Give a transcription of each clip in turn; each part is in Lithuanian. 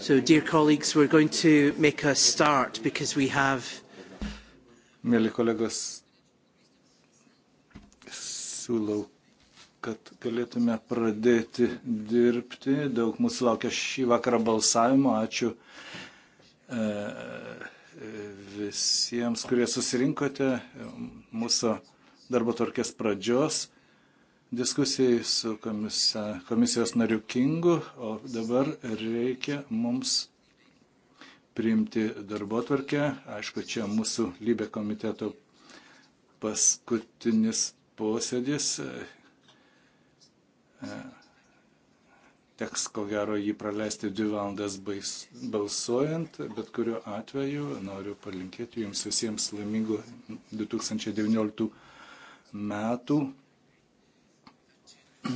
So, dear colleagues, we're going to make a start because we have. Mėly kolegos, siūlau, kad galėtume pradėti dirbti. Daug mūsų laukia šį vakarą balsavimo. Ačiū e, visiems, kurie susirinkote mūsų darbo tvarkės pradžios diskusijai su komisa, komisijos nariu Kingu, o dabar reikia mums priimti darbo tvarkę. Aišku, čia mūsų lybė komiteto paskutinis posėdis. E, teks ko gero jį praleisti dvi valandas balsuojant, bet kuriuo atveju noriu palinkėti jums visiems laimingų 2019 metų E,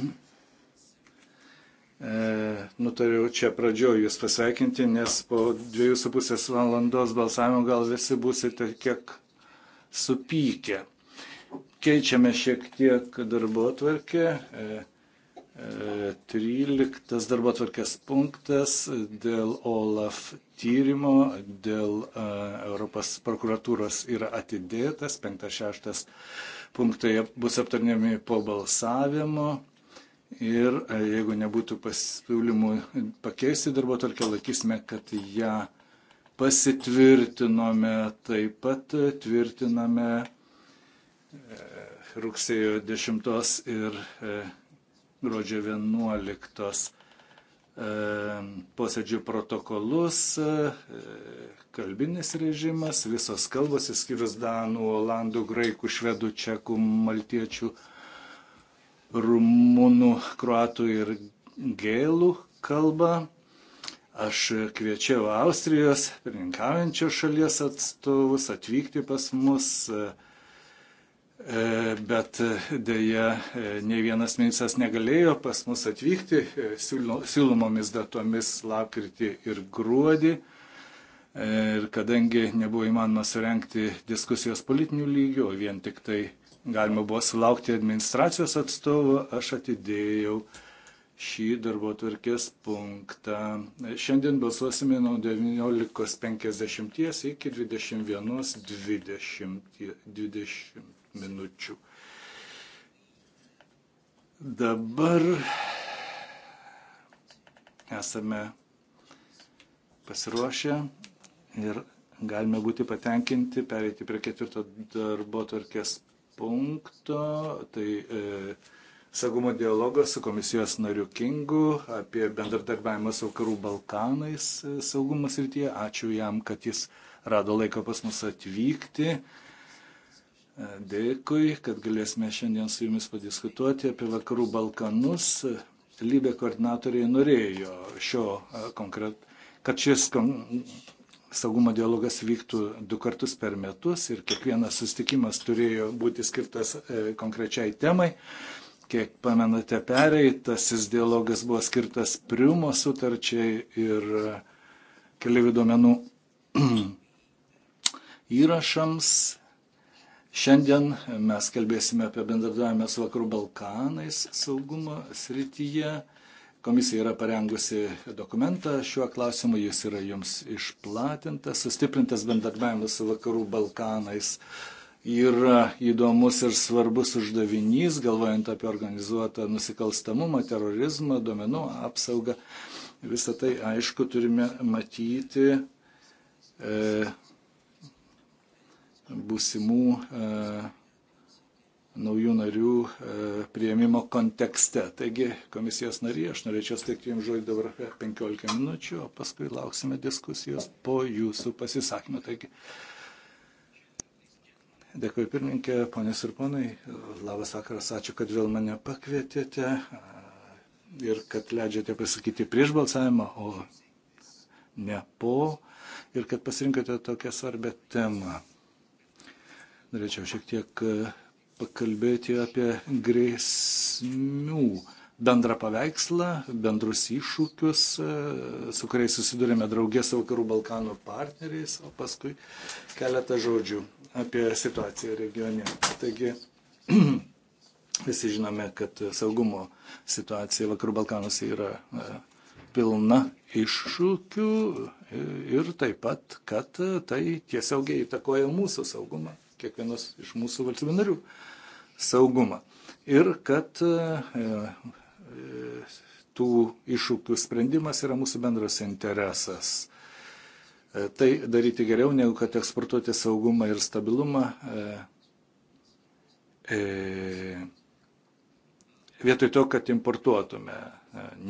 nutariau čia pradžioj jūs pasveikinti, nes po dviejų su pusės valandos balsavimo gal visi būsite kiek supykę. Keičiame šiek tiek darbo atvarkę. 13 e, e, darbo atvarkės punktas dėl OLAF tyrimo, dėl Europos prokuratūros yra atidėtas, 5-6 punktai bus aptarnėmi po balsavimo. Ir e, jeigu nebūtų pasiūlymų pakeisti darbo tvarkę, laikysime, kad ją pasitvirtinome. Taip pat tvirtiname e, rugsėjo 10 ir e, gruodžio 11 posėdžių protokolus, kalbinis režimas, visos kalbos, įskyrus danų, olandų, graikų, švedų, čekų, maltiečių, rumunų, kruatų ir gėlų kalbą. Aš kviečiau Austrijos pirmininkaujančios šalies atstovus atvykti pas mus, e, e, bet dėja e, ne vienas ministras negalėjo pas mus atvykti siūlomomis datomis lapkritį ir gruodį. Ir kadangi nebuvo įmanoma surenkti diskusijos politinių lygių, o vien tik tai galima buvo sulaukti administracijos atstovų, aš atidėjau šį darbo tvarkės punktą. Šiandien balsuosime nuo 19.50 iki 21.20 20 minučių. Dabar esame pasiruošę ir galime būti patenkinti, pereiti prie ketvirto darbo tvarkės punkto, tai e, saugumo dialogas su komisijos nariu Kingu apie bendradarbiavimą su Vakarų Balkanais e, saugumo srityje. Ačiū jam, kad jis rado laiko pas mus atvykti. E, dėkui, kad galėsime šiandien su jumis padiskutuoti apie Vakarų Balkanus. Lybė koordinatoriai norėjo šio e, konkret, kad šis saugumo dialogas vyktų du kartus per metus ir kiekvienas susitikimas turėjo būti skirtas e, konkrečiai temai. Kiek pamenate, pereitasis dialogas buvo skirtas Priumo sutarčiai ir e, keliaivių duomenų įrašams. Šiandien mes kalbėsime apie bendradavimą su Vakarų Balkanais saugumo srityje Komisija yra parengusi dokumentą šiuo klausimu, jis yra jums išplatintas, sustiprintas bendarbiavimas su vakarų Balkanais. Yra įdomus ir svarbus uždavinys, galvojant apie organizuotą nusikalstamumą, terorizmą, duomenų apsaugą. Visą tai, aišku, turime matyti e, būsimų e, naujų narių e, prieimimo kontekste. Taigi, komisijos nariai, aš norėčiau steikti jums žodį dabar apie 15 minučių, o paskui lauksime diskusijos po jūsų pasisakymą. Taigi, dėkui pirmininkė, ponės ir ponai, labas vakaras, ačiū, kad vėl mane pakvietėte e, ir kad leidžiate pasakyti prieš balsavimą, o ne po, ir kad pasirinkote tokią svarbę temą. Norėčiau šiek tiek e, pakalbėti apie grėsmių bendrą paveikslą, bendrus iššūkius, e, su kuriais susidurėme draugė su Vakarų Balkanų partneriais, o paskui keletą žodžių apie situaciją regione. Taigi, visi žinome, kad saugumo situacija Vakarų Balkanuose yra e, pilna iššūkių e, ir taip pat, kad tai tiesiogiai įtakoja mūsų saugumą kiekvienos iš mūsų valstybių narių saugumą. Ir kad e, e, tų iššūkių sprendimas yra mūsų bendras interesas. E, tai daryti geriau, negu kad eksportuoti saugumą ir stabilumą. Vietoj to, kad importuotume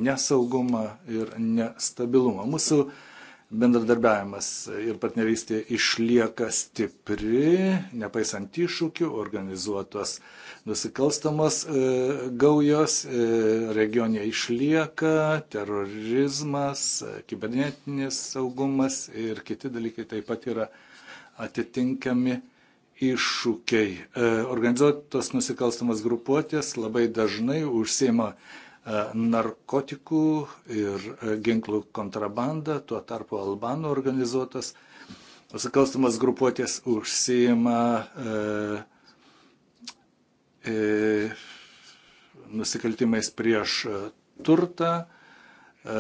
nesaugumą ir nestabilumą. Mūsų uh, bendradarbiavimas ir partnerystė išlieka stipri, nepaisant iššūkių, organizuotos nusikalstamos e, gaujos, e, regione išlieka terorizmas, e, kibernetinis saugumas ir kiti dalykai taip pat yra atitinkami iššūkiai. Organizuotos nusikalstamos grupuotės labai dažnai užsima E, narkotikų ir e, ginklų kontrabandą, tuo tarpu Albanų organizuotas nusikalstamas grupuotės užsijima e, e, nusikaltimais prieš e, turtą. E,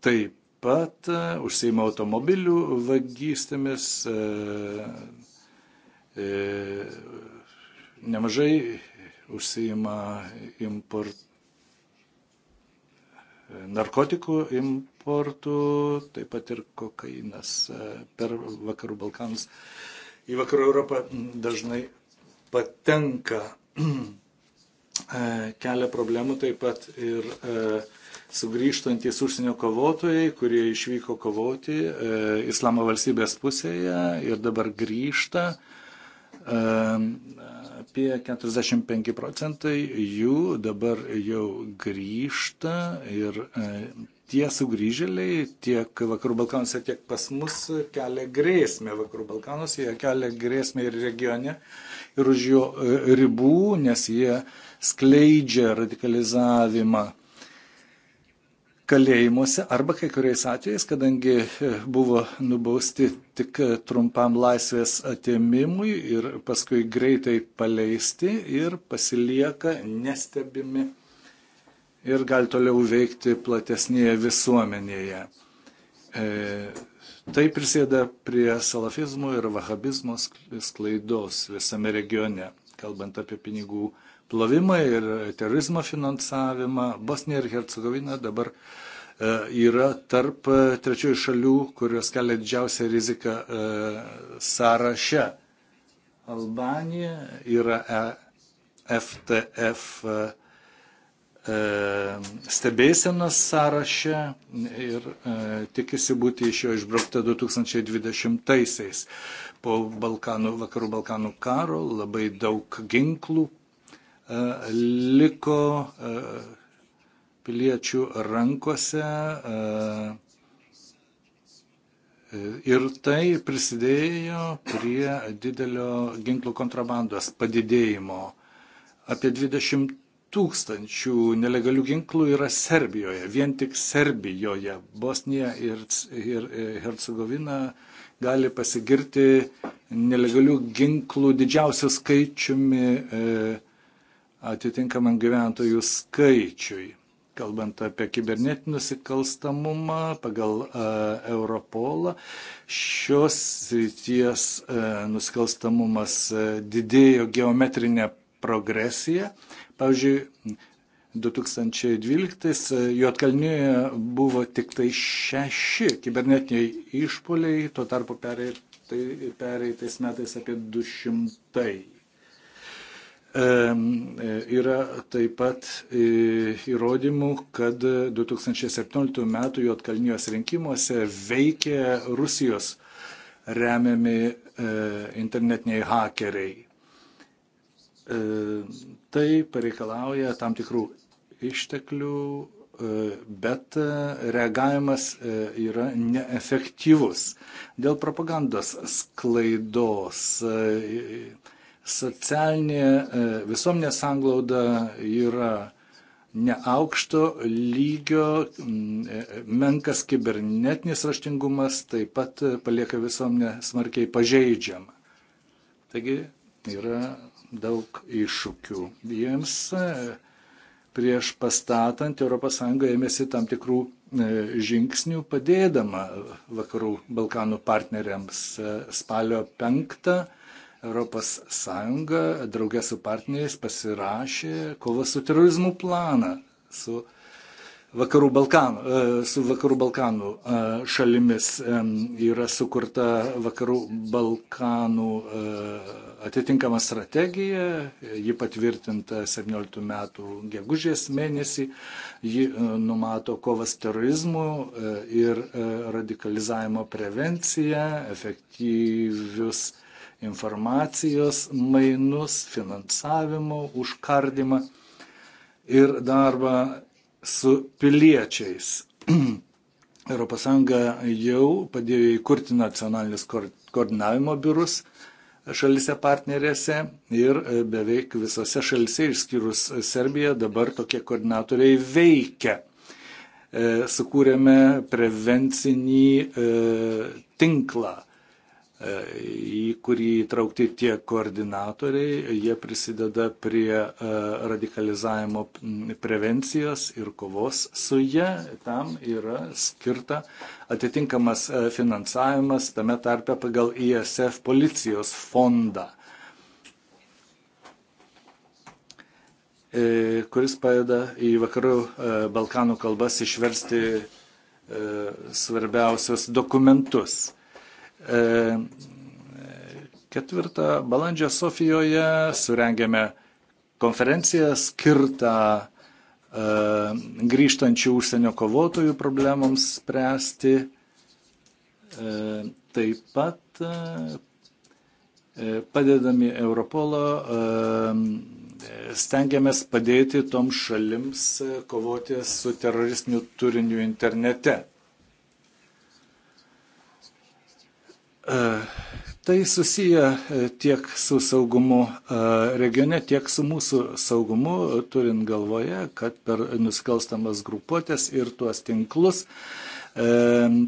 taip pat užsijima automobilių vagystėmis. E, e, nemažai užsijima import, narkotikų importų, taip pat ir kokainas e, per Vakarų Balkanus. Į Vakarų Europą dažnai patenka, e, kelia problemų taip pat ir e, sugrįžtantys užsienio kovotojai, kurie išvyko kovoti Islamo valstybės pusėje ir dabar grįžta apie 45 procentai jų dabar jau grįžta ir e, tie sugrįžėliai tiek Vakarų Balkanuose, tiek pas mus kelia grėsmę. Vakarų Balkanuose jie kelia grėsmę ir regione, ir už jo e, ribų, nes jie skleidžia radikalizavimą kalėjimuose arba kai kuriais atvejais, kadangi e, buvo nubausti tik e, trumpam laisvės atėmimui ir paskui greitai paleisti ir pasilieka nestebimi ir gali toliau veikti platesnėje visuomenėje. E, tai prisėda prie salafizmo ir vahabizmo sklaidos visame regione, kalbant apie pinigų plovimą ir terorizmo finansavimą. Bosnija ir Hercegovina dabar e, yra tarp e, trečiųjų šalių, kurios kelia didžiausią riziką e, sąraše. Albanija yra FTF stebėsenos sąraše ir tikisi būti iš jo išbraukta 2020-aisiais. Po Balkanų, vakarų Balkanų karo labai daug ginklų liko e, piliečių rankose e, e, ir tai prisidėjo prie didelio ginklų kontrabandos padidėjimo. Apie 20 tūkstančių nelegalių ginklų yra Serbijoje, vien tik Serbijoje. Bosnija ir, ir Hercegovina gali pasigirti nelegalių ginklų didžiausiu skaičiumi. E, atitinkamam gyventojų skaičiui. Kalbant apie kibernetinį nusikalstamumą pagal uh, Europolą, šios srities uh, nusikalstamumas uh, didėjo geometrinę progresiją. Pavyzdžiui, 2012 Juotkalnyje buvo tik tai šeši kibernetiniai išpoliai, tuo tarpu tai, pereitais metais apie 200. E, yra taip pat e, įrodymų, kad 2017 m. Jotkalnijos rinkimuose veikė Rusijos remiami e, internetiniai hakeriai. Tai pareikalauja tam tikrų išteklių, bet reagavimas yra neefektyvus. Dėl propagandos sklaidos Socialinė e, visuomenė sanglauda yra neaukšto lygio, e, menkas kibernetinis raštingumas taip pat palieka visuomenę smarkiai pažeidžiamą. Taigi yra daug iššūkių. Jiems e, prieš pastatant ES ėmėsi tam tikrų žingsnių padėdama vakarų Balkanų partneriams spalio penktą ES draugė su partneriais pasirašė kovos su terorizmu planą su Vakarų Balkanų, e, su Vakarų Balkanų e, šalimis yra sukurta Vakarų Balkanų e, atitinkama strategija, ji patvirtinta 17 metų gegužės mėnesį, ji numato kovas terorizmų ir radikalizavimo prevenciją, efektyvius informacijos mainus, finansavimo, užkardimą ir darbą su piliečiais. ES jau padėjo įkurti nacionalinius koordinavimo biurus šalise partnerėse ir e, beveik visose šalise, išskyrus Serbiją, dabar tokie koordinatoriai veikia. E, sukūrėme prevencinį e, tinklą į kurį įtraukti tie koordinatoriai, jie prisideda prie e, radikalizavimo prevencijos ir kovos su jie, tam yra skirta atitinkamas e, finansavimas, tame tarpe pagal ISF policijos fondą, e, kuris padeda į vakarų Balkanų kalbas išversti svarbiausius dokumentus. 4 e, balandžio Sofijoje surengėme konferenciją skirtą e, grįžtančių užsienio kovotojų problemams spręsti. E, taip pat padedami Europolo stengiamės padėti toms šalims kovoti su teroristiniu turiniu internete. E, tai susiję e, tiek su saugumu e, regione, tiek su mūsų saugumu, turint galvoje, kad per nusikalstamas grupuotės ir tuos tinklus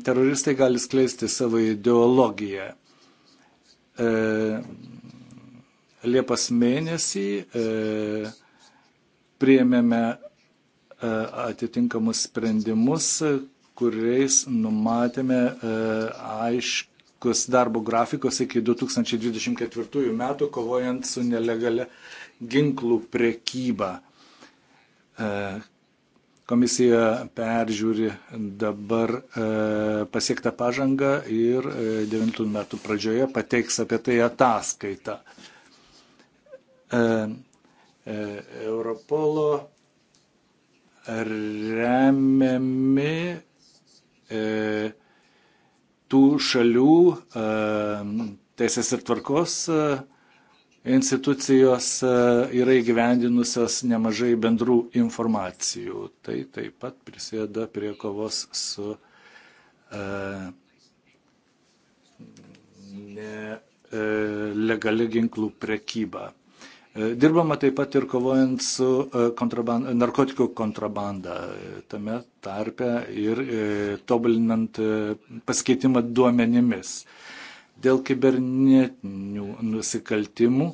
teroristai gali skleisti savo ideologiją. Liepas mėnesį priėmėme atitinkamus sprendimus, kuriais numatėme aiškiai aiškus darbo grafikas iki 2024 metų, kovojant su nelegale ginklų prekyba. E, komisija peržiūri dabar e, pasiektą pažangą ir 9 e, metų pradžioje pateiks apie tai ataskaitą. Europolo remiami tų šalių e, teisės ir tvarkos e, institucijos e, yra įgyvendinusios nemažai bendrų informacijų. Tai taip pat prisėda prie kovos su nelegali ginklų prekyba. E, dirbama taip pat ir kovojant su e, kontraband, narkotikų kontrabanda, e, tame tarpe ir tobulinant pasikeitimą duomenimis. Dėl kibernetinių nusikaltimų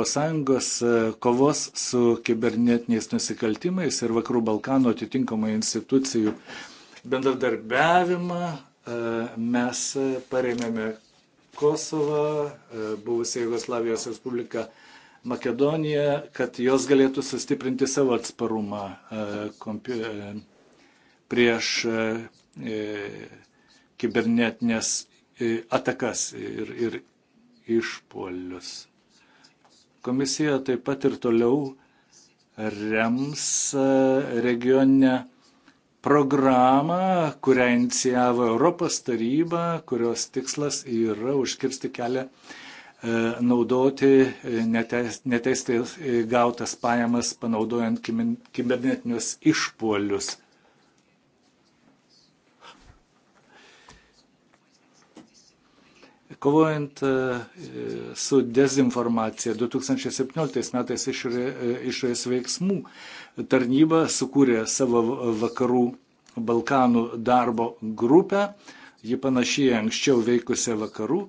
ES kovos su kibernetiniais nusikaltimais ir Vakarų Balkanų atitinkamų institucijų bendradarbiavimą mes paremėme Kosovą, e, buvusią Jugoslavijos Respubliką Makedoniją, kad jos galėtų sustiprinti savo atsparumą e, e, prieš kibernetinės atakas ir, ir išpolius. Komisija taip pat ir toliau rems regioninę programą, kurią inicijavo Europos taryba, kurios tikslas yra užkirsti kelią e, naudoti e, neteistai e, gautas pajamas, panaudojant kibernetinius išpuolius. Kovojant su dezinformacija 2017 metais išorės veiksmų tarnyba sukūrė savo vakarų Balkanų darbo grupę, ji panašiai anksčiau veikusią vakarų,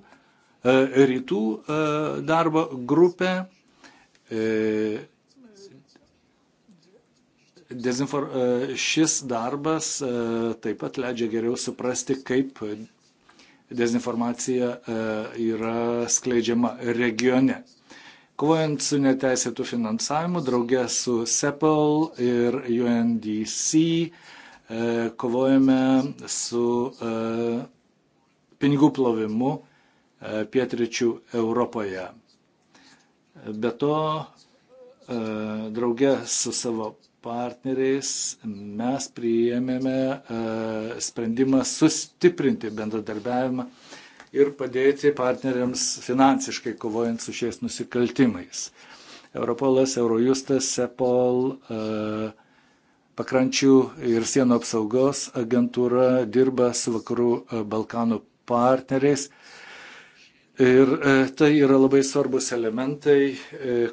e, rytų e, darbo grupę. E, dezinfor... Šis darbas taip pat leidžia geriau suprasti, kaip dezinformacija yra skleidžiama regione. Kovojant su neteisėtų finansavimu, draugė su CEPAL ir UNDC, e, kovojame su e, pinigų plovimu e, pietričių Europoje. Be to, draugė su savo partneriais mes priėmėme sprendimą sustiprinti bendradarbiavimą ir padėti partneriams finansiškai kovojant su šiais nusikaltimais. Europolas, Eurojustas, Sepol, e, pakrančių ir sienų apsaugos agentūra dirba su vakarų e, Balkanų partneriais. Ir e, tai yra labai svarbus elementai,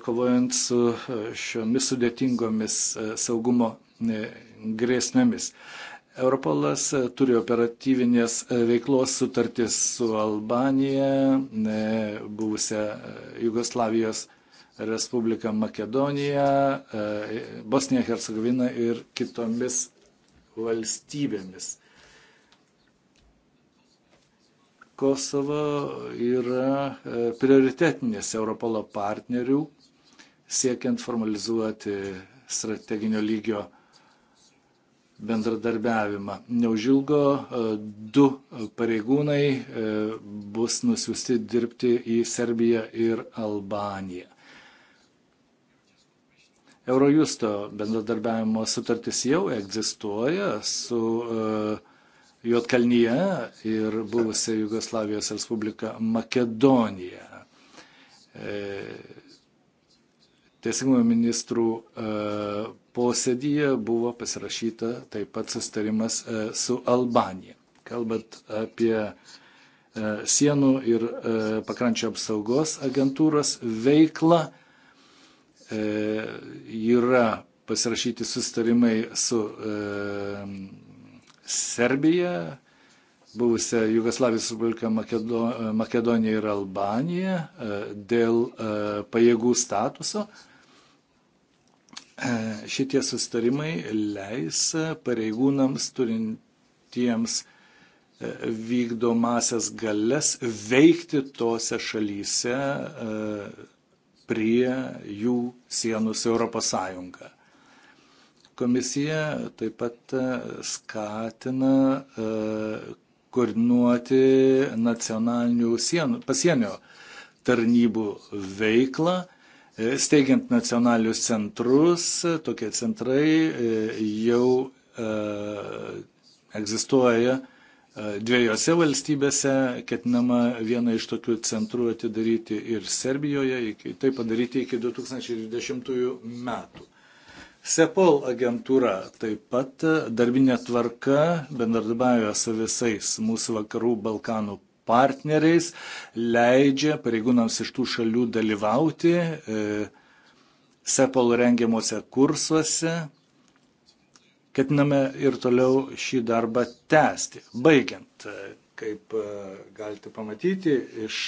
kovojant su šiomis sudėtingomis saugumo grėsmėmis. Europolas e, turi operatyvinės e, veiklos sutartis su Albanija, e, buvusią Jugoslavijos Respubliką Makedoniją, Bosniją, Hercegoviną ir kitomis valstybėmis. Kosovo yra prioritetinės Europolo partnerių siekiant formalizuoti strateginio lygio bendradarbiavimą. Neužilgo e, du pareigūnai e, bus nusiusti dirbti į Serbiją ir Albaniją. Eurojusto bendradarbiavimo sutartis jau egzistuoja su e, Juotkalnyje ir buvusia Jugoslavijos Respublika Makedonija. Teisingumo ministrų posėdyje buvo pasirašyta taip pat sustarimas e, su Albanija. Kalbant apie e, sienų ir e, pakrančio apsaugos agentūros veiklą, yra pasirašyti sustarimai su Serbija, buvusią Jugoslavijos Respubliką Makedo, Makedoniją ir Albaniją dėl pajėgų statuso Šitie sustarimai leis pareigūnams turintiems e, vykdomasias galės veikti tose šalyse e, prie jų sienų su ES. Komisija taip pat e, skatina koordinuoti nacionalinių sienų, pasienio tarnybų veiklą E, steigiant nacionalius centrus, tokie centrai e, jau e, egzistuoja dviejose valstybėse, ketinama vieną iš tokių centrų atidaryti ir Serbijoje, iki, tai padaryti iki 2020 metų. SEPOL agentūra taip pat darbinė tvarka bendradarbiauja su visais mūsų vakarų Balkanų partneriais, leidžia pareigūnams iš tų šalių dalyvauti e, SEPOL rengiamuose kursuose. Ketiname ir toliau šį darbą tęsti. Baigiant, e, kaip e, galite pamatyti iš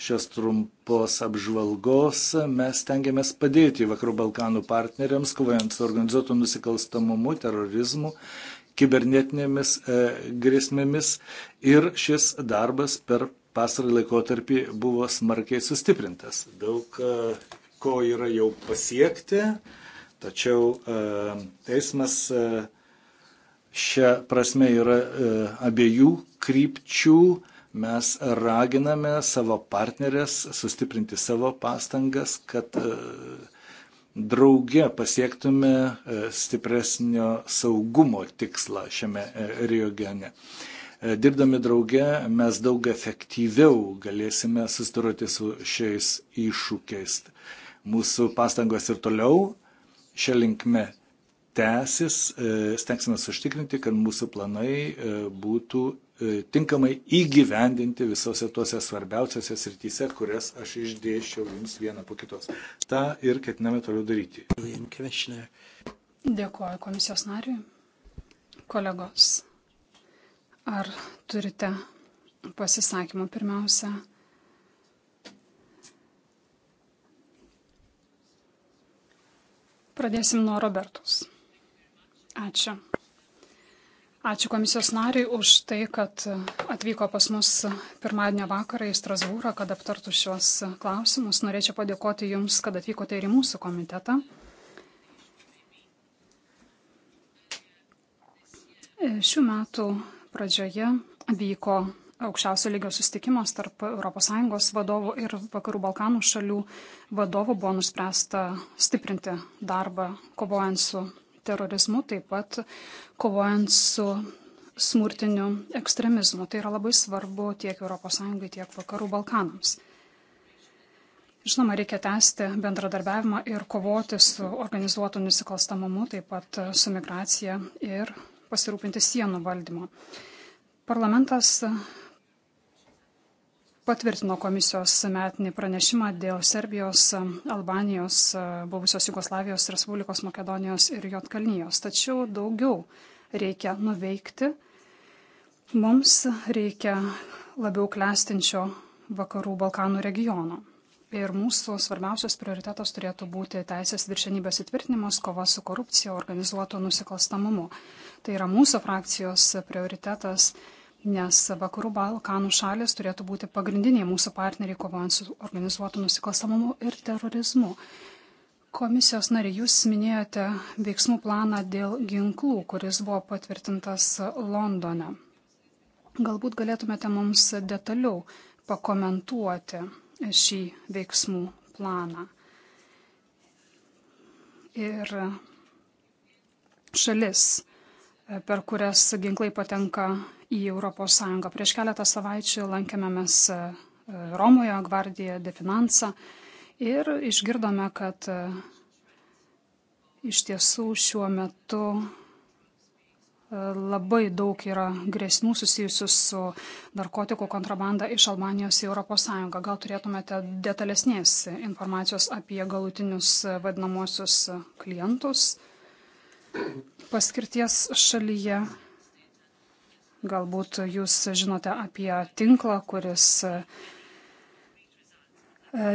šios trumpos apžvalgos mes tengiamės padėti Vakarų Balkanų partneriams, kovojant su organizuotu nusikalstamumu, terorizmu kibernetinėmis e, grėsmėmis ir šis darbas per pastarą laikotarpį buvo smarkiai sustiprintas. Daug e, ko yra jau pasiekti, tačiau e, teismas šią prasme yra abiejų krypčių. Mes raginame savo partnerės sustiprinti savo pastangas, kad uh, drauge pasiektume e, stipresnio saugumo tikslą šiame e, regione. E, dirbdami drauge mes daug efektyviau galėsime sustaroti su šiais iššūkiais. Mūsų pastangos ir toliau šią linkme tęsis, stengsime užtikrinti, kad mūsų planai būtų E, tinkamai įgyvendinti visose tuose svarbiausiose srityse, kurias aš išdėščiau jums vieną po kitos. Ta ir ketiname toliau daryti. Dėkuoju komisijos nariui. Kolegos, ar turite pasisakymų pirmiausia? Pradėsim nuo Robertus. Ačiū ačiū komisijos nariui už tai kad atvyko pas mus pirmadienio vakarą į strasbūrą kad aptartų šiuos klausimus norėčiau padėkoti jums kad atvykote ir į mūsų komitetą šių metų pradžioje vyko aukščiausio lygio susitikimas tarp ES vadovų ir Vakarų Balkanų šalių vadovų buvo nuspręsta stiprinti darbą kovojant su terorizmu, taip pat kovojant su smurtiniu ekstremizmu. Tai yra labai svarbu tiek ES, tiek Vakarų Balkanams. Žinoma, reikia tęsti bendradarbiavimą ir kovoti su organizuotu nusikalstamumu, taip pat su migracija ir pasirūpinti sienų valdymu. Parlamentas patvirtino komisijos metinį pranešimą dėl Serbijos, Albanijos, buvusios Jugoslavijos Respublikos Makedonijos ir Jotkalnyjos. Tačiau daugiau reikia nuveikti. Mums reikia labiau klestinčio vakarų Balkanų regiono. Ir mūsų svarbiausias prioritetas turėtų būti teisės viršenybės įtvirtinimas, kova su korupcija, organizuoto nusikalstamumu. Tai yra mūsų frakcijos prioritetas nes vakarų Balkanų šalis turėtų būti pagrindiniai mūsų partneriai kovojant su organizuotu nusikalstamumu ir terorizmu. Komisijos nariai, jūs minėjote veiksmų planą dėl ginklų, kuris buvo patvirtintas Londone. Galbūt galėtumėte mums detaliau pakomentuoti šį veiksmų planą. Ir šalis, per kurias ginklai patenka į ES. Prieš keletą savaičių lankėmės e, Romoje, Gvardiją de Finansą ir išgirdome, kad e, iš tiesų šiuo metu e, labai daug yra grėsmių susijusių su narkotikų kontrabanda iš Albanijos į ES. Gal turėtumėte detalesnės informacijos apie galutinius vadinamosius klientus? paskirties šalyje. Galbūt jūs žinote apie tinklą, kuris e,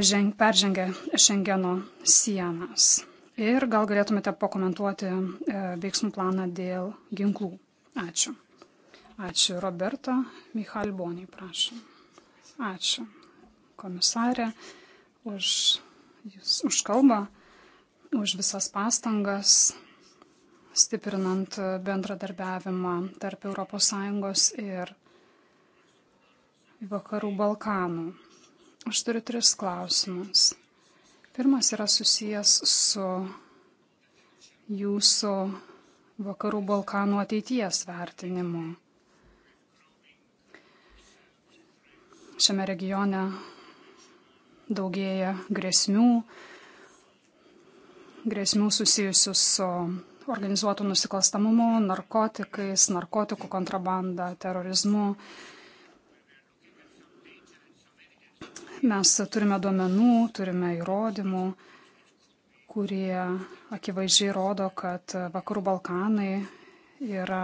ženg, peržengia Šengeno sienas. Ir gal galėtumėte pakomentuoti e, veiksmų planą dėl ginklų. Ačiū. Ačiū Roberta Michalboniai, prašom. Ačiū komisarė už, už kalbą, už visas pastangas stiprinant bendradarbiavimą tarp ES ir Vakarų Balkanų. Aš turiu tris klausimus. Pirmas yra susijęs su jūsų Vakarų Balkanų ateities vertinimu. Šiame regione daugėja grėsmių, grėsmių susijusių su organizuotų nusikalstamumu, narkotikais, narkotikų kontrabanda, terorizmu. Mes turime duomenų, turime įrodymų, kurie akivaizdžiai rodo, kad Vakarų Balkanai yra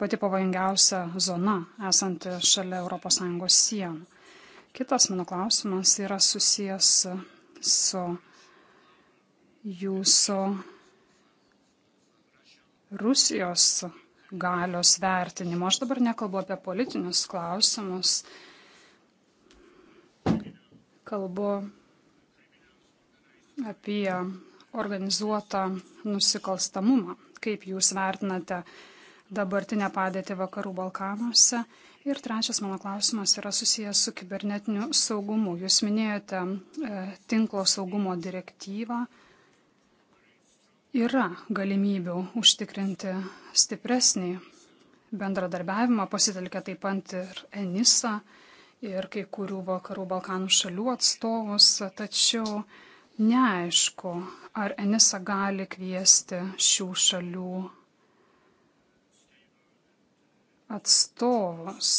pati pavojingiausia zona esanti šalia ES sienų. Kitas mano klausimas yra susijęs su jūsų Rusijos galios vertinimo. Aš dabar nekalbu apie politinius klausimus. Kalbu apie organizuotą nusikalstamumą. Kaip jūs vertinate dabartinę padėtį Vakarų Balkanuose? Ir trečias mano klausimas yra susijęs su kibernetiniu saugumu. Jūs minėjote e, tinklo saugumo direktyvą. E, yra galimybių užtikrinti stipresnį bendradarbiavimą, pasitelkia taip pat ir Enisa ir kai kurių vakarų Balkanų šalių atstovus, tačiau neaišku, ar Enisa gali kviesti šių šalių atstovus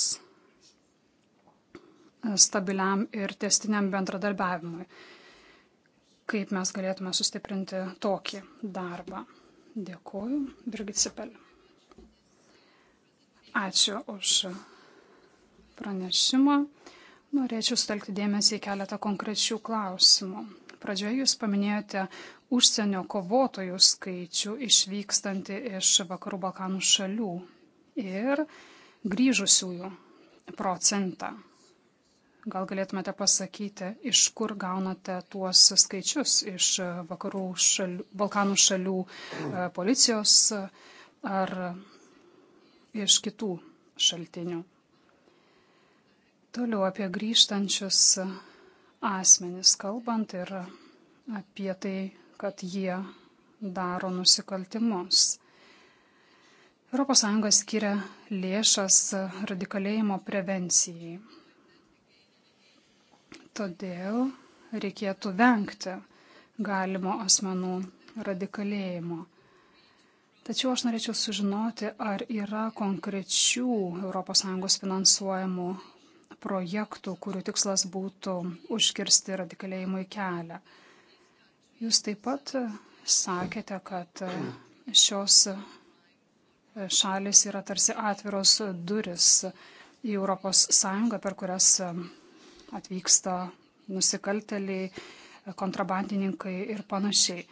stabiliam ir testiniam bendradarbiavimui kaip mes galėtume sustiprinti tokį darbą. Dėkuoju, Birgit Sipel. Ačiū už pranešimą. Norėčiau stelkti dėmesį į keletą konkrečių klausimų. Pradžioje jūs paminėjote užsienio kovotojų skaičių išvykstantį iš Vakarų Balkanų šalių ir grįžusiųjų procentą. Gal galėtumėte pasakyti, iš kur gaunate tuos skaičius iš e, vakarų šalių, Balkanų šalių e, policijos e, ar iš kitų šaltinių. Toliau apie grįžtančius asmenis kalbant ir apie tai, kad jie daro nusikaltimus. ES skiria lėšas radikalėjimo prevencijai Todėl reikėtų vengti galimo asmenų radikalėjimo. Tačiau aš norėčiau sužinoti, ar yra konkrečių ES finansuojamų projektų, kurių tikslas būtų užkirsti radikalėjimui kelią. Jūs taip pat sakėte, kad šios šalis yra tarsi atviros duris į ES, per kurias atvyksta nusikalteliai, kontrabandininkai ir panašiai.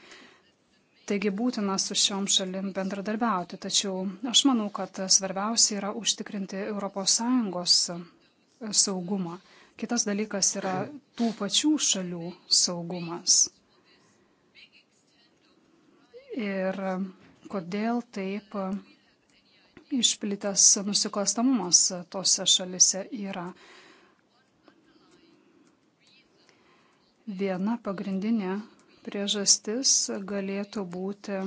Taigi būtina su šiom šalim bendradarbiauti, tačiau aš manau, kad svarbiausia yra užtikrinti ES saugumą. Kitas dalykas yra tų pačių šalių saugumas. Ir kodėl taip išplitęs nusikalstamumas tose šalise yra. Viena pagrindinė priežastis galėtų būti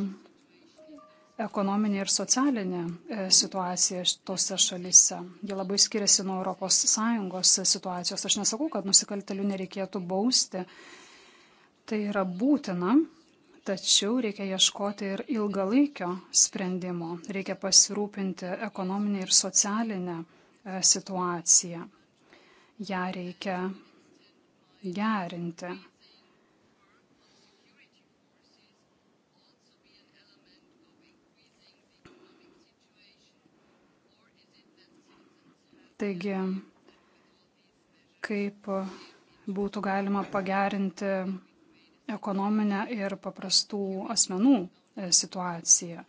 ekonominė ir socialinė e, situacija tose šalise. Jie labai skiriasi nuo ES situacijos. Aš nesakau, kad nusikaltelių nereikėtų bausti. Tai yra būtina, tačiau reikia ieškoti ir ilgalaikio sprendimo. Reikia pasirūpinti ekonominę ir socialinę e, situaciją. Ja reikia gerinti. Taigi, kaip būtų galima pagerinti ekonominę ir paprastų asmenų e, situaciją.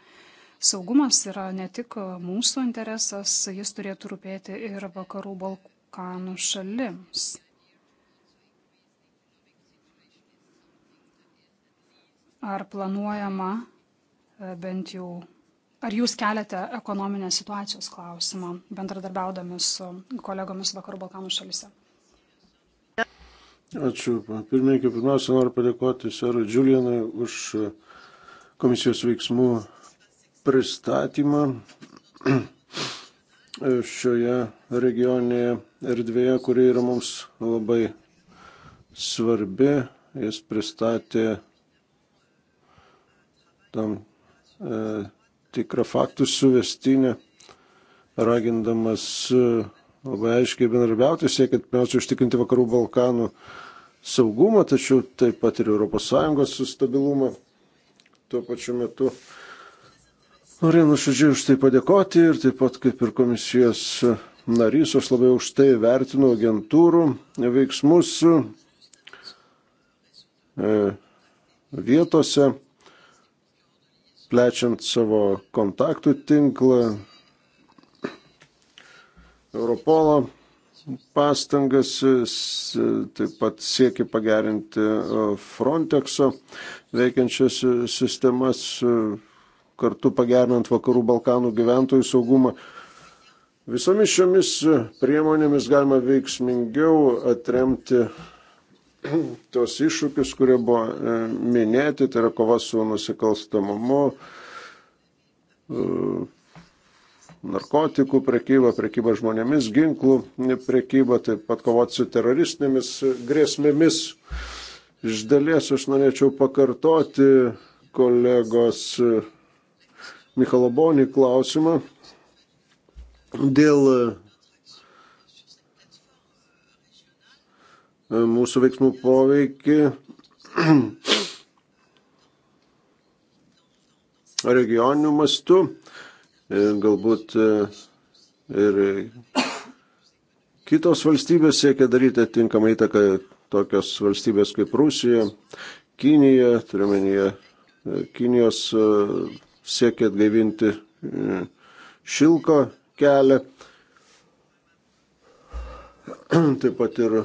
Saugumas yra ne tik mūsų interesas, jis turėtų rūpėti ir vakarų Balkanų šalims. Ar planuojama e, bent jau, ar jūs keliate ekonominės situacijos klausimą, bendradarbiaudami su kolegomis Vakarų Balkanų šalise? Ačiū. Pirmininkai, pirmiausia, noriu padėkoti Sarui Džiulianui už komisijos veiksmų pristatymą šioje regioninėje erdvėje, kuri yra mums labai svarbi. Jis pristatė tam e, tikrą faktų suvestinę, ragindamas e, labai aiškiai bendrabiauti, siekiant pirmiausia užtikrinti vakarų Balkanų saugumą, tačiau taip pat ir ES stabilumą. Tuo pačiu metu noriu nuširdžiai už tai padėkoti ir taip pat kaip ir komisijos narys, aš labai už tai vertinu agentūrų veiksmus e, vietose plečiant savo kontaktų tinklą, Europolo pastangas, taip pat siekia pagerinti e, Frontexo veikiančias e, sistemas, e, kartu pagernant Vakarų Balkanų gyventojų saugumą. Visomis šiomis priemonėmis galima veiksmingiau atremti tos iššūkius, kurie buvo e, minėti, tai yra kova su nusikalstamumu, e, narkotikų prekyba, prekyba žmonėmis, ginklų prekyba, taip pat kovoti su teroristinėmis grėsmėmis. Iš dalies aš norėčiau pakartoti kolegos e, Michalobonį klausimą dėl mūsų veiksmų poveikį regioniniu mastu, e, galbūt e, ir kitos valstybės siekia daryti atinkamą įtaką, tokios valstybės kaip Rusija, Kinija, turiuomenyje, e, Kinijos siekia atgaivinti šilko kelią, taip pat ir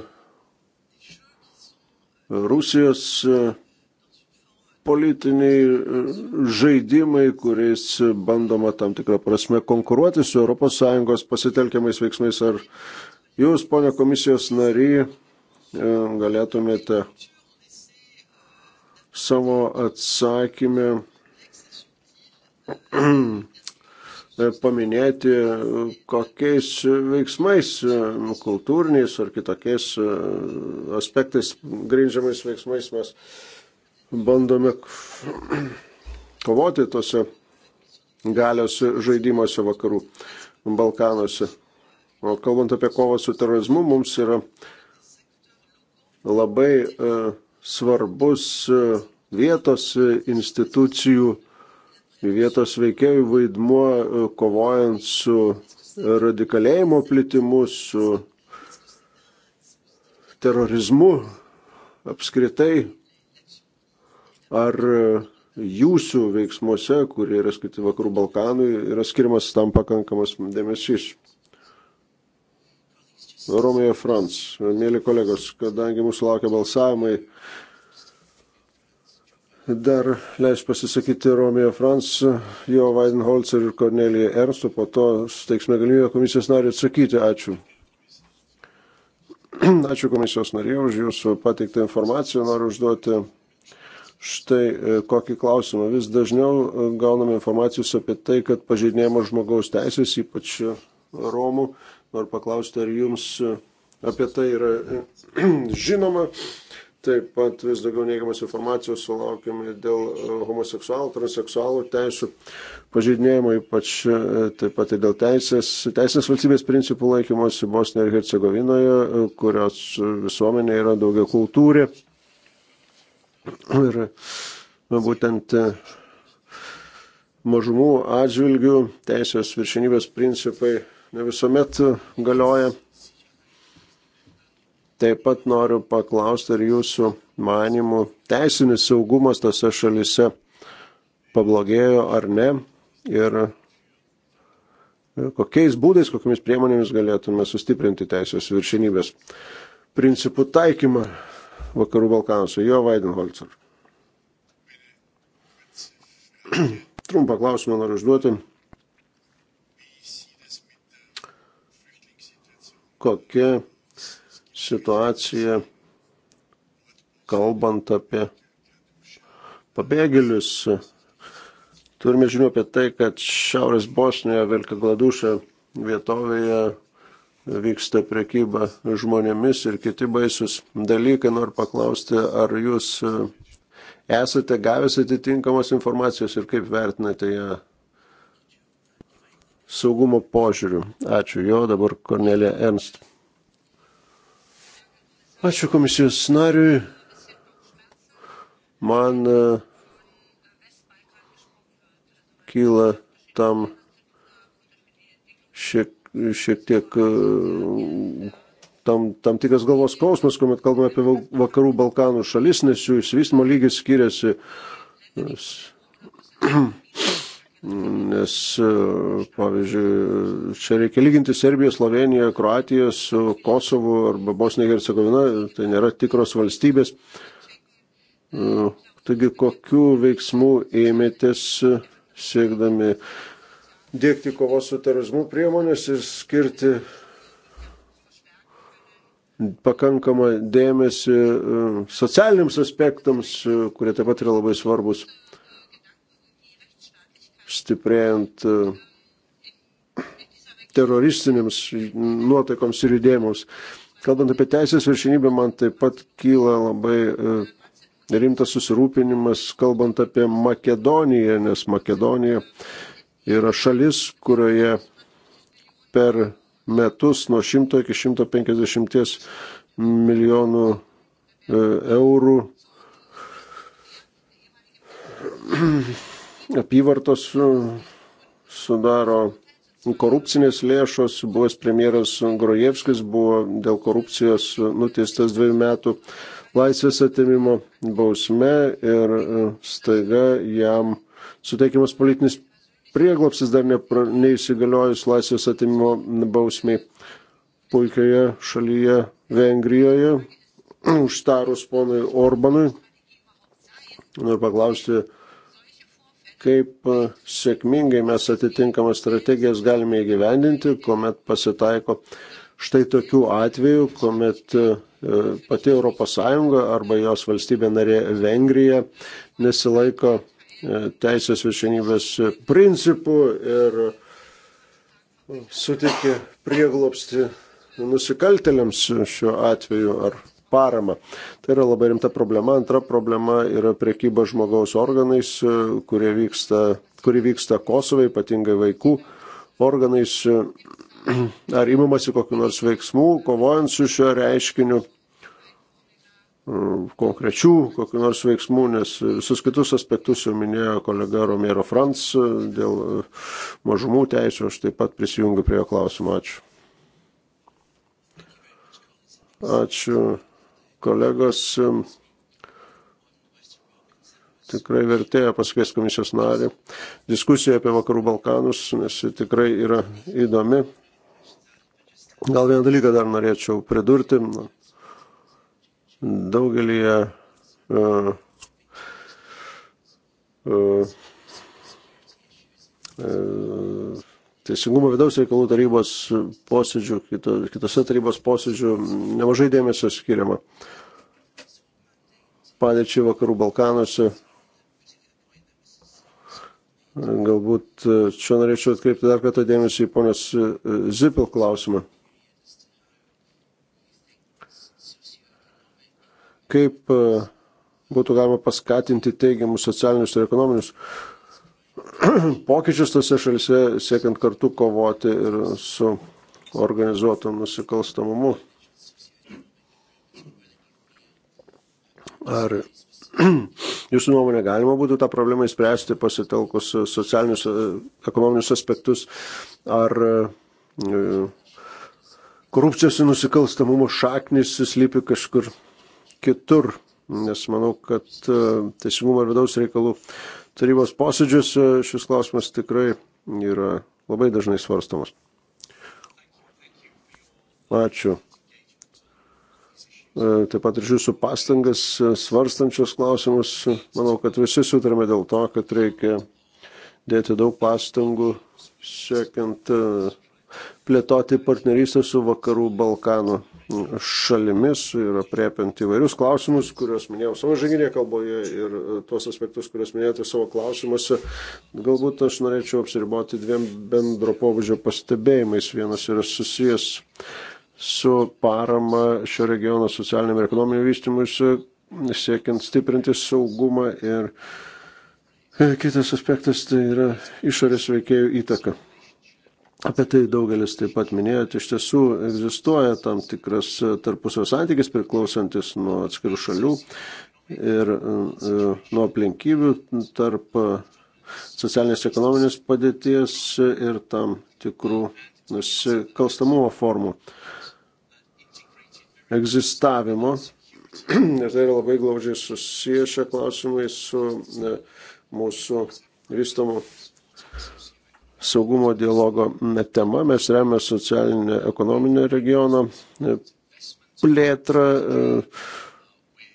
Rusijos e, politiniai e, žaidimai, kuriais bandoma tam tikrą prasme konkuruoti su ES pasitelkiamais veiksmais. Ar jūs, ponė komisijos nary, e, galėtumėte savo atsakymę E, paminėti, kokiais veiksmais, e, kultūriniais ar kitokiais e, aspektais grindžiamais veiksmais mes bandome kovoti tose galios žaidimuose vakarų Balkanuose. O kalbant apie kovą su terorizmu, mums yra labai svarbus vietos institucijų vietos veikėjų vaidmuo e, kovojant su radikalėjimo plitimu, su terorizmu apskritai. Ar e, jūsų veiksmuose, kurie yra skirti Vakarų Balkanui, yra skirimas tam pakankamas dėmesys? Romoje Frans, mėly kolegos, kadangi mūsų laukia balsavimai, dar leis pasisakyti Romeo Franz, Jo Weidenholzer ir Kornelija Ernstu, po to suteiksime galimybę komisijos nariui atsakyti. Ačiū. Ačiū komisijos nariai už jūsų pateiktą informaciją. Noriu užduoti štai e, kokį klausimą. Vis dažniau e, gauname informacijos apie tai, kad pažeidinėjimo žmogaus teisės, ypač e, Romų. Noriu paklausti, ar jums apie tai yra žinoma Taip pat vis daugiau neigiamas informacijos sulaukime dėl e, homoseksualų, transseksualų teisų pažeidinėjimo, ypač e, taip pat ir dėl teisės, teisės valstybės principų laikymosi Bosnijoje ir Hercegovinoje, e, kurios visuomenė yra daugia kultūrė. Ir būtent mažumų atžvilgių teisės viršinybės principai ne visuomet galioja Taip pat noriu paklausti, ar jūsų manimų teisinis saugumas tose šalise pablogėjo ar ne ir kokiais būdais, kokiamis priemonėmis galėtume sustiprinti teisės viršinybės principų taikymą Vakarų Balkanuose. Jo Vaidenholzer. Trumpą klausimą noriu užduoti. Kokia situaciją, kalbant apie pabėgėlius. Turime žinių apie tai, kad Šiaurės Bosnijoje, Velkagladušė vietovėje vyksta prekyba žmonėmis ir kiti baisus dalykai. Noriu paklausti, ar jūs esate gavęs atitinkamos informacijos ir kaip vertinate ją saugumo požiūriu. Ačiū jo, dabar Kornelija Ernst. Ačiū komisijos nariui. Man e, kyla tam šiek, šiek tiek e, tam, tam tikras galvos skausmas, kuomet kalbame apie vakarų Balkanų šalis, nes jų išsivystymo lygis skiriasi. Nes, e, pavyzdžiui, čia reikia lyginti Serbiją, Sloveniją, Kroatiją su Kosovu arba Bosnija Hercegovina, tai nėra tikros valstybės. E, taigi, kokiu veiksmu ėmėtės e, siekdami dėkti kovos su terorizmu priemonės ir skirti pakankamą dėmesį socialiniams aspektams, kurie taip pat yra labai svarbus stiprėjant e, teroristinėms nuotaikoms ir judėjimams. Kalbant apie teisės viršinybę, man taip pat kyla labai e, rimtas susirūpinimas, kalbant apie Makedoniją, nes Makedonija yra šalis, kurioje per metus nuo 100 iki 150 milijonų e, eurų apyvartos e, sudaro korupcinės lėšos, buvęs premjeras Grojevskis buvo dėl korupcijos nuteistas dviejų metų laisvės atimimo bausme ir e, staiga jam suteikiamas politinis prieglopsis dar nepra, neįsigaliojus laisvės atimimo bausmiai puikioje šalyje Vengrijoje, užtarus ponui Orbanui. Noriu paklausti, kaip e, sėkmingai mes atitinkamas strategijas galime įgyvendinti, kuomet pasitaiko štai tokių atvejų, kuomet e, pati ES arba jos valstybė narė Vengrija nesilaiko e, teisės viršenybės principų ir suteikė prieglopsti nusikaltelėms šiuo atveju ar paramą. Tai yra labai rimta problema. Antra problema yra priekyba žmogaus organais, e, kuri vyksta, kuri vyksta Kosovai, ypatingai vaikų organais. E, ar įmamasi kokiu nors veiksmu, kovojant su šiuo reiškiniu, e, konkrečių kokiu nors veiksmu, nes visus kitus aspektus jau minėjo kolega Romero Franz dėl mažumų teisų, aš taip pat prisijungiu prie jo klausimą. Ačiū. Ačiū kolegos tikrai vertėja pasikvies komisijos narį. Diskusija apie Vakarų Balkanus, nes tikrai yra įdomi. Gal vieną dalyką dar norėčiau pridurti. Daugelį uh, uh, uh, Teisingumo vidaus reikalų tarybos posėdžių, kito, kitose tarybos posėdžių nemažai dėmesio skiriama padėčiai vakarų Balkanuose. Galbūt čia norėčiau atkreipti dar kartą dėmesį į ponios Zipil klausimą. Kaip būtų galima paskatinti teigiamus socialinius ir ekonominius uh, pokyčius tose šalise, siekiant kartu kovoti ir su organizuotu nusikalstamumu. Ar jūsų nuomonė galima būtų tą problemą įspręsti pasitelkus socialinius, ekonominius aspektus ar e, korupcijos ir nusikalstamumo šaknis slypi kažkur kitur, nes manau, kad e, Teisingumo ir vidaus reikalų tarybos posėdžius e, šis klausimas tikrai yra labai dažnai svarstamas. Ačiū. E, taip pat ir jūsų pastangas e, svarstančios klausimus. Manau, kad visi sutarėme dėl to, kad reikia dėti daug pastangų siekiant uh, plėtoti partnerystę su vakarų Balkanų šalimis ir apriepiant įvairius klausimus, kuriuos minėjau savo žaginėje kalboje ir e, tuos aspektus, kuriuos minėjote savo klausimuose. Galbūt aš norėčiau apsiriboti dviem bendro pobūdžio pastebėjimais. Vienas yra susijęs su parama šio regiono socialiniam ir ekonominiam vystymuisi, siekiant stiprinti saugumą ir e, kitas aspektas tai yra išorės veikėjų įtaka. Apie tai daugelis taip pat minėjote, iš tiesų egzistuoja tam tikras e, tarpusio santykis priklausantis nuo atskirų šalių ir e, nuo aplinkybių tarp e, socialinės ekonominės padėties ir tam tikrų nusikalstamumo formų egzistavimo. Ir tai yra labai glaudžiai susiję šia klausimai su mūsų vystomu saugumo dialogo tema. Mes remiame socialinę ekonominę regiono e, plėtrą, e,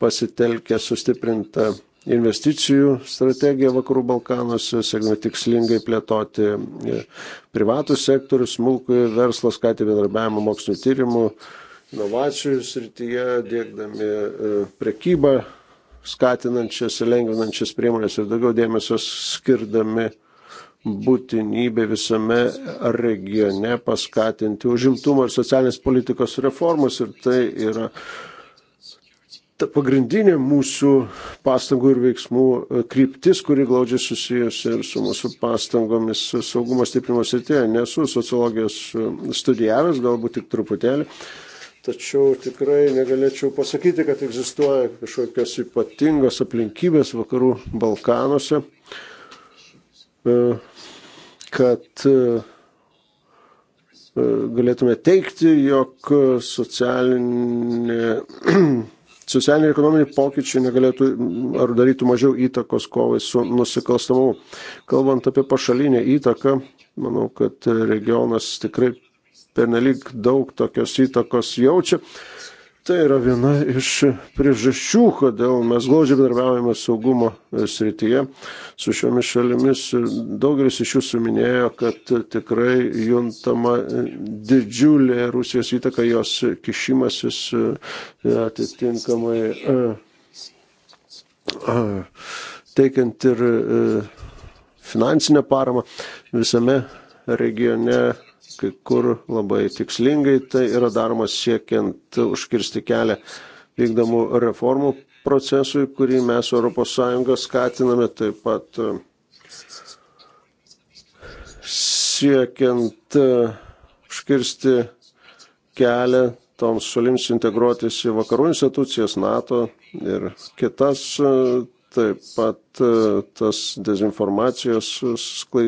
pasitelkę sustiprintą investicijų strategiją Vakarų Balkanuose, siekdami tikslingai plėtoti e, privatų sektorių, smulkų verslą, skatinti bendarbiavimą mokslinio tyrimų, inovacijų srityje, dėkdami prekybą skatinančias ir lengvinančias priemonės ir daugiau dėmesio skirdami būtinybė visame regione paskatinti užimtumo ir socialinės politikos reformas ir tai yra ta pagrindinė mūsų pastangų ir veiksmų e, kryptis, kuri glaudžiai susijusi ir su mūsų pastangomis saugumo stiprimo srityje. Nesu sociologijos e, studijavęs, galbūt tik truputėlį, tačiau tikrai negalėčiau pasakyti, kad egzistuoja kažkokios ypatingos aplinkybės vakarų Balkanuose E, kad e, e, galėtume teikti, jog socialinė, socialiniai ir ekonominiai pokyčiai negalėtų ar darytų mažiau įtakos kovai su nusikalstamumu. Kalbant apie pašalinę įtaką, manau, kad regionas tikrai pernelyg daug tokios įtakos jaučia. Tai yra viena iš priežasčių, kodėl mes glaudžiai bendarbiaujame saugumo srityje su šiomis šalimis. Daugelis iš jūsų minėjo, kad tikrai juntama didžiulė Rusijos įtaka, jos kišimasis atitinkamai e, e, teikiant ir e, finansinę paramą visame regione kai kur labai tikslingai tai yra daroma siekiant užkirsti kelią vykdomų reformų procesui, kurį mes ES skatiname, taip pat e, siekiant e, užkirsti kelią toms šalims integruotis į vakarų institucijas, NATO ir kitas e, Taip pat e, tas dezinformacijos e,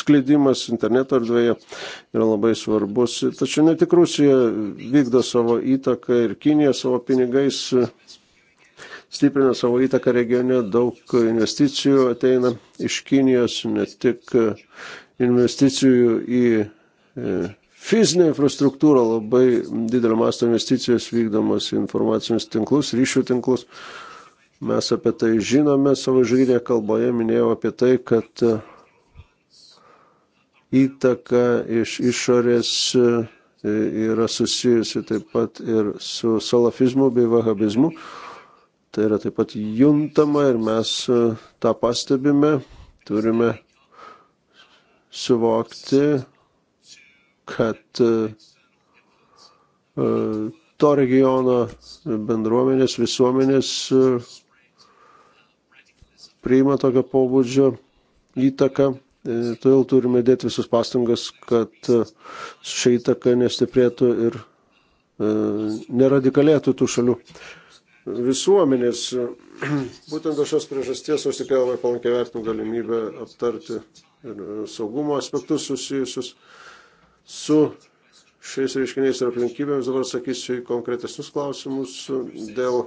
skleidimas interneto erdvėje yra labai svarbus. Tačiau ne tik Rusija vykdo savo įtaką ir Kinija savo pinigais e, stiprina savo įtaką regione, daug investicijų ateina iš Kinijos, ne tik investicijų į fizinę infrastruktūrą, labai didelio masto investicijos vykdomas į informacinius tinklus, ryšių tinklus. Mes apie tai žinome savo žvyrėje kalboje, minėjau apie tai, kad e, įtaka iš išorės e, yra susijusi taip pat ir su salafizmu bei vahabizmu. Tai yra taip pat juntama ir mes e, tą pastebime, turime suvokti, kad to regiono bendruomenės, visuomenės priima tokio pobūdžio įtaką. E, todėl turime dėti visus pastangas, kad e, šią įtaką nestiprėtų ir e, neradikalėtų tų šalių visuomenės. Būtent dėl šios priežasties aš tikrai labai palankiai vertinu galimybę aptarti ir saugumo aspektus susijusius su šiais reiškiniais ir aplinkybėmis. Dabar sakysiu į konkretesnius klausimus dėl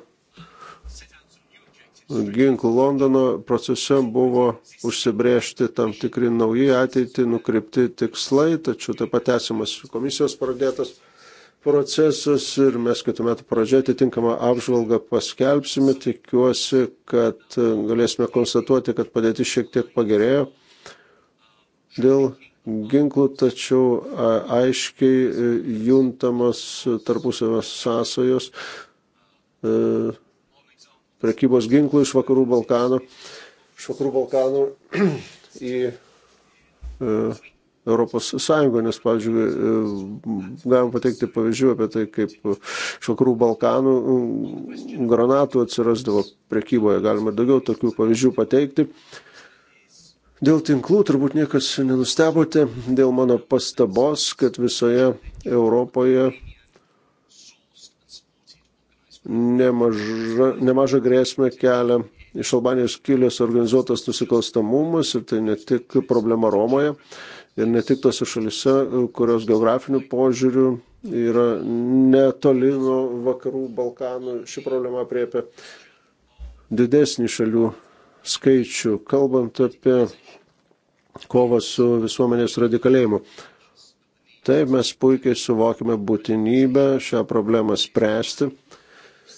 ginklų Londono procese buvo užsibriežti tam tikri nauji ateitį nukreipti tikslai, tačiau taip pat esamas komisijos pradėtas procesas ir mes kitų metų pradžioje atitinkamą apžvalgą paskelbsime. Tikiuosi, kad e, galėsime konstatuoti, kad padėtis šiek tiek pagerėjo dėl ginklų, tačiau aiškiai e, juntamas tarpusavės sąsajos e, prekybos ginklų iš vakarų Balkanų, iš vakarų Balkanų į e, Europos Sąjungą, nes, pavyzdžiui, e, galim pateikti pavyzdžių apie tai, kaip iš vakarų Balkanų mm, granatų atsirasdavo prekyboje, galima daugiau tokių pavyzdžių pateikti. Dėl tinklų turbūt niekas nenustebote, dėl mano pastabos, kad visoje Europoje nemaža, nemažą grėsmę kelia iš Albanijos kilęs organizuotas nusikalstamumas ir tai ne tik problema Romoje ir ne tik tose šalise, kurios geografinių požiūrių yra netoli nuo vakarų Balkanų. Ši problema priepia didesnį šalių skaičių, kalbant apie kovą su visuomenės radikalėjimu. Taip mes puikiai suvokime būtinybę šią problemą spręsti.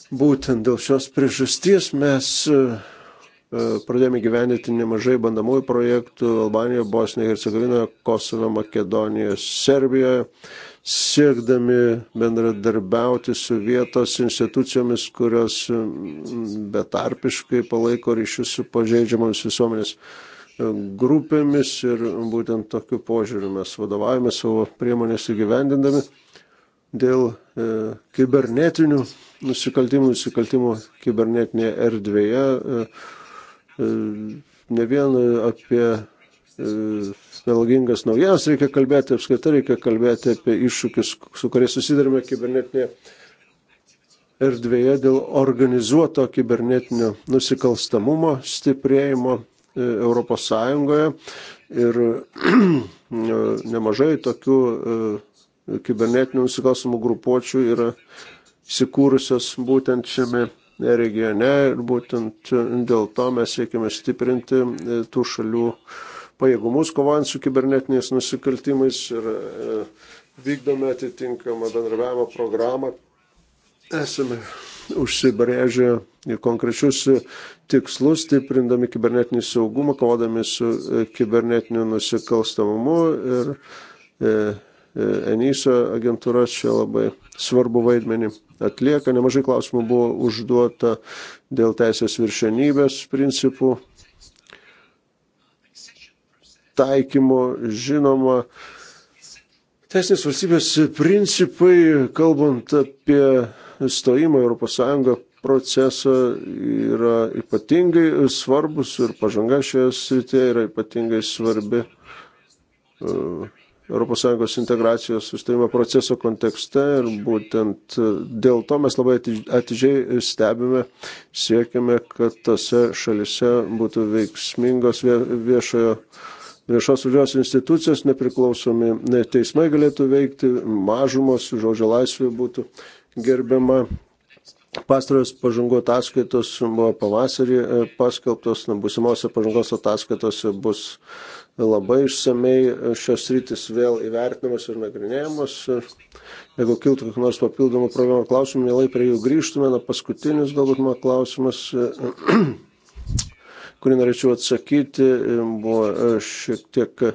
Būtent dėl šios priežasties mes e, e, pradėjome gyveninti nemažai bandamųjų projektų Albanijoje, Bosnijoje, Hercegovinoje, Kosove, Makedonijoje, Serbijoje, siekdami bendradarbiauti su vietos institucijomis, kurios betarpiškai palaiko ryšius su pažeidžiamomis visuomenės e, grupėmis ir būtent tokiu požiūriu mes vadovavome savo priemonės įgyvendindami dėl e, kibernetinių nusikaltimų, nusikaltimų kibernetinėje erdvėje, e, e, ne vien apie e, melagingas naujienas reikia kalbėti, apskritai reikia kalbėti apie iššūkius, su kuriais susidarime kibernetinėje erdvėje dėl organizuoto kibernetinio nusikalstamumo stiprėjimo Europos Sąjungoje ir nemažai tokių kibernetinių nusikalstamų grupuočių yra įsikūrusios būtent šiame regione ir būtent dėl to mes siekime stiprinti e, tų šalių pajėgumus kovojant su kibernetiniais nusikaltimais ir e, vykdome atitinkamą bendravimo programą. Esame užsibrėžę konkrečius tikslus, stiprindami kibernetinį saugumą, kovodami su e, kibernetiniu nusikalstamumu ir E, ENISA agentūra čia labai svarbu vaidmenį atlieka. Nemažai klausimų buvo užduota dėl teisės viršenybės principų taikymo. Žinoma, teisinės valstybės principai, kalbant apie stojimą Europos Sąjungą, procesą yra ypatingai svarbus ir pažanga šioje srityje yra ypatingai svarbi. Uh, ES integracijos sustarimo proceso kontekste ir būtent e, dėl to mes labai atidžiai stebime, siekime, kad tose šalise būtų veiksmingos viešojo. Viešos valdžios institucijos nepriklausomi ne teismai galėtų veikti, mažumos, žodžio laisvė būtų gerbiama. Pastarojos pažangų ataskaitos buvo pavasarį e, paskelbtos, būsimose pažangos ataskaitose bus labai išsamei e, šios rytis vėl įvertinamas ir nagrinėjamas. Ir e, jeigu kiltų kokių nors papildomų problemų klausimų, mielai prie jų grįžtume. Na, paskutinis galbūt mano klausimas, e, kurį norėčiau atsakyti, buvo šiek tiek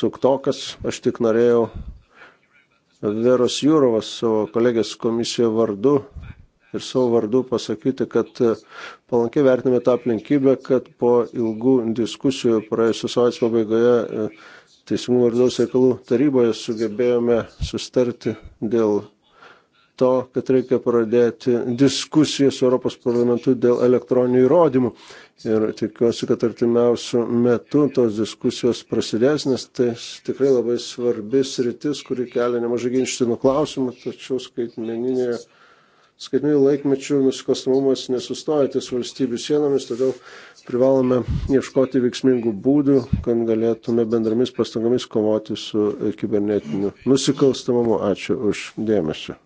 suktokas. Aš tik norėjau Veros Jūrovas savo kolegės komisijoje vardu ir savo vardu pasakyti, kad e, palankiai vertiname tą aplinkybę, kad po ilgų diskusijų praėjusios savaitės pabaigoje e, Teisingumo ir Daus reikalų taryboje sugebėjome sustarti dėl to, kad reikia pradėti diskusiją su Europos parlamentu dėl elektroninių įrodymų. Ir tikiuosi, kad artimiausių metų tos diskusijos prasidės, nes tai tikrai labai svarbis rytis, kuri kelia nemažai ginčytinų klausimų, tačiau skaitmeninėje skaitminių laikmečių nusikalstamumas nesustoja ties valstybių sienomis, todėl privalome ieškoti veiksmingų būdų, kad galėtume bendromis pastangomis kovoti su kibernetiniu nusikalstamumu. Ačiū už dėmesį.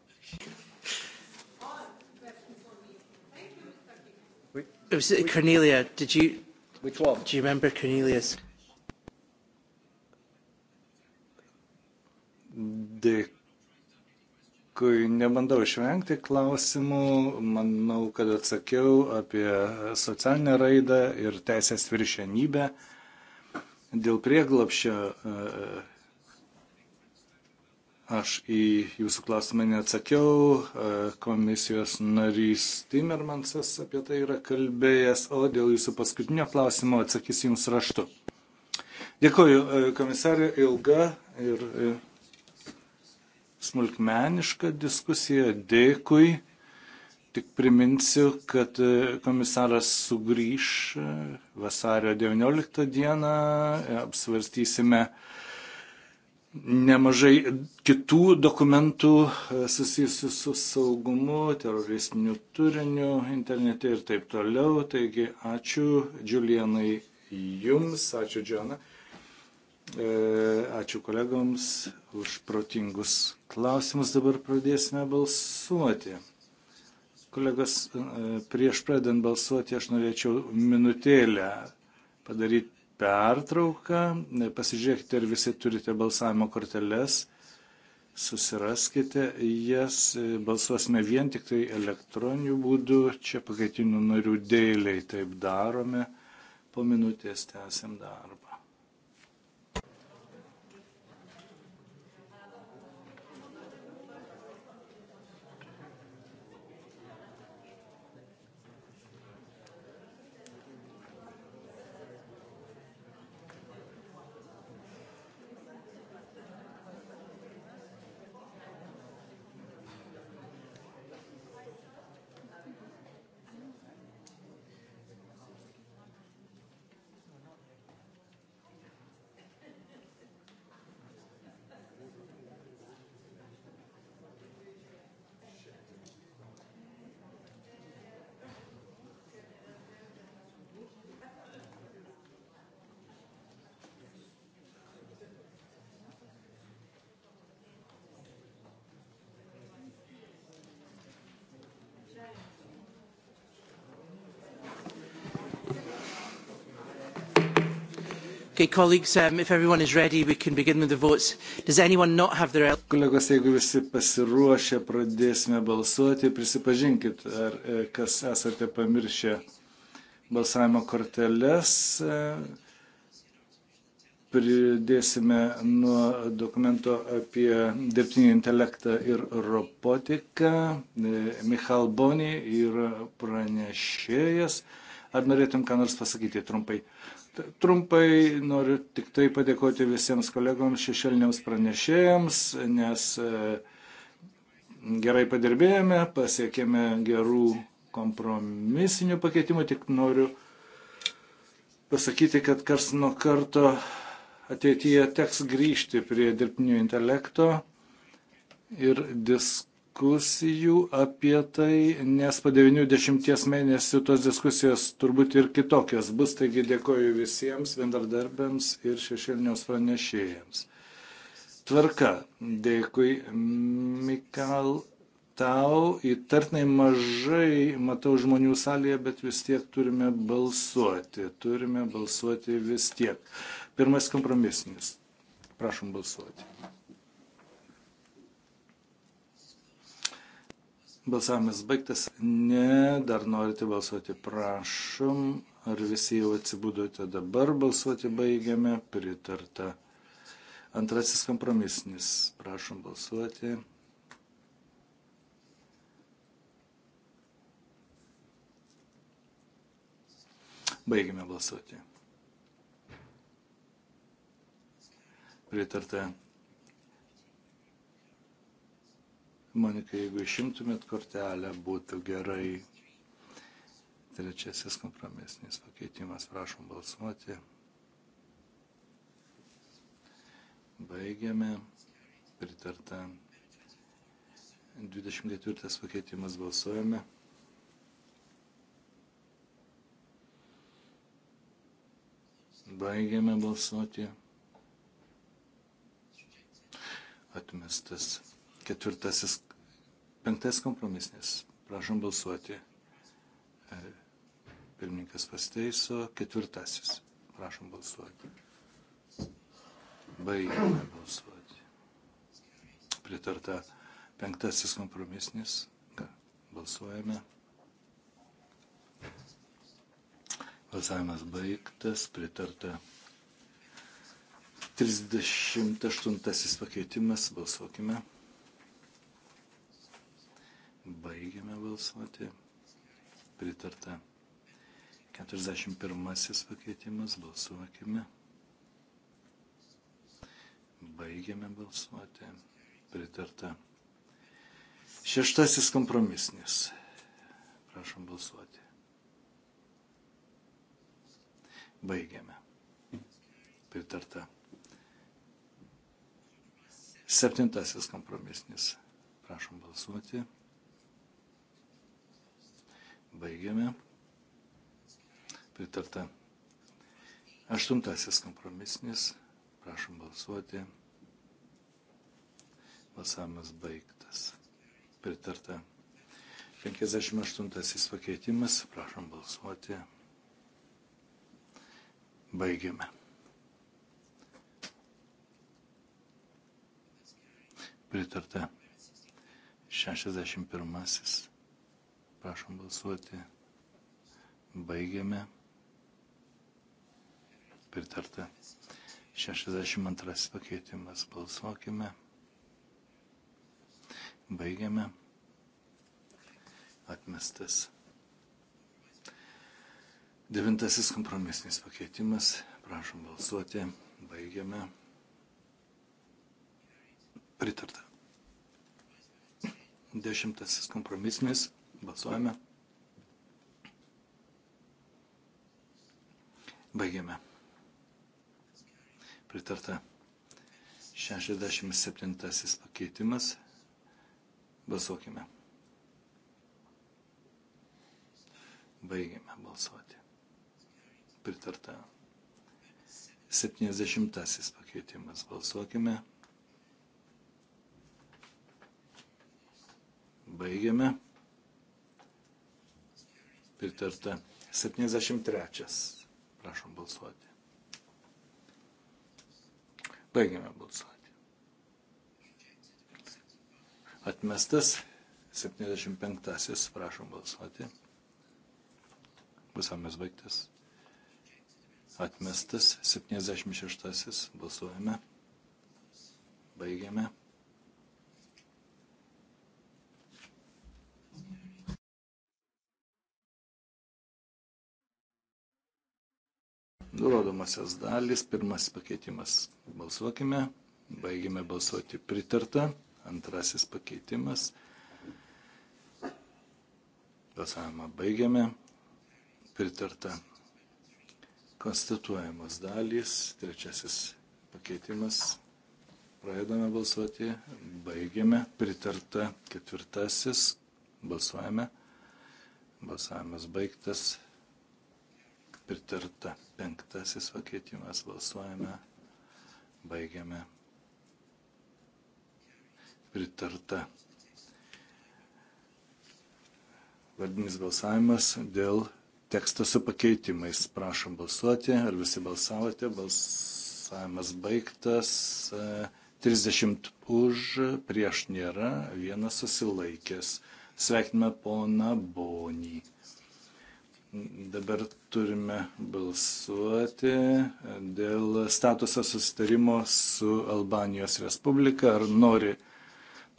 Was it Cornelia? Did you? Which one? Do you remember Cornelia's? The Dėkui, nebandau išvengti klausimų. Manau, kad atsakiau apie socialinę raidą ir teisės viršenybę. Dėl prieglapščio e, aš į jūsų klausimą neatsakiau. E, komisijos narys Timermansas apie tai yra kalbėjęs, o dėl jūsų paskutinio klausimo atsakysiu jums raštu. Dėkuoju, e, komisarė, ilga ir smulkmenišką diskusiją. Dėkui. Tik priminsiu, kad e, komisaras sugrįž e, vasario 19 dieną, e, apsvarstysime nemažai kitų dokumentų susijusių su saugumu, teroristiniu turiniu internete ir taip toliau. Taigi ačiū Džiulienai jums, ačiū Džiana. E, ačiū kolegoms už protingus klausimus. Dabar pradėsime balsuoti. Kolegos, e, prieš pradant balsuoti aš norėčiau minutėlę padaryti pertrauką. E, pasižiūrėkite, ar visi turite balsavimo korteles. Susiraskite jas. Balsuosime vien tik tai elektroniniu būdu. Čia pakaitinių narių dėliai taip darome. Po minutės tęsim darbą. Okay, colleagues, um, if everyone is ready, we can begin with the votes. Does anyone not have their... Kolegos, jeigu visi pasiruošę, pradėsime balsuoti. Prisipažinkit, ar e, kas esate pamiršę balsavimo korteles. E, pridėsime nuo dokumento apie dirbtinį intelektą ir robotiką. E, Michal Boni yra pranešėjas. Ar norėtum ką nors pasakyti trumpai? Uh, Trumpai noriu tik tai padėkoti visiems kolegoms šešėliniams pranešėjams, nes e, gerai padirbėjome, pasiekėme gerų kompromisinių pakeitimų, tik noriu pasakyti, kad kars nuo karto ateityje teks grįžti prie dirbtinio intelekto ir diskusijų diskusijų apie tai, nes po 90 mėnesių tos diskusijos turbūt ir kitokios bus. Taigi dėkoju visiems bendradarbiams ir šešėliniams pranešėjams. Tvarka. Dėkui, Mikal. Tau įtartinai mažai matau žmonių salėje, bet vis tiek turime balsuoti. Turime balsuoti vis tiek. Pirmas kompromisinis. Prašom balsuoti. Balsavimas baigtas. Ne, dar norite balsuoti, prašom. Ar visi jau atsibudote dabar balsuoti baigiame? Pritarta. Antrasis kompromisnis. Prašom balsuoti. Baigime balsuoti. Pritarta. Monika, jeigu išimtumėt kortelę, būtų gerai. Trečiasis kompromisinis pakeitimas, prašom balsuoti. Baigiame. Pritarta. 24 pakeitimas balsuojame. Baigiame balsuoti. Atmestas. Ketvirtasis, penktas kompromisnis. Prašom balsuoti. E, pirmininkas pasteiso. Ketvirtasis. Prašom balsuoti. Baigime balsuoti. Pritarta penktasis kompromisnis. Balsuojame. Balsavimas baigtas, pritarta 38 pakeitimas, balsuokime. Baigiame balsuoti. Pritarta. 41 pakeitimas. Balsuokime. Baigiame balsuoti. Pritarta. Šeštasis kompromisnis. Prašom balsuoti. Baigiame. Pritarta. Septintasis kompromisnis. Prašom balsuoti. Baigiame. Pritarta. Aštuntasis kompromisinis. Prašom balsuoti. Balsavimas baigtas. Pritarta. 58 pakeitimas. Prašom balsuoti. Baigiame. Pritarta. 61. Prašom balsuoti. Baigiame. Pritarta. 62 pakeitimas. Balsuokime. Baigiame. Atmestas. Devintasis kompromisinis pakeitimas. Prašom balsuoti. Baigiame. Pritarta. Dešimtasis kompromisinis Balsuojame. Baigiame. Pritarta 67 pakeitimas. Balsuokime. Baigiame balsuoti. Pritarta 70 pakeitimas. Balsuokime. Baigiame pritarta. 73. Prašom balsuoti. Baigiame balsuoti. Atmestas 75. Prašom balsuoti. Pusamės baigtas. Atmestas 76. Balsuojame. Baigiame. Nurodomasias dalis, pirmasis pakeitimas. Balsuokime. Baigime balsuoti pritarta. Antrasis pakeitimas. Balsavimą baigiame. Pritarta. Konstatuojamos dalys. Trečiasis pakeitimas. Pradedame balsuoti, baigiame, pritarta ketvirtasis, balsuojame, balsavimas baigtas, pritarta. Penktasis pakeitimas balsuojame, baigiame. Pritarta. Vardinis balsavimas dėl teksto su pakeitimais. Prašom balsuoti. Ar visi balsavote? Balsavimas baigtas. 30 už, prieš nėra, vienas susilaikęs. Sveikiname poną Bonį. Dabar turime balsuoti dėl statuso sustarimo su Albanijos Respublika. Ar nori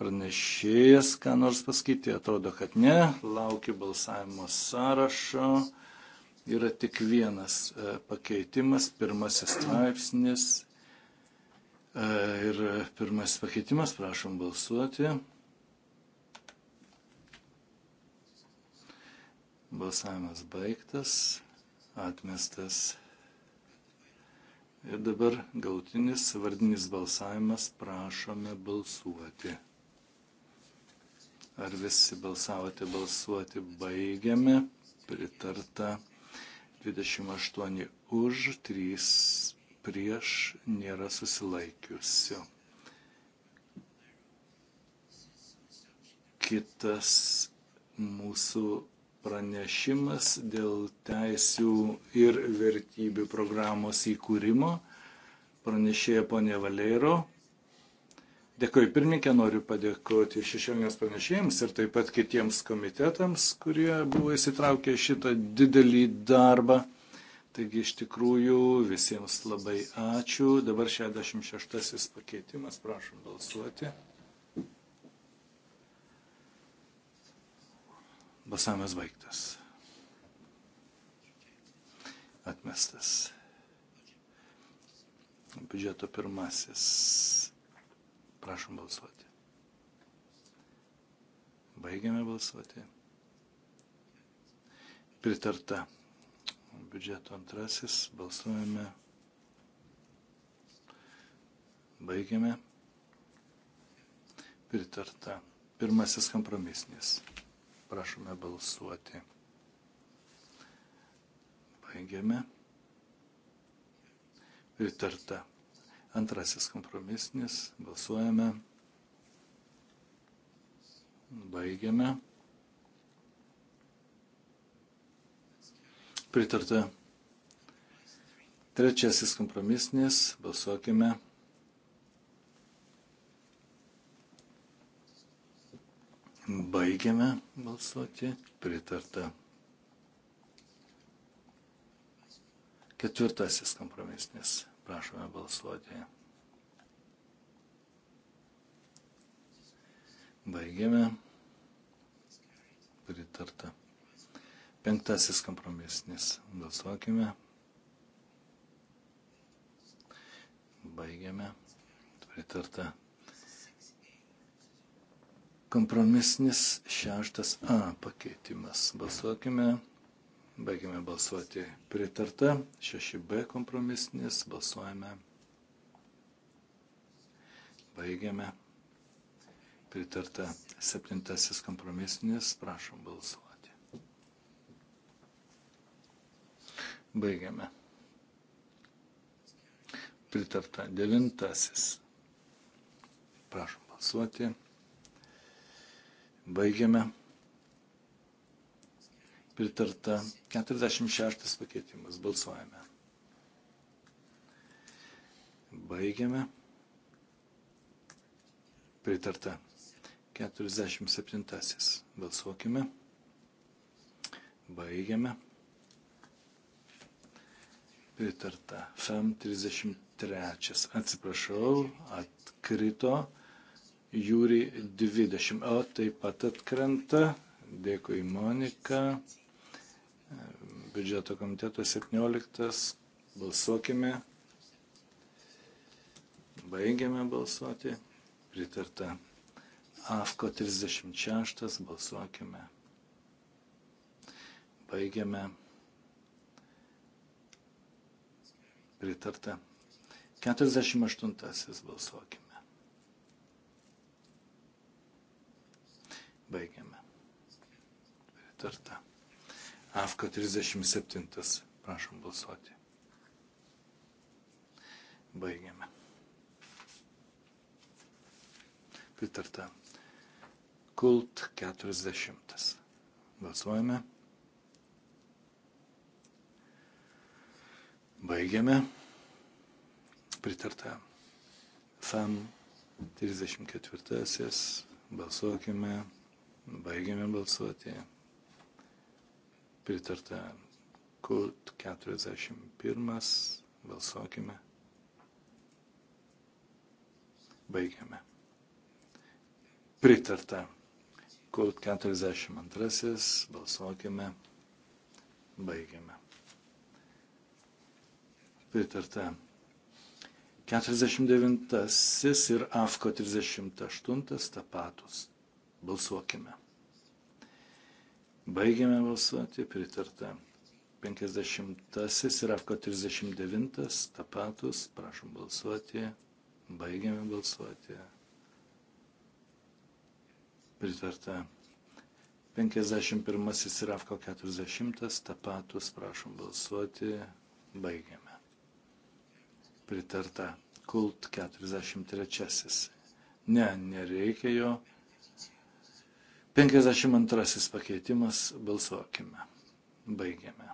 pranešėjas ką nors pasakyti? Atrodo, kad ne. Laukiu balsavimo sąrašo. Yra tik vienas e, pakeitimas, pirmasis straipsnis. E, ir pirmasis pakeitimas, prašom balsuoti. Balsavimas baigtas, atmestas. Ir dabar gautinis vardinis balsavimas prašome balsuoti. Ar visi balsavote balsuoti baigiame? Pritarta 28 už, 3 prieš, nėra susilaikiusių. Kitas mūsų pranešimas dėl teisių ir vertybių programos įkūrimo. Pranešėja ponė Valero. Dėkoju pirmininkė, noriu padėkoti šešėlinės pranešėjams ir taip pat kitiems komitetams, kurie buvo įsitraukę šitą didelį darbą. Taigi iš tikrųjų visiems labai ačiū. Dabar 66 pakeitimas, prašom balsuoti. Balsavimas baigtas. Atmestas. Biudžeto pirmasis. Prašom balsuoti. Baigiame balsuoti. Pritarta. Biudžeto antrasis. Balsuojame. Baigiame. Pritarta. Pirmasis kompromisnis. Prašome balsuoti. Baigiame. Pritarta. Antrasis kompromisnis. Balsuojame. Baigiame. Pritarta. Trečiasis kompromisnis. Balsuokime. Baigiame balsuoti. Pritarta. Ketvirtasis kompromisnis. Prašome balsuoti. Baigiame. Pritarta. Penktasis kompromisnis. Balsuokime. Baigiame. Pritarta. Kompromisnis šeštas A pakeitimas. Balsuokime. Baigime balsuoti pritarta. 6B kompromisnis. Balsuojame. Baigiame. Pritarta. Septintasis kompromisnis. Prašom balsuoti. Baigiame. Pritarta. Devintasis. Prašom balsuoti. Baigiame. Pritarta 46 pakeitimas. Balsuojame. Baigiame. Pritarta 47. Balsuokime. Baigiame. Pritarta. FAM 33. Atsiprašau, atkrito Jūri 20. O taip pat atkrenta. Dėkui Monika. Biudžeto komiteto 17. Balsuokime. Baigiame balsuoti. Pritarta. AFKO 36. Balsuokime. Baigiame. Pritarta. 48. Balsuokime. Baigiame. Pritarta. AFKO 37. Prašom balsuoti. Baigiame. Pritarta. Kult 40. Balsuojame. Baigiame. Pritarta. FAM 34. Balsuokime. Baigiame balsuoti. Pritarta kult 41. Balsuokime. Baigiame. Pritarta kult 42. Balsuokime. Baigiame. Pritarta 49 ir AFKO 38 tapatus. Balsuokime. Baigiame balsuoti, pritarta. 50 ir AFKO 39 tapatus, prašom balsuoti, baigiame balsuoti. Pritarta. 51 ir AFKO 40 tapatus, prašom balsuoti, baigiame. Pritarta. Kult 43. Ne, nereikia jo 52 pakeitimas balsuokime. Baigiame.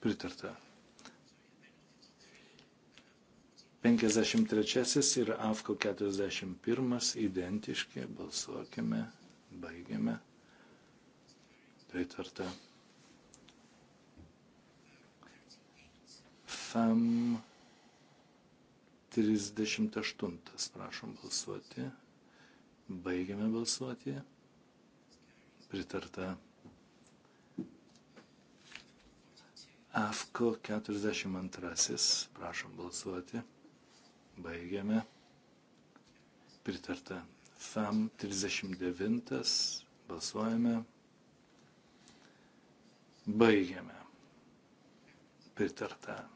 Pritarta. 53 ir AFKO 41 identiški. Balsuokime. Baigiame. Pritarta. FAM e 38. Prašom balsuoti. Baigiame balsuoti. Pritarta. AFKO 42. Prašom balsuoti. Baigiame. Pritarta. FAM 39. Balsuojame. Baigiame. Pritarta.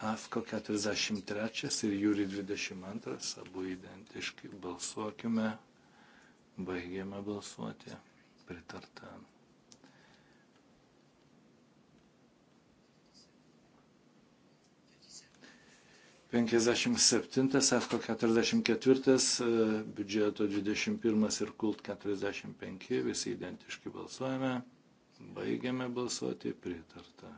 AFKO 43 ir Jūri 22, abu identiški, balsuokime, baigėme balsuoti, pritarta. Penkiasdešimt septintas, AFKO keturiasdešimt ketvirtas, e, biudžeto dvidešimt pirmas ir kult keturiasdešimt penki, visi identiški balsuojame, baigėme balsuoti, pritarta.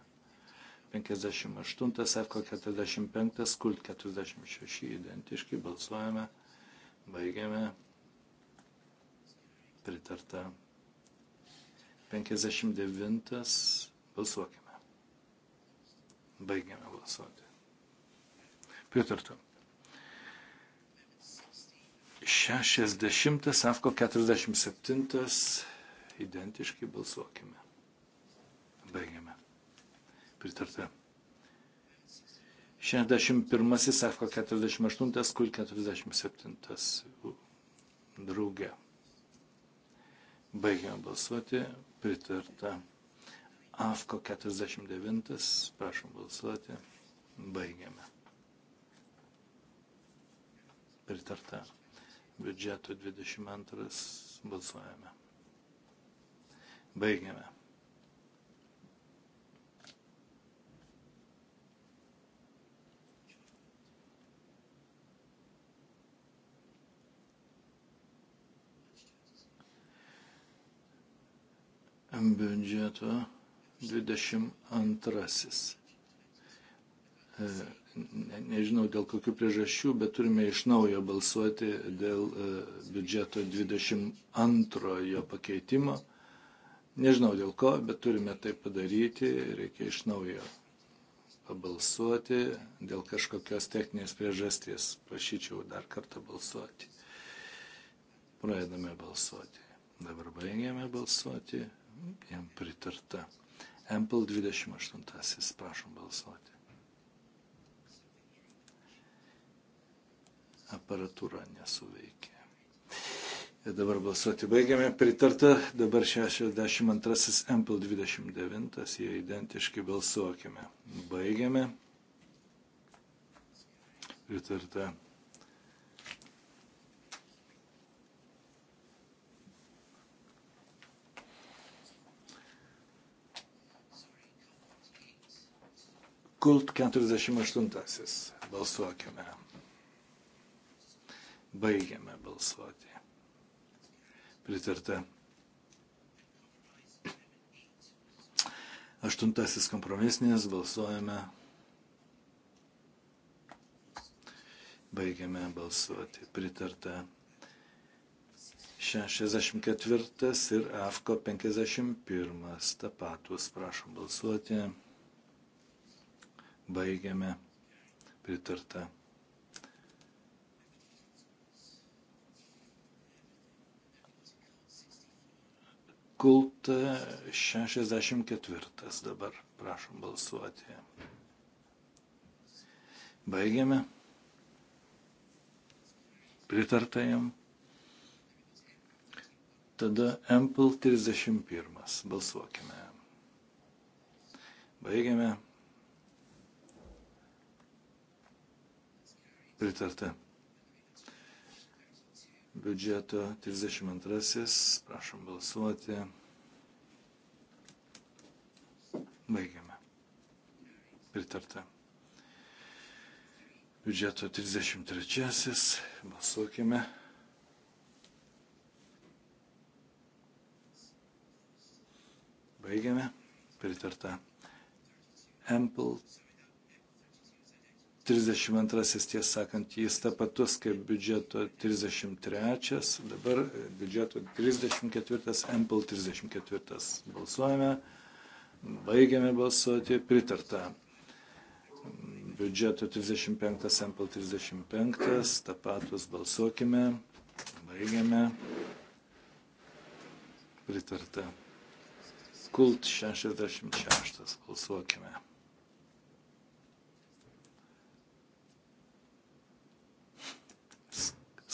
58, FK 45, Kult 46 identiški, balsuojame, baigiame, pritarta. 59, balsuokime. Baigiame balsuoti. Pritarta. 60, Afko 47, identiškai balsuokime. Baigiame pritarta. 61, Afko 48, Kul 47 draugė. Baigiam balsuoti, pritarta. Afko 49, prašom balsuoti, baigiame. Pritarta. Biudžeto 22 balsuojame. Baigiame. biudžeto 22. E, ne, nežinau dėl kokių priežasčių, bet turime iš naujo balsuoti dėl e, biudžeto 22 pakeitimo. Nežinau dėl ko, bet turime tai padaryti, reikia iš naujo pabalsuoti dėl kažkokios techninės priežasties. Prašyčiau dar kartą balsuoti. Pradedame balsuoti. Dabar baigiame balsuoti jam pritarta. Ample 28, prašom balsuoti. Aparatūra nesuveikė. Ir dabar balsuoti baigiame. Pritarta dabar 62 Ample 29, jie identiški balsuokime. Baigiame. Pritarta Kult 48. Balsuokime. Baigiame balsuoti. Pritarta. Aštuntasis kompromisinės balsuojame. Baigiame balsuoti. Pritarta. 64 ir AFKO 51. Tapatus, prašom balsuoti. Baigiame. Pritarta. Kult 64 dabar. Prašom balsuoti. Baigiame. Pritarta jam. Tada Ample 31. Balsuokime. Baigiame. pritarta. Biudžeto 32. Prašom balsuoti. Baigiame. Pritarta. Biudžeto 33. Balsuokime. Baigiame. Pritarta. Ample 32, tiesą sakant, jis tapatus kaip biudžeto 33, dabar e, biudžeto 34, MPL 34. Balsuojame, baigiame balsuoti, pritarta. Biudžeto 35, MPL 35, tapatus balsuokime, baigiame, pritarta. Kult 66, balsuokime.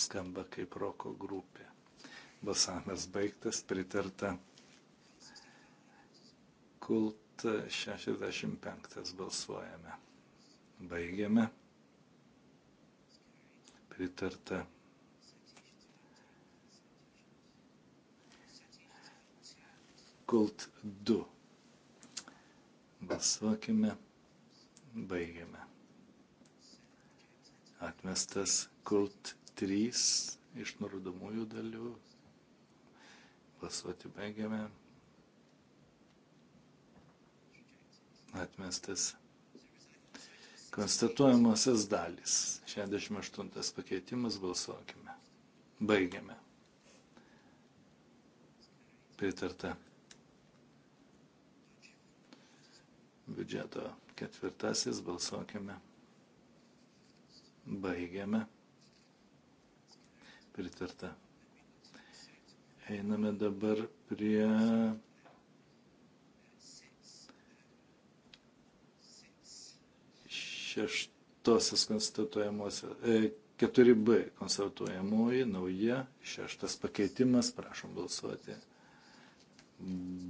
skamba kaip roko grupė. Balsavimas baigtas, pritarta. Kult 65 balsuojame. Baigiame. Pritarta. Kult 2. Balsuokime. Baigiame atmestas kult trys iš nurodomųjų dalių. Balsuoti baigiame. Atmestas. Konstatuojamosios dalys. 68 pakeitimas balsuokime. Baigiame. Pritarta. Biudžeto ketvirtasis balsuokime. Baigiame pritarta. Einame dabar prie šeštosios konstatuojamosios, e, 4b konstatuojamoji, nauja, šeštas pakeitimas, prašom balsuoti.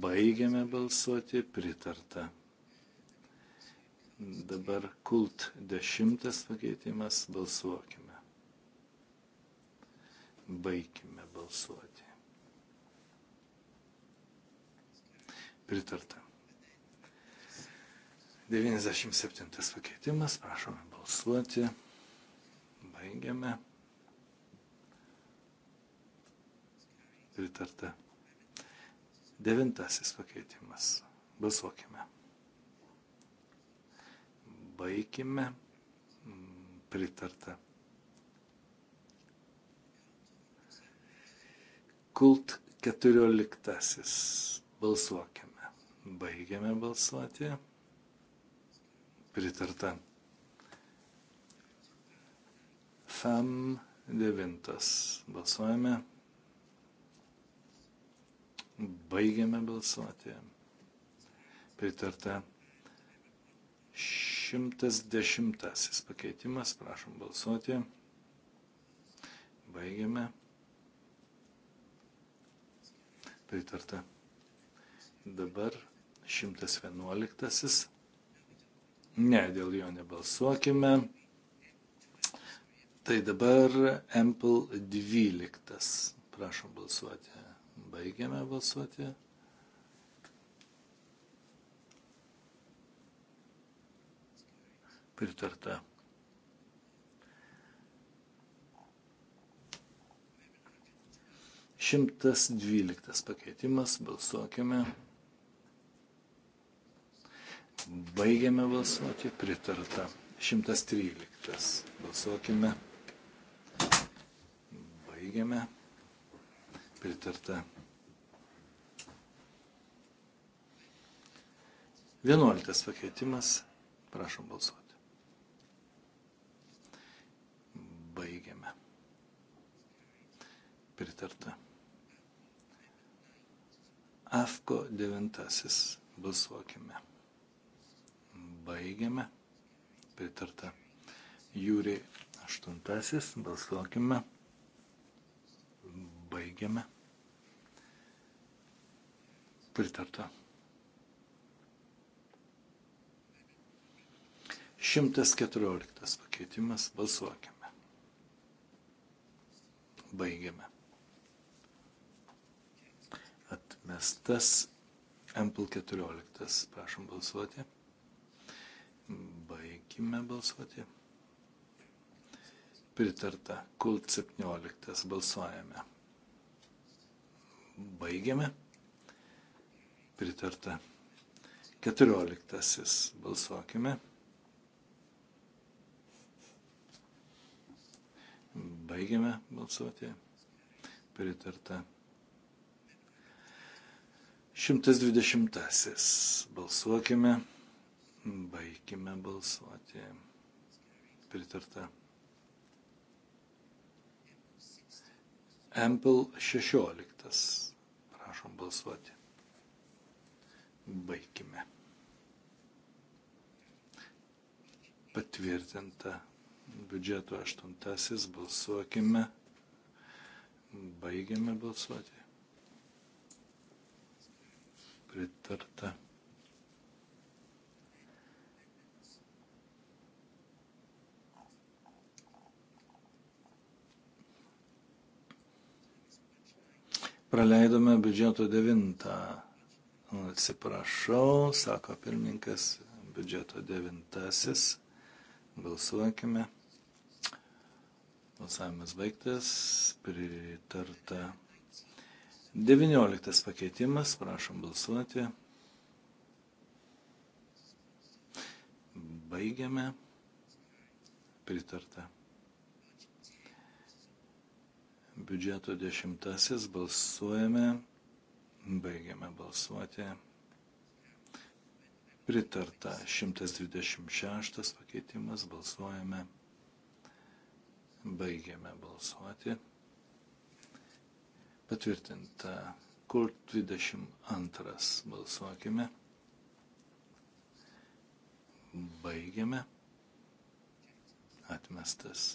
Baigiame balsuoti, pritarta. Dabar kult dešimtas pakeitimas, balsuokime. Baigime balsuoti. Pritarta. 97 pakeitimas, prašome balsuoti. Baigiame. Pritarta. Devintasis pakeitimas. Balsuokime. Baigime. Pritarta. Kult 14. Balsuokime. Baigiame balsuoti. Pritarta. FAM 9. Balsuojame. Baigiame balsuoti. Pritarta. 110 pakeitimas. Prašom balsuoti. Baigiame. pritarta. Dabar 111. Ne, dėl jo nebalsuokime. Tai dabar Ample 12. Prašom balsuoti. Baigiame balsuoti. Pritarta. 112 pakeitimas, balsuokime. Baigiame balsuoti, pritarta. 113. Balsuokime. Baigiame. Pritarta. 11 pakeitimas. Prašom balsuoti. Baigiame. Pritarta. AFKO 9. Balsuokime. Baigiame. Pritarta. Jūri 8. Balsuokime. Baigiame. Pritarta. 114 pakeitimas. Balsuokime. Baigiame Mes tas MPL 14, prašom balsuoti. Baigime balsuoti. Pritarta. Kult 17. Balsuojame. Baigiame. Pritarta. 14. Balsuokime. Baigiame balsuoti. Pritarta. 120. Balsuokime. Baigime balsuoti. Pritarta. Ample 16. Prašom balsuoti. Baigime. Patvirtinta. Biudžeto 8. Balsuokime. Baigėme balsuoti pritarta. Praleidome biudžeto devintą. Atsiprašau, sako pirmininkas, biudžeto devintasis. Balsuokime. Balsavimas baigtas, pritarta 19 pakeitimas, prašom balsuoti. Baigiame. Pritarta. Biudžeto dešimtasis balsuojame. Baigiame balsuoti. Pritarta 126 pakeitimas, balsuojame. Baigiame balsuoti. Patvirtinta. Kur 22 balsuokime. Baigiame. Atmestas.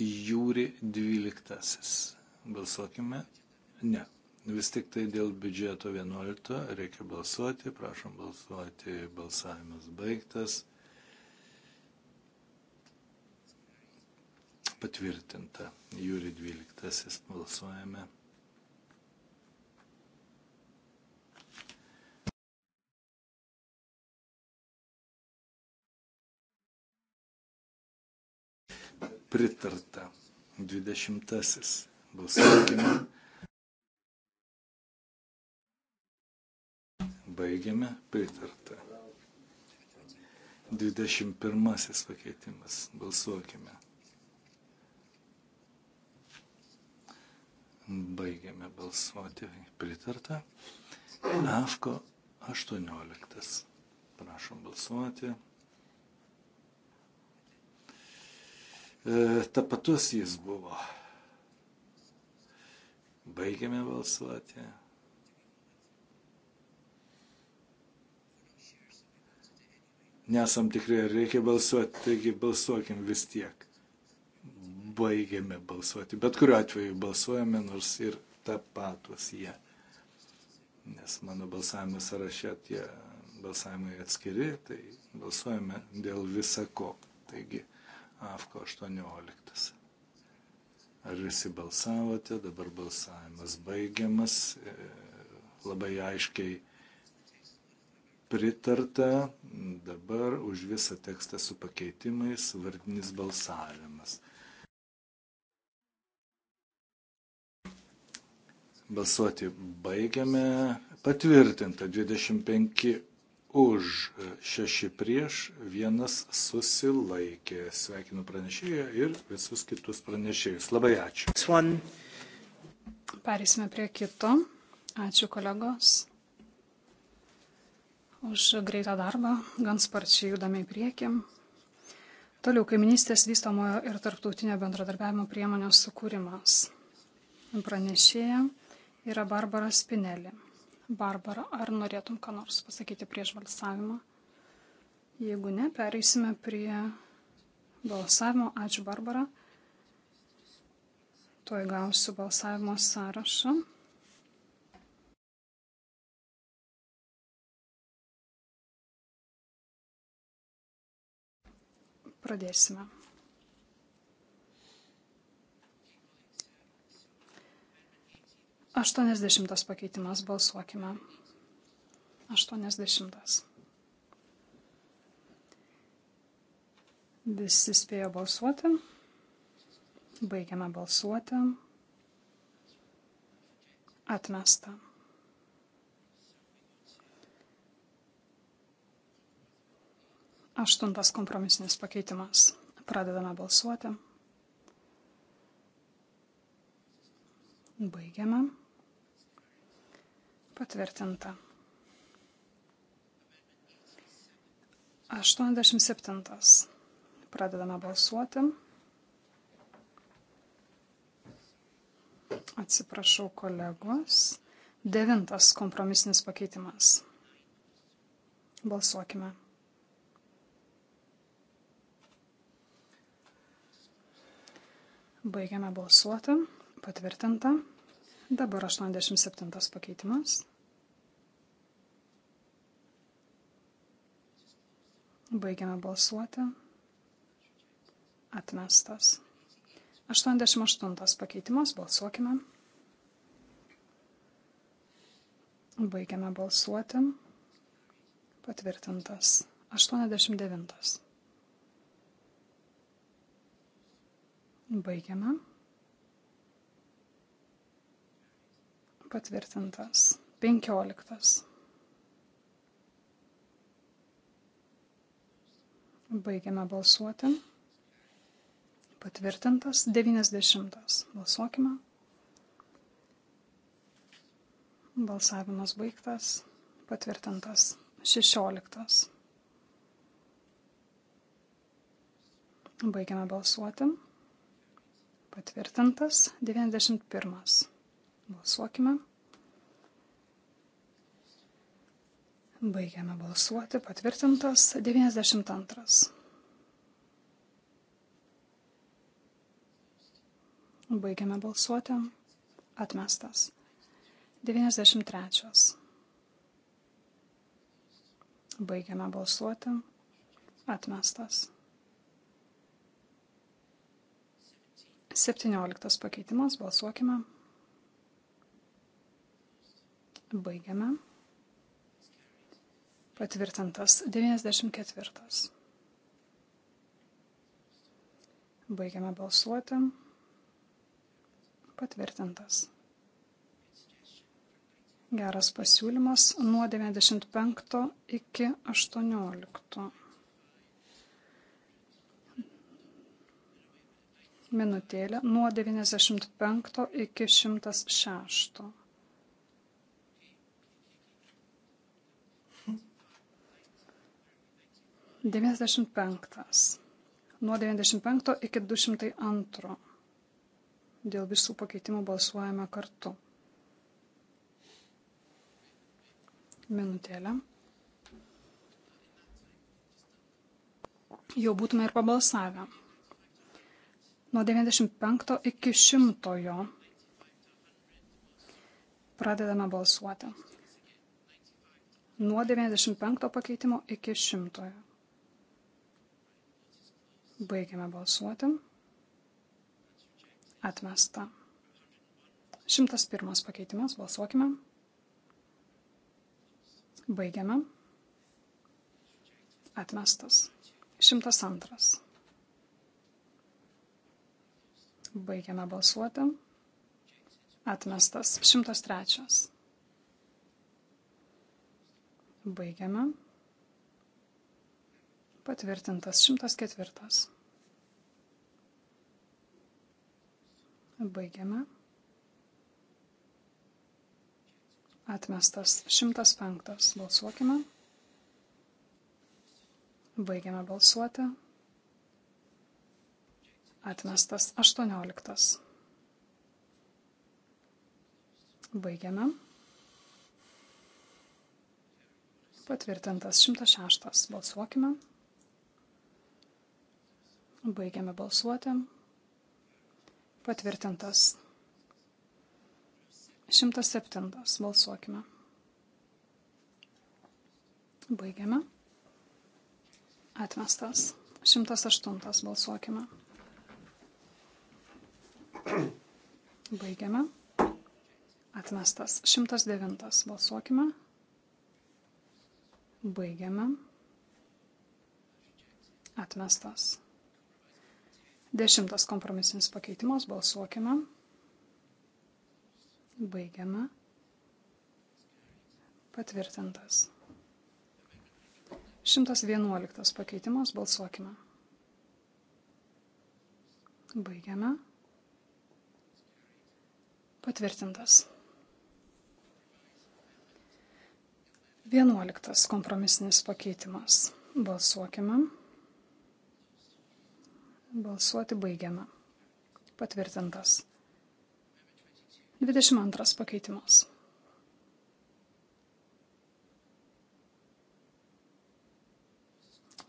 Jūri 12. Balsuokime. Ne. Vis tik tai dėl biudžeto 11 reikia balsuoti. Prašom balsuoti. Balsavimas baigtas patvirtinta. Jūri 12 balsuojame. Pritarta. 20 balsuokime. Baigiame. Pritarta. 21 pakeitimas. Balsuokime. Baigiame balsuoti. Pritarta. Afko 18. Prašom balsuoti. E, tapatus jis buvo. Baigiame balsuoti. Nesam tikrai, reikia balsuoti, taigi balsuokim vis tiek baigėme balsuoti. Bet kuriuo atveju balsuojame, nors ir tapatus jie. Nes mano balsavimo sąraše tie balsavimai atskiri, tai balsuojame dėl visako. Taigi, AFKO 18. Ar visi balsavote, dabar balsavimas baigiamas, e, labai aiškiai pritarta dabar už visą tekstą su pakeitimais vardinis balsavimas. Balsuoti baigiame. Patvirtinta 25 už, 6 prieš, 1 susilaikė. Sveikinu pranešėją ir visus kitus pranešėjus. Labai ačiū. Perėsime prie kito. Ačiū kolegos už greitą darbą, gan sparčiai judame į priekį. Toliau kaiminystės vystomojo ir tarptautinio bendradarbiavimo priemonės sukūrimas. Pranešėja yra Barbara Spinelli. Barbara, ar norėtum ką nors pasakyti prieš balsavimą? Jeigu ne, pereisime prie balsavimo. Ačiū, Barbara. Tuoj gausiu balsavimo sąrašą. Pradėsime. 80 pakeitimas balsuokime. 80. Visi spėjo balsuoti. Baigiame balsuoti. Atmesta. Aštuntas kompromisinis pakeitimas. Pradedame balsuoti. Baigiame. Patvirtinta. 87. Pradedame balsuoti. Atsiprašau kolegos. Devintas kompromisinis pakeitimas. Balsuokime. Baigiame balsuoti. Patvirtinta. Dabar 87 pakeitimas. Baigiame balsuoti. Atmestas. 88 pakeitimas. Balsuokime. Baigiame balsuoti. Patvirtintas. 89. Baigiame. Patvirtintas. 15. Baigiame balsuoti. Patvirtintas 90. Balsuokime. Balsavimas baigtas. Patvirtintas 16. Baigiame balsuoti. Patvirtintas 91. Balsuokime. Baigiame balsuoti. Patvirtintas 92. Baigiame balsuoti. Atmestas. 93. Baigiame balsuoti. Atmestas. 17 pakeitimas. Balsuokime. Baigiame. Patvirtintas 94. Baigiame balsuoti. Patvirtintas. Geras pasiūlymas nuo 95 iki 18. Minutėlė nuo 95 iki 106. 95. Nuo 95 iki 202. Dėl visų pakeitimų balsuojame kartu. Minutėlę. Jau būtume ir pabalsavę. Nuo 95 iki 100 pradedame balsuoti. Nuo 95 pakeitimo iki 100. Baigiame balsuoti. Atmesta. 101 pakeitimas. Balsuokime. Baigiame. Atmestas. 102. Baigiame balsuoti. Atmestas 103. Baigiame. Patvirtintas 104. Baigiame. Atmestas 105. Balsuokime. Baigiame balsuoti. Atmestas 18. Baigiame. Patvirtintas 106. Balsuokime. Baigiame balsuoti. Patvirtintas. 107. Balsuokime. Baigiame. Atmestas. 108. Balsuokime. Baigiame. Atmestas. 109. Balsuokime. Baigiame. Atmestas. Dešimtas kompromisinis pakeitimas. Balsuokime. Baigiame. Patvirtintas. 111 pakeitimas. Balsuokime. Baigiame. Patvirtintas. 11 kompromisinis pakeitimas. Balsuokime. Balsuoti baigiame. Patvirtintas. 22 pakeitimas.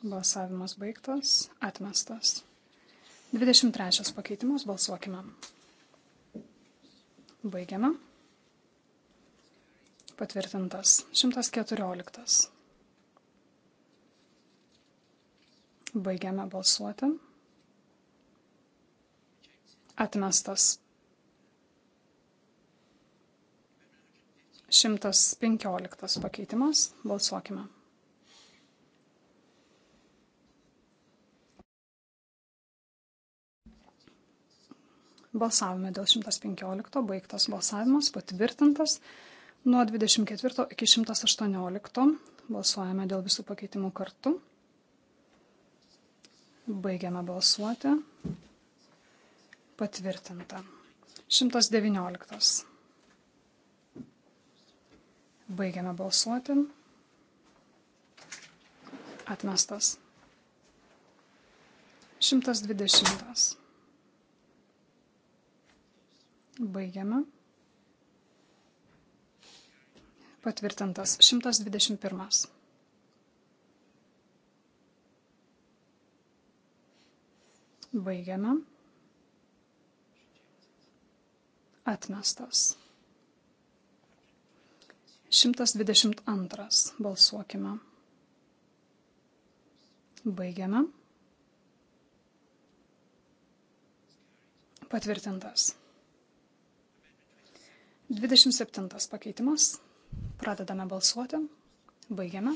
Balsavimas baigtas, atmestas. 23 pakeitimas, balsuokime. Baigiame. Patvirtintas. 114. Baigiame balsuoti. Atmestas. 115 pakeitimas. Balsuokime. Balsavome dėl 115, baigtas balsavimas, patvirtintas nuo 24 iki 118. Balsuojame dėl visų pakeitimų kartu. Baigiame balsuoti. Patvirtinta. 119. Baigiame balsuoti. Atmestas. 120. Baigiame. Patvirtintas 121. Baigiame. Atmestas. 122. Balsuokime. Baigiame. Patvirtintas. 27 pakeitimas. Pradedame balsuoti. Baigiame.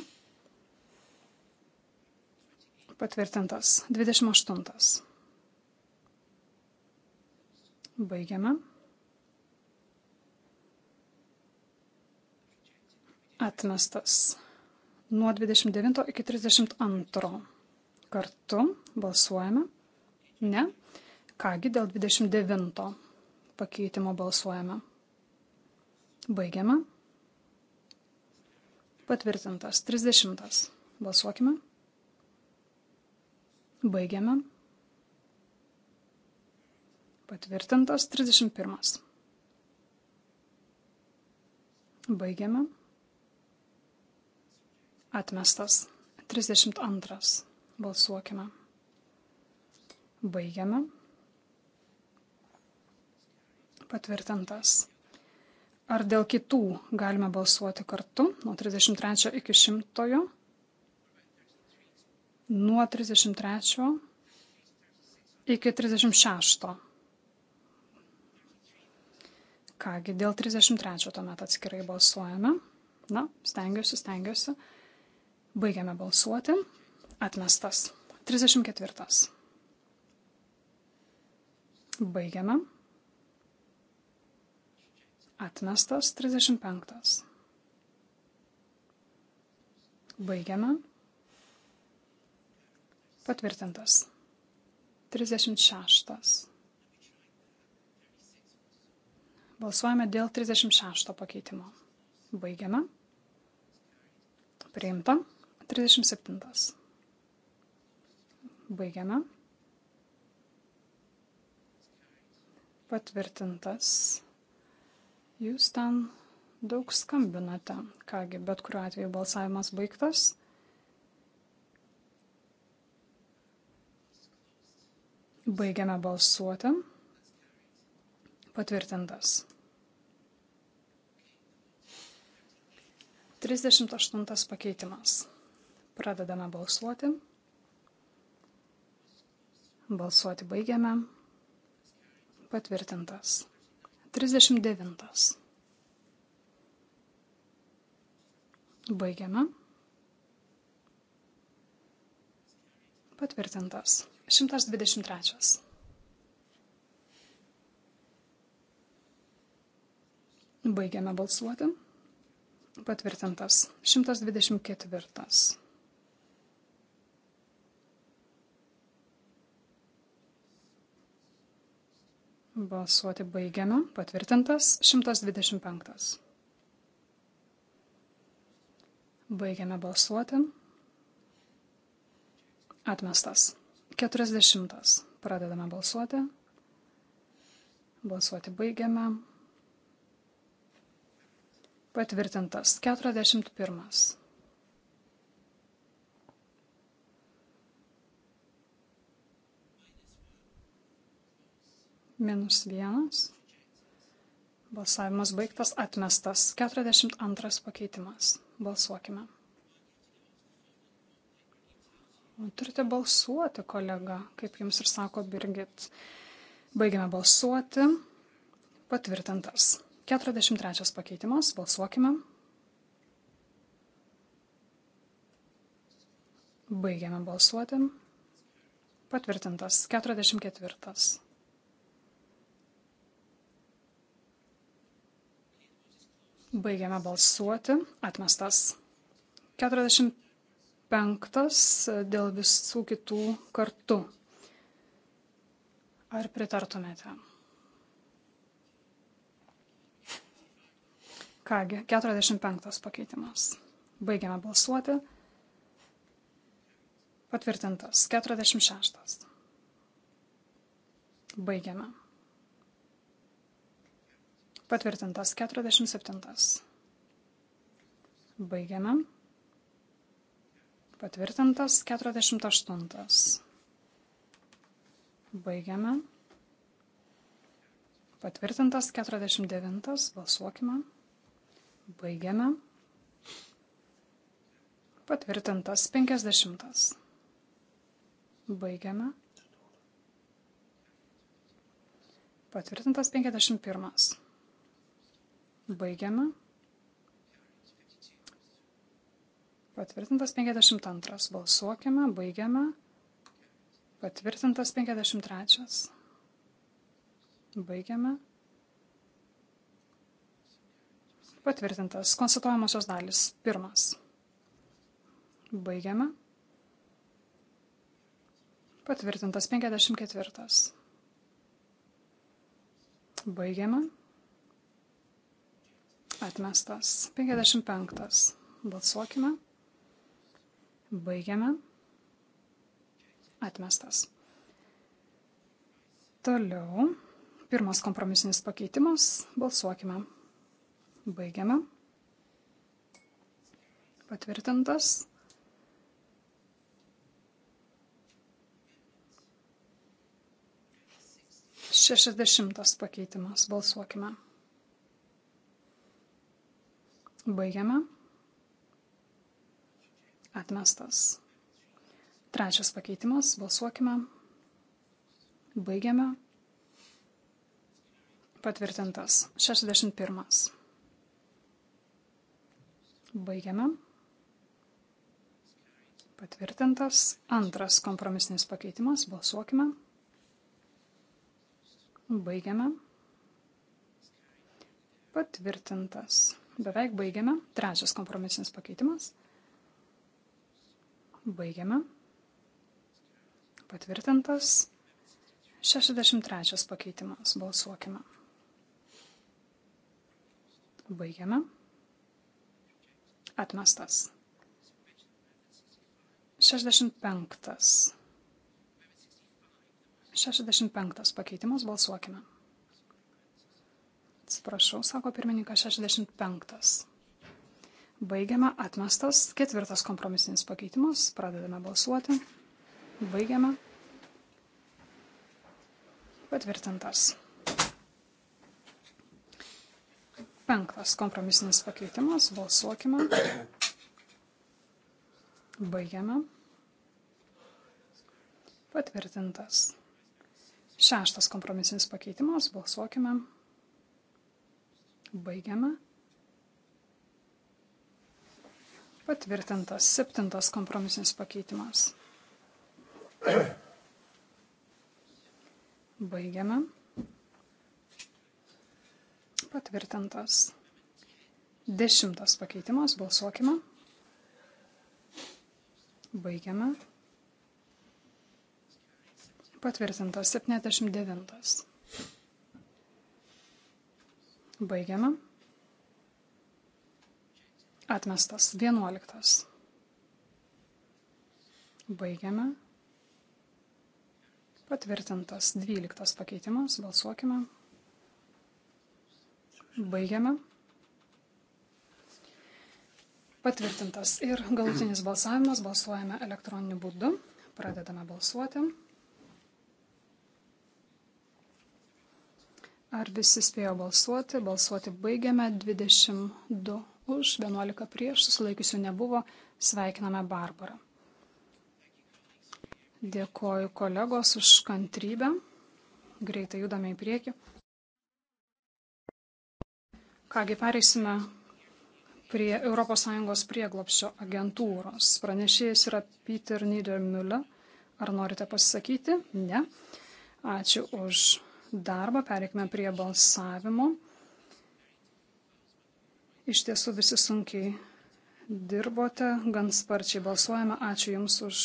Patvirtintas. 28. Baigiame. Atmestas. Nuo 29 iki 32. Kartu balsuojame. Ne. Kągi dėl 29 pakeitimo balsuojame. Baigiame. Patvirtintas. 30. Balsuokime. Baigiame. Patvirtintas 31. Baigiame. Atmestas. 32. Balsuokime. Baigiame. Patvirtintas. Ar dėl kitų galime balsuoti kartu nuo 33 iki 100? Nuo 33 iki 36. Kągi, dėl 33 tuomet atskirai balsuojame. Na, stengiuosi, stengiuosi. Baigiame balsuoti. Atmestas. 34. Baigiame. Atmestas 35. Baigiame. Patvirtintas 36. Balsuojame dėl 36 pakeitimo. Baigiame. Priimta. 37. Baigiame. Patvirtintas. Jūs ten daug skambinate. Kągi, bet kuriuo atveju balsavimas baigtas. Baigiame balsuoti. Patvirtintas. 38 pakeitimas. Pradedame balsuoti. Balsuoti baigiame. Patvirtintas. 39. Baigiame. Patvirtintas. 123. Baigiame balsuoti. Patvirtintas 124. Balsuoti baigiame. Patvirtintas 125. Baigiame balsuoti. Atmestas. 40. Pradedame balsuoti. Balsuoti baigiame. Patvirtintas 41. minus 1. Balsavimas baigtas, atmestas. 42 pakeitimas. Balsuokime. Nu, turite balsuoti, kolega, kaip jums ir sako Birgit. Baigiame balsuoti. Patvirtintas. 43 pakeitimas. Balsuokime. Baigiame balsuoti. Patvirtintas. 44. Baigiame balsuoti. Atmestas. 45 e, dėl visų kitų kartų. Ar pritartumėte? Kągi, 45 pakeitimas. Baigiame balsuoti. Patvirtintas. 46. Baigiame. Patvirtintas 47. Baigiame. Patvirtintas 48. Baigiame. Patvirtintas 49. Balsuokime. Baigiame. Patvirtintas 50. Baigiame. Patvirtintas 51. Baigiame. Patvirtintas 52. Balsuokime, baigiame. Patvirtintas 53. Baigiame. Patvirtintas konstatuojamosios dalis. Pirmas. Baigiame. Patvirtintas 54. Baigiame. Atmestas. 55. Balsuokime. Baigiame. Atmestas. Toliau. Pirmas kompromisinis pakeitimas. Balsuokime. Baigiame. Patvirtintas. Šešiasdešimtas pakeitimas. Balsuokime. Baigiame. Atmestas. Trečias pakeitimas. Balsuokime. Baigiame. Patvirtintas. 61. Baigiame. Patvirtintas. Antras kompromisinis pakeitimas. Balsuokime. Baigiame. Patvirtintas. Beveik baigiame. Trečias kompromisinis pakeitimas. Baigiame. Patvirtintas. 63 pakeitimas. Balsuokime. Baigiame. Atmestas. 65. 65 pakeitimas. Balsuokime. Atsiprašau, sako pirmininkas 65. Baigiame atmestas ketvirtas kompromisinis pakeitimas. Pradedame balsuoti. Baigiame. Patvirtintas. Penktas kompromisinis pakeitimas. Balsuokime. Baigiame. Patvirtintas. Šeštas kompromisinis pakeitimas. Balsuokime. Baigiame. Patvirtintas septintas kompromisinis pakeitimas. Baigiame. Patvirtintas dešimtas pakeitimas. Balsuokime. Baigiame. Patvirtintas 79. Baigiame. Atmestas. Vienuoliktas. Baigiame. Patvirtintas. Dvyliktas pakeitimas. Balsuokime. Baigiame. Patvirtintas ir galutinis balsavimas. Balsuojame elektroniniu būdu. Pradedame balsuoti. Ar visi spėjo balsuoti? Balsuoti baigiame. 22 už, 11 prieš, susilaikiusių nebuvo. Sveikiname Barbarą. Dėkoju kolegos už kantrybę. Greitai judame į priekį. Kągi pereisime prie ES prieglopščio agentūros. Pranešėjas yra Peter Niedermüller. Ar norite pasisakyti? Ne. Ačiū už darbą, pereikime prie balsavimo. Iš tiesų visi sunkiai dirbote, gan sparčiai balsuojame. Ačiū Jums už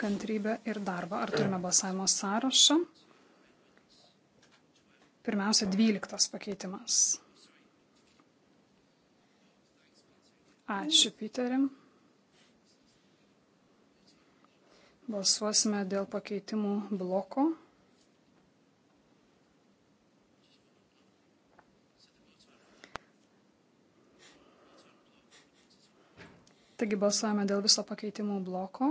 kantrybę ir darbą. Ar turime balsavimo sąrašą? Pirmiausia, 12 pakeitimas. Ačiū, Piterim. Balsuosime dėl pakeitimų bloko. Taigi balsuojame dėl viso pakeitimų bloko.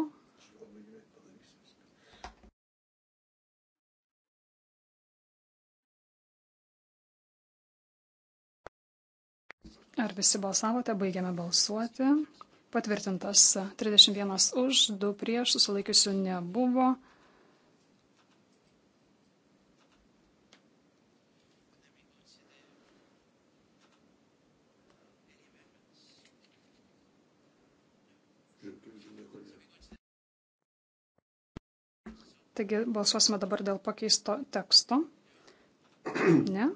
Ar visi balsavote? Baigiame balsuoti. Patvirtintas 31 už, 2 prieš, susilaikiusių nebuvo. Taigi balsuosime dabar dėl pakeisto teksto. Ne?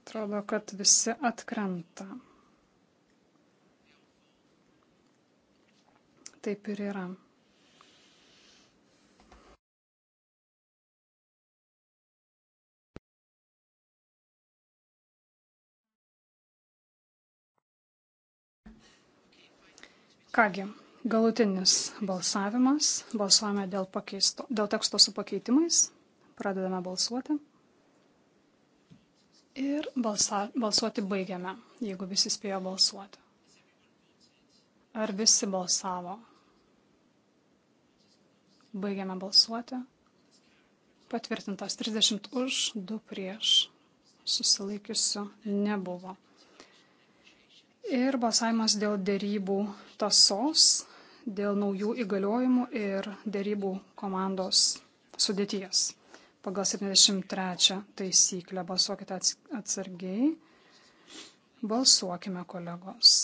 Atrodo, kad visi atkrenta. Taip ir yra. Kągi, galutinis balsavimas. Balsuojame dėl, pakeisto, dėl teksto su pakeitimais. Pradedame balsuoti. Ir balsa, balsuoti baigiame, jeigu visi spėjo balsuoti. Ar visi balsavo? Baigiame balsuoti. Patvirtintas 30 už, 2 prieš. Susilaikiusių nebuvo ir balsavimas dėl dėrybų tasos, dėl naujų įgaliojimų ir dėrybų komandos sudėties. Pagal 73 taisyklę balsuokite atsargiai. Balsuokime, kolegos.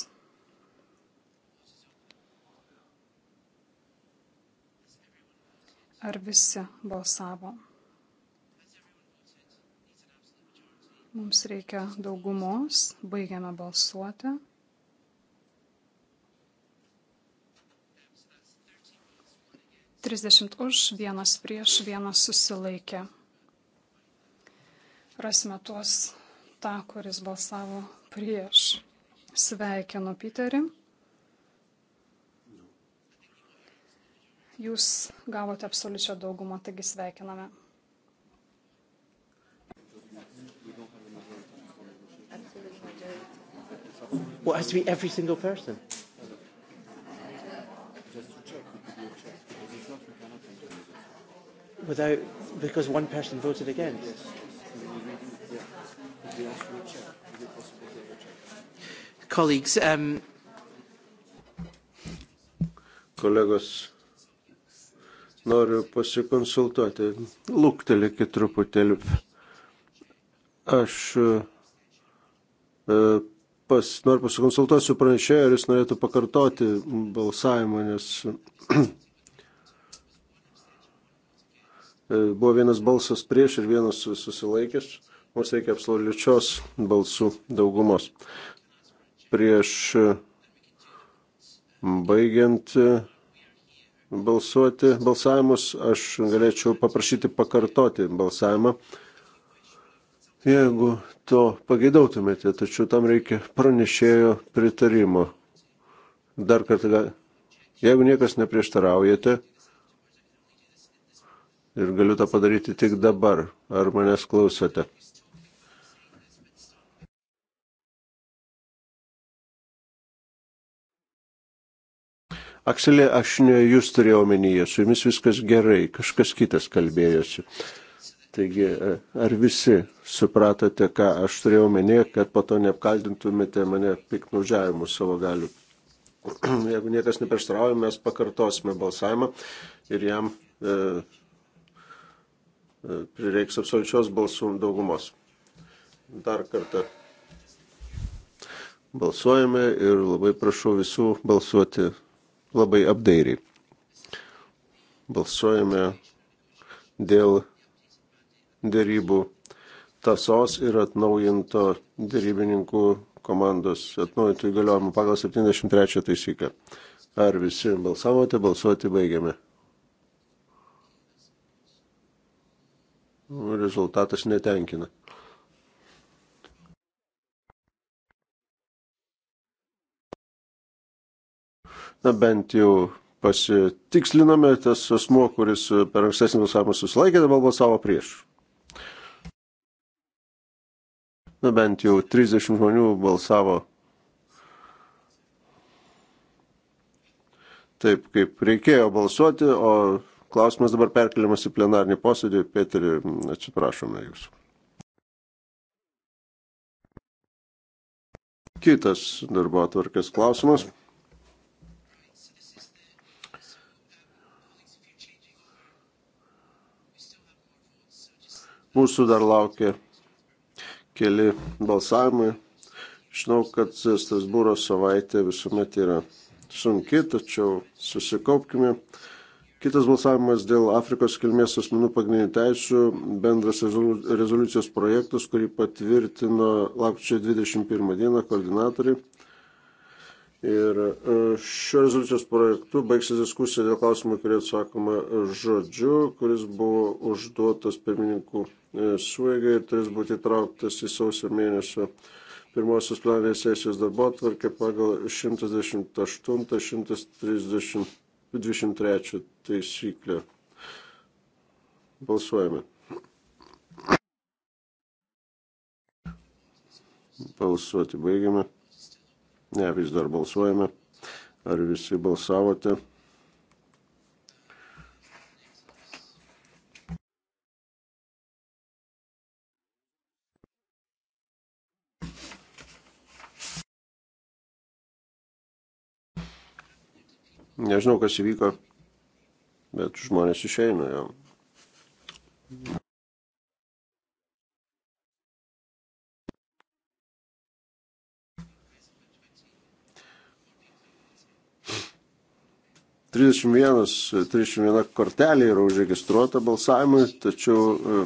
Ar visi balsavo? Mums reikia daugumos, baigiame balsuoti. 30 už, vienas prieš, vienas susilaikė. Rasime tuos tą, kuris balsavo prieš. Sveikinu Piterį. Jūs gavote absoliučią daugumą, taigi sveikiname. Well, it has to be every single person. without because one person voted against? Yes. Colleagues, um, kolegos, noriu pasikonsultuoti. Lūktelėkit truputėlį. Aš e, pas, noriu pasikonsultuoti su pranešėju, ar jis norėtų pakartoti balsavimą, nes E, buvo vienas balsas prieš ir vienas susilaikęs. Mums reikia absoliučios balsų daugumos. Prieš e, baigiant e, balsuoti balsavimus, aš galėčiau paprašyti pakartoti balsavimą, jeigu to pageidautumėte, tačiau tam reikia pranešėjo pritarimo. Dar kartą, jeigu niekas neprieštaraujate, ir galiu tą padaryti tik dabar. Ar manęs klausote? Akselė, aš ne jūs turėjau omenyje, su jumis viskas gerai, kažkas kitas kalbėjosi. Taigi, ar visi supratote, ką aš turėjau omenyje, kad po to neapkaltintumėte mane piknaudžiavimu savo galiu? Jeigu niekas neprieštarauja, mes pakartosime balsavimą ir jam e, prireiks absoliučios balsų daugumos. Dar kartą balsuojame ir labai prašau visų balsuoti labai apdairiai. Balsuojame dėl dėrybų tasos ir atnaujinto dėrybininkų komandos atnaujintų įgaliojimų pagal 73 taisyklę. Ar visi balsavote, balsuoti baigiame. rezultatas netenkina. Na bent jau pasitiksliname, tas asmo, kuris per ankstesnį balsavimą susilaikė, dabar balsavo prieš. Na bent jau 30 žmonių balsavo taip, kaip reikėjo balsuoti, o Klausimas dabar perkeliamas į plenarnį posėdį. Peterį, atsiprašome jūsų. Kitas darbo atvarkės klausimas. Mūsų dar laukia keli balsavimai. Žinau, kad Strasbūro savaitė visuomet yra sunki, tačiau susikaupkime. Kitas balsavimas dėl Afrikos kilmės asmenų pagrindinių teisų bendras rezoliucijos projektas, kurį patvirtino lapkričio 21 dieną koordinatoriai. Ir e, šio rezoliucijos projektu baigsis diskusija dėl klausimų, kurie atsakoma žodžiu, kuris buvo užduotas pirmininkų e, suėgai ir turės būti įtrauktas į sausio mėnesio pirmosios plenarinės sesijos darbo atvarkę pagal 128-130 23 taisyklę. Balsuojame. Balsuoti baigiame. Ne, vis dar balsuojame. Ar visi balsavote? Nežinau, kas įvyko, bet žmonės išeina jau. Trisdešimt vienas, trisdešimt viena kortelė yra užregistruota balsavimui, tačiau e,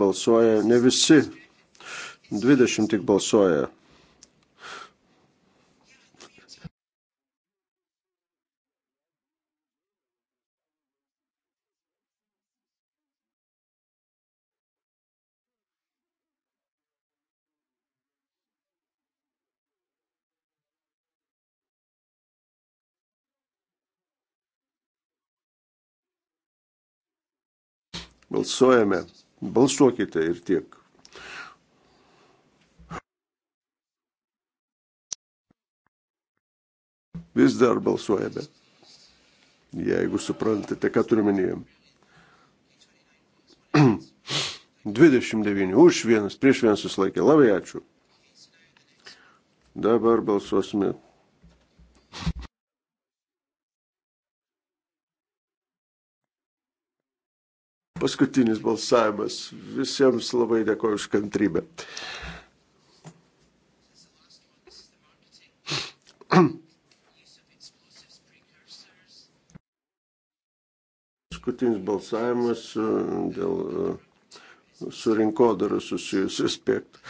balsuoja ne visi. Dvidešimt tik balsuoja Balsuojame. Balsuokite ir tiek. Vis dar balsuojame. Jeigu suprantate, ką turime minėjom. 29 už vienas, prieš vienas susilaikė. Labai ačiū. Dabar balsuosime paskutinis balsavimas. Visiems labai dėkoju už kantrybę. Paskutinis balsavimas uh, dėl uh, su rinkodara susijusių aspektų.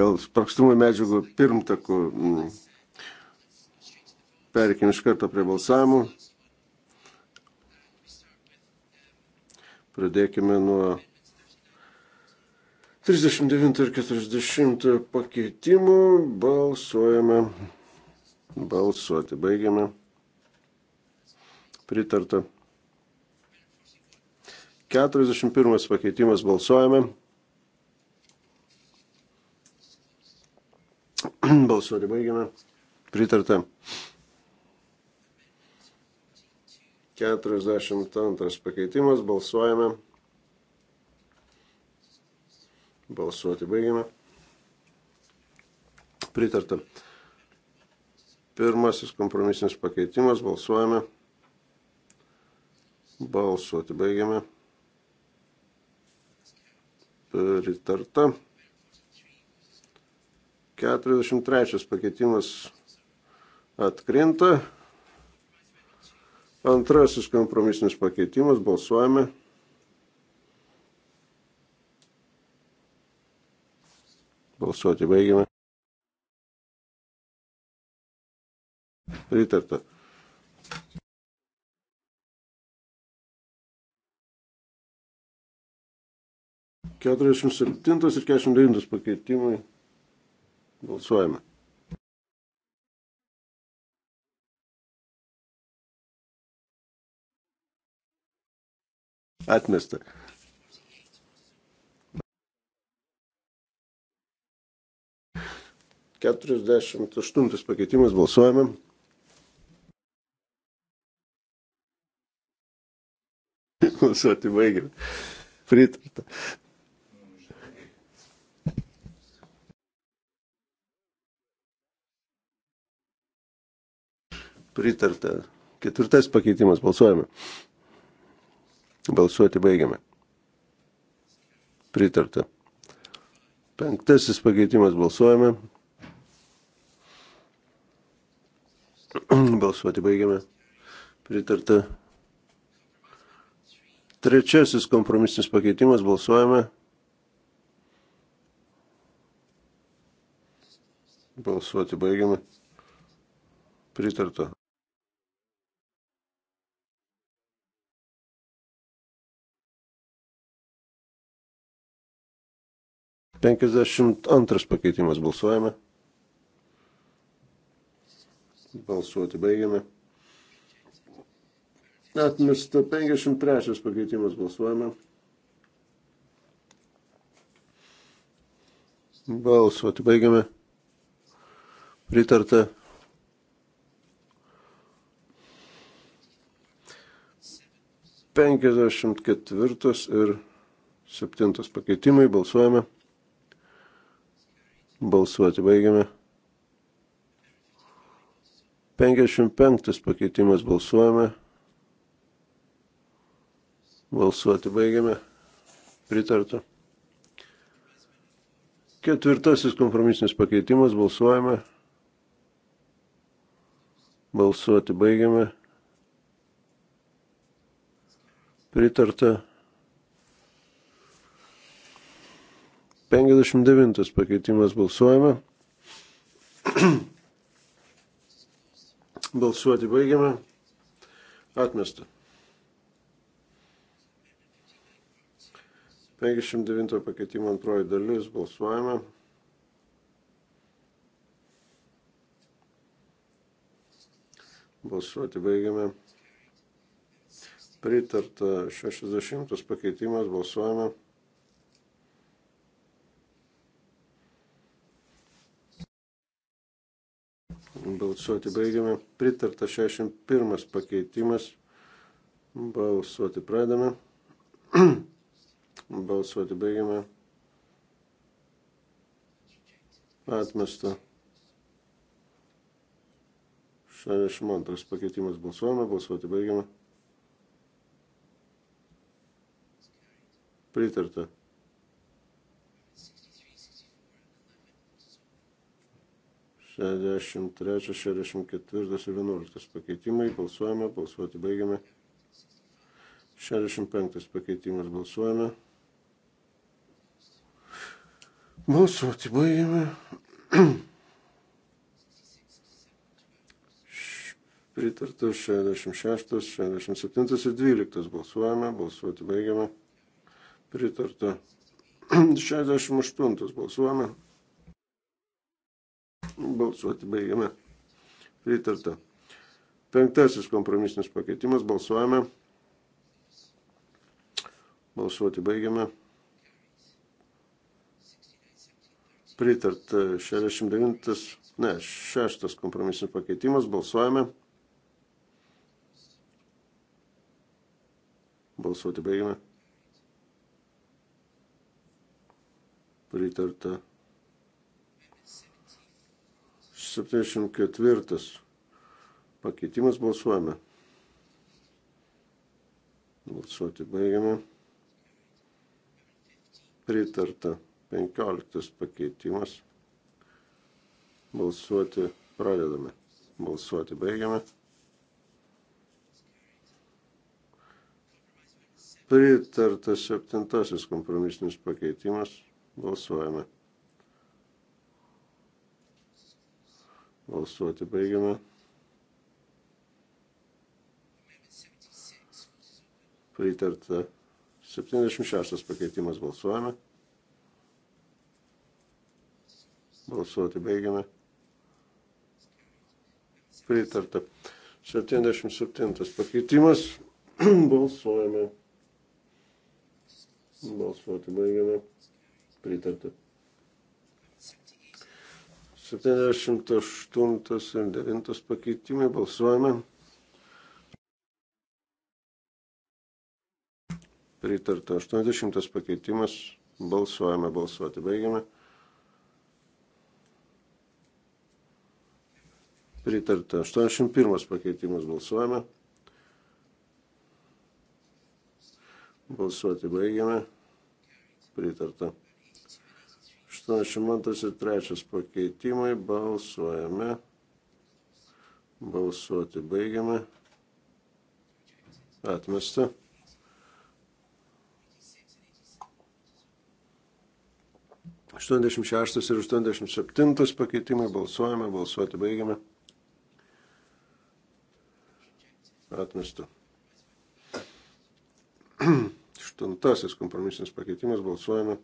Dėl sprokstamų medžiagų pirmtakų mm, Perikime iš karto prie balsavimų. Pradėkime nuo 39 ir 40 pakeitimų. Balsuojame. Balsuoti baigiame. Pritarta. 41 pakeitimas balsuojame. Balsuoti baigiame. Pritarta. 42 pakeitimas, balsuojame. Balsuoti baigiame. Pritarta. Pirmasis kompromisinis pakeitimas, balsuojame. Balsuoti baigiame. Pritarta. 43 pakeitimas atkrinta. Antrasis kompromisinis pakeitimas. Balsuojame. Balsuoti baigiame. Pritarta. Keturiasdešimt septintas ir keturiasdešimt devintas pakeitimai. Balsuojame. Atmesta. Keturiasdešimt aštuntas pakeitimas balsuojame. Balsuoti baigiam. Pritarta. Pritarta. Ketvirtas pakeitimas. Balsuojame. Balsuoti baigiame. Pritarta. Penktasis pakeitimas balsuojame. Balsuoti baigiame. Pritarta. Trečiasis kompromisinis pakeitimas balsuojame. Balsuoti baigiame. Pritarta. 52 pakeitimas balsuojame. Balsuoti baigiame. Atmesta 53 pakeitimas balsuojame. Balsuoti baigiame. Pritarta. Penkiasdešimt ketvirtas ir septintas pakeitimai balsuojame. Balsuoti baigiame. 55 pakeitimas balsuojame. Balsuoti baigiame. Pritarta. Ketvirtasis kompromisinis pakeitimas balsuojame. Balsuoti baigiame. Pritarta. 59 pakeitimas balsuojame. Balsuoti baigiame. Atmesta. 59 pakeitimo antroji dalis balsuojame. Balsuoti baigiame. Pritarta 60 pakeitimas balsuojame. Balsuoti baigiame. Pritarta 61 pakeitimas. Balsuoti pradame. Balsuoti baigiame. Atmesta. 62 pakeitimas balsuojame, balsuoti baigiame. Pritarta. 63, 64 ir 11 pakeitimai. Balsuojame, balsuoti baigiame. 65 pakeitimas balsuojame. Balsuoti baigiame. Pritartas 66, 67 ir 12 balsuojame, balsuoti baigiame. Pritarta 68 balsuojame. Balsuoti baigiame. Pritarta. Penktasis kompromisinis pakeitimas. Balsuojame. Balsuoti baigiame. Pritarta 69, ne, šeštas kompromisinis pakeitimas. Balsuojame. Balsuoti baigiame. Pritarta 74 pakeitimas balsuojame. Balsuoti baigiame. Pritarta 15 pakeitimas. Balsuoti pradedame. Balsuoti baigiame. Pritarta septintasis kompromisinis pakeitimas. Balsuojame. Balsuoti baigiame. Pritarta. 76 pakeitimas balsuojame. Balsuoti baigiame. Pritarta. 77 pakeitimas. balsuojame. Balsuoti baigiame. Pritarta. 78 ir 9 pakeitimai balsuojame. Pritarta 80 pakeitimas. Balsuojame, balsuoti baigiame. Pritarta 81 pakeitimas. Balsuojame. Balsuoti baigiame. Pritarta. 83 pakeitimai. Balsuojame. Balsuoti baigiame. Atmesta. Aštuoniasdešimt šeštas ir aštuoniasdešimt septintas pakeitimai. Balsuojame, balsuoti baigiame. Atmesta. Aštuntasis kompromisinis pakeitimas. Balsuojame.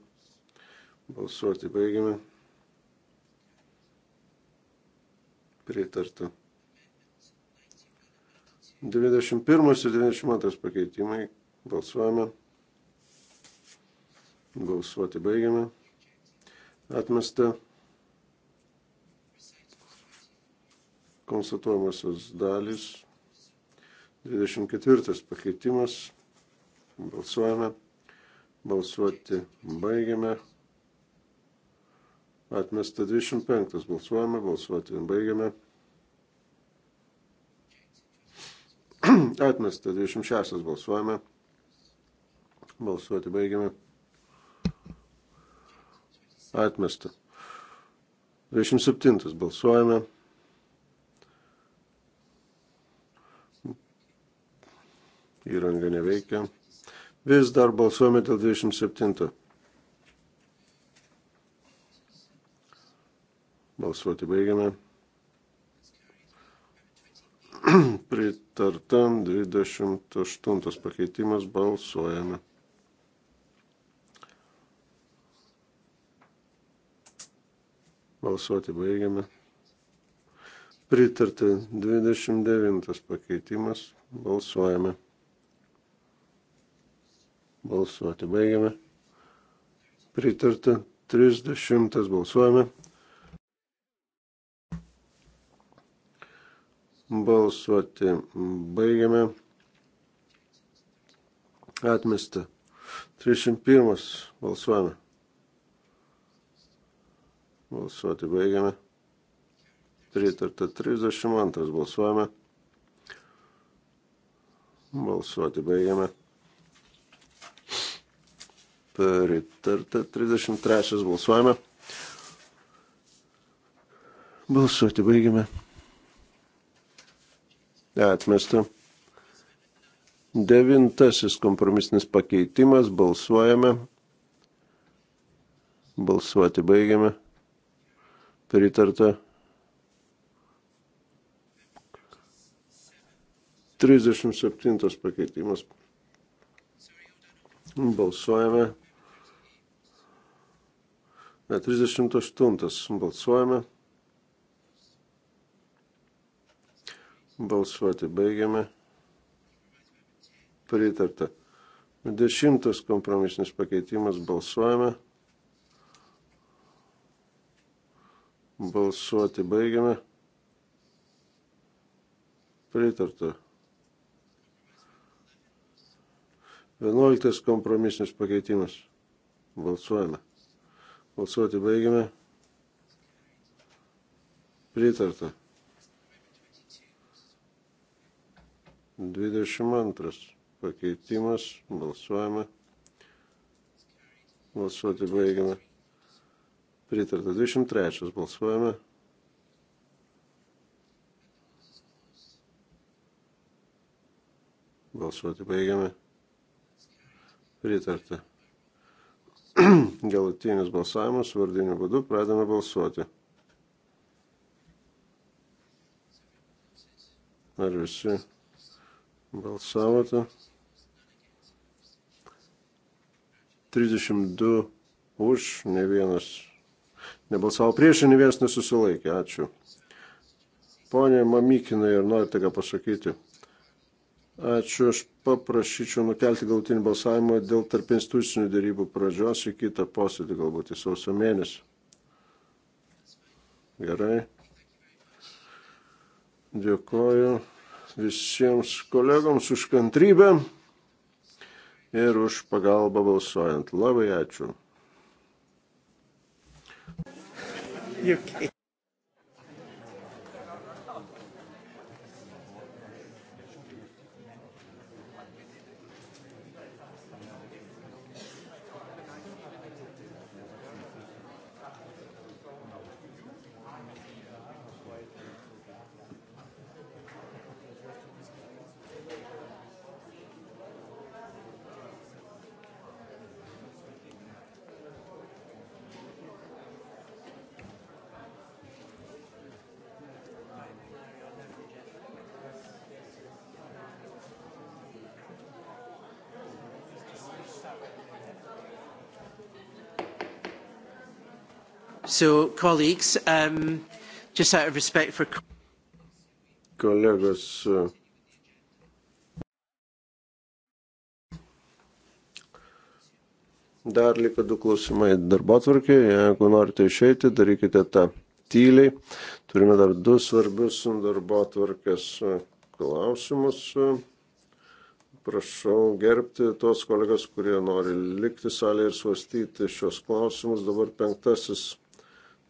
Balsuoti baigiame. Pritarta. 91 ir 92 pakeitimai. Balsuojame. Balsuoti baigiame. Atmesta. Konstatuojamosios dalys. 24 pakeitimas. Balsuojame. Balsuoti baigiame. Atmesta 25. Balsuojame, balsuoti baigiame. Atmesta 26. Balsuojame. Balsuoti baigiame. Atmesta. 27. Balsuojame. Įranga neveikia. Vis dar balsuojame dėl 27. Balsuoti baigiame. Pritarta 28 pakeitimas. Balsuojame. Balsuoti baigiame. Pritarta 29 pakeitimas. Balsuojame. Balsuoti baigiame. Pritarta 30 balsuojame. Balsuoti baigiame. Atmesta. 31. Balsuojame. Balsuoti baigiame. Pritarta 32. Balsuojame. Balsuoti baigiame. Pritarta 33. Balsuojame. Balsuoti baigiame atmesta. Devintasis kompromisinis pakeitimas, balsuojame. Balsuoti baigiame. Pritarta. 37 pakeitimas. Balsuojame. Ne, 38 balsuojame. Balsuoti baigiame. Pritarta. Dešimtas kompromisinis pakeitimas. Balsuojame. Balsuoti baigiame. Pritarta. Vienuoliktas kompromisinis pakeitimas. Balsuojame. Balsuoti baigiame. Pritarta. 22 pakeitimas, balsuojame. Balsuoti baigiame. Pritarta 23 balsuojame. Balsuoti baigiame. Pritarta. Galutinis balsavimas vardiniu būdu pradame balsuoti. Ar visi Balsavote. 32 už, ne vienas nebalsavo prieš, ne vienas nesusilaikė. Ačiū. Pone Mamykinai, ar norite ką pasakyti? Ačiū, aš paprašyčiau nukelti galutinį balsavimą dėl tarp institucinių dėrybų pradžios į kitą posėdį, galbūt į sausio mėnesį. Gerai. Dėkoju visiems kolegoms už kantrybę ir už pagalbą balsuojant. Labai ačiū. UK. So, colleagues, um, just out of respect for... Kolegos, uh, dar liko du klausimai darbo tvarkiai. Jeigu norite išeiti, darykite tą tyliai. Turime dar du svarbius darbo tvarkės uh, klausimus. Prašau gerbti tos kolegas, kurie nori likti salėje ir svastyti šios klausimus. Dabar penktasis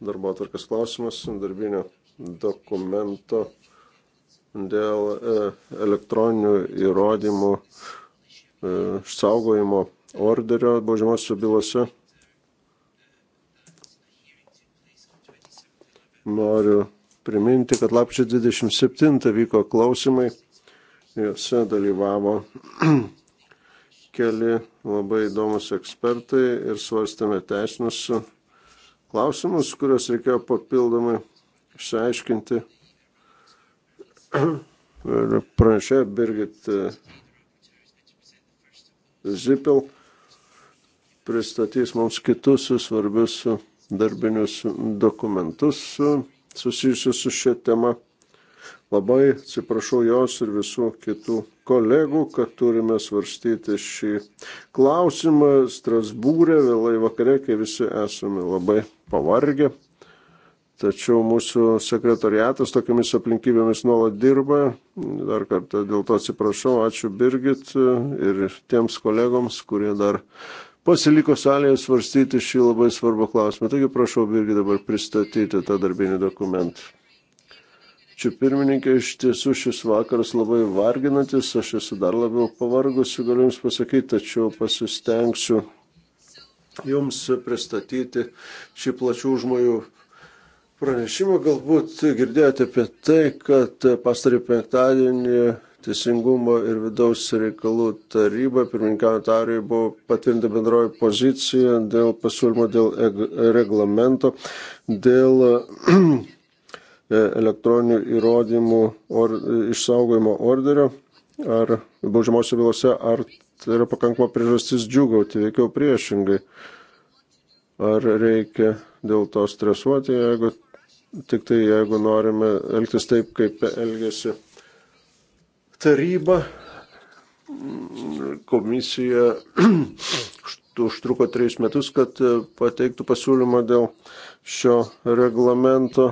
darbo atvarkas klausimas darbinio dokumento dėl e, elektroninių įrodymų e, saugojimo orderio baudžiamosios bylose. Noriu priminti, kad lapčio 27 vyko klausimai, juose dalyvavo keli labai įdomus ekspertai ir svarstame teisinius klausimus, kuriuos reikėjo papildomai išsiaiškinti. Ir pranešė Birgit e, Zipil pristatys mums kitus svarbius darbinius dokumentus e, susijusius su šia tema. Labai atsiprašau jos ir visų kitų kolegų, kad turime svarstyti šį klausimą Strasbūrė vėlai vakare, kai visi esame labai pavargę. Tačiau mūsų sekretariatas tokiamis aplinkybėmis nuolat dirba. Dar kartą dėl to atsiprašau, ačiū Birgit ir tiems kolegoms, kurie dar pasiliko salėje svarstyti šį labai svarbų klausimą. Taigi prašau Birgit dabar pristatyti tą darbinį dokumentą. Čia pirmininkė, iš tiesų šis vakaras labai varginantis, aš esu dar labiau pavargusi, galiu Jums pasakyti, tačiau pasistengsiu Jums pristatyti šį plačių žmonių pranešimą. Galbūt girdėjote apie tai, kad pastarį penktadienį Teisingumo ir vidaus reikalų taryba, pirmininkavimo tarybai buvo patvirtinta bendroji pozicija dėl pasiūlymo dėl reglamento, dėl E, elektroninių įrodymų or, išsaugojimo orderio ar baudžiamosios bylose, ar tai yra pakankama priežastis džiugauti, veikiau priešingai. Ar reikia dėl to stresuoti, jeigu tik tai jeigu norime elgtis taip, kaip elgesi taryba, komisija užtruko trejus metus, kad pateiktų pasiūlymą dėl šio reglamento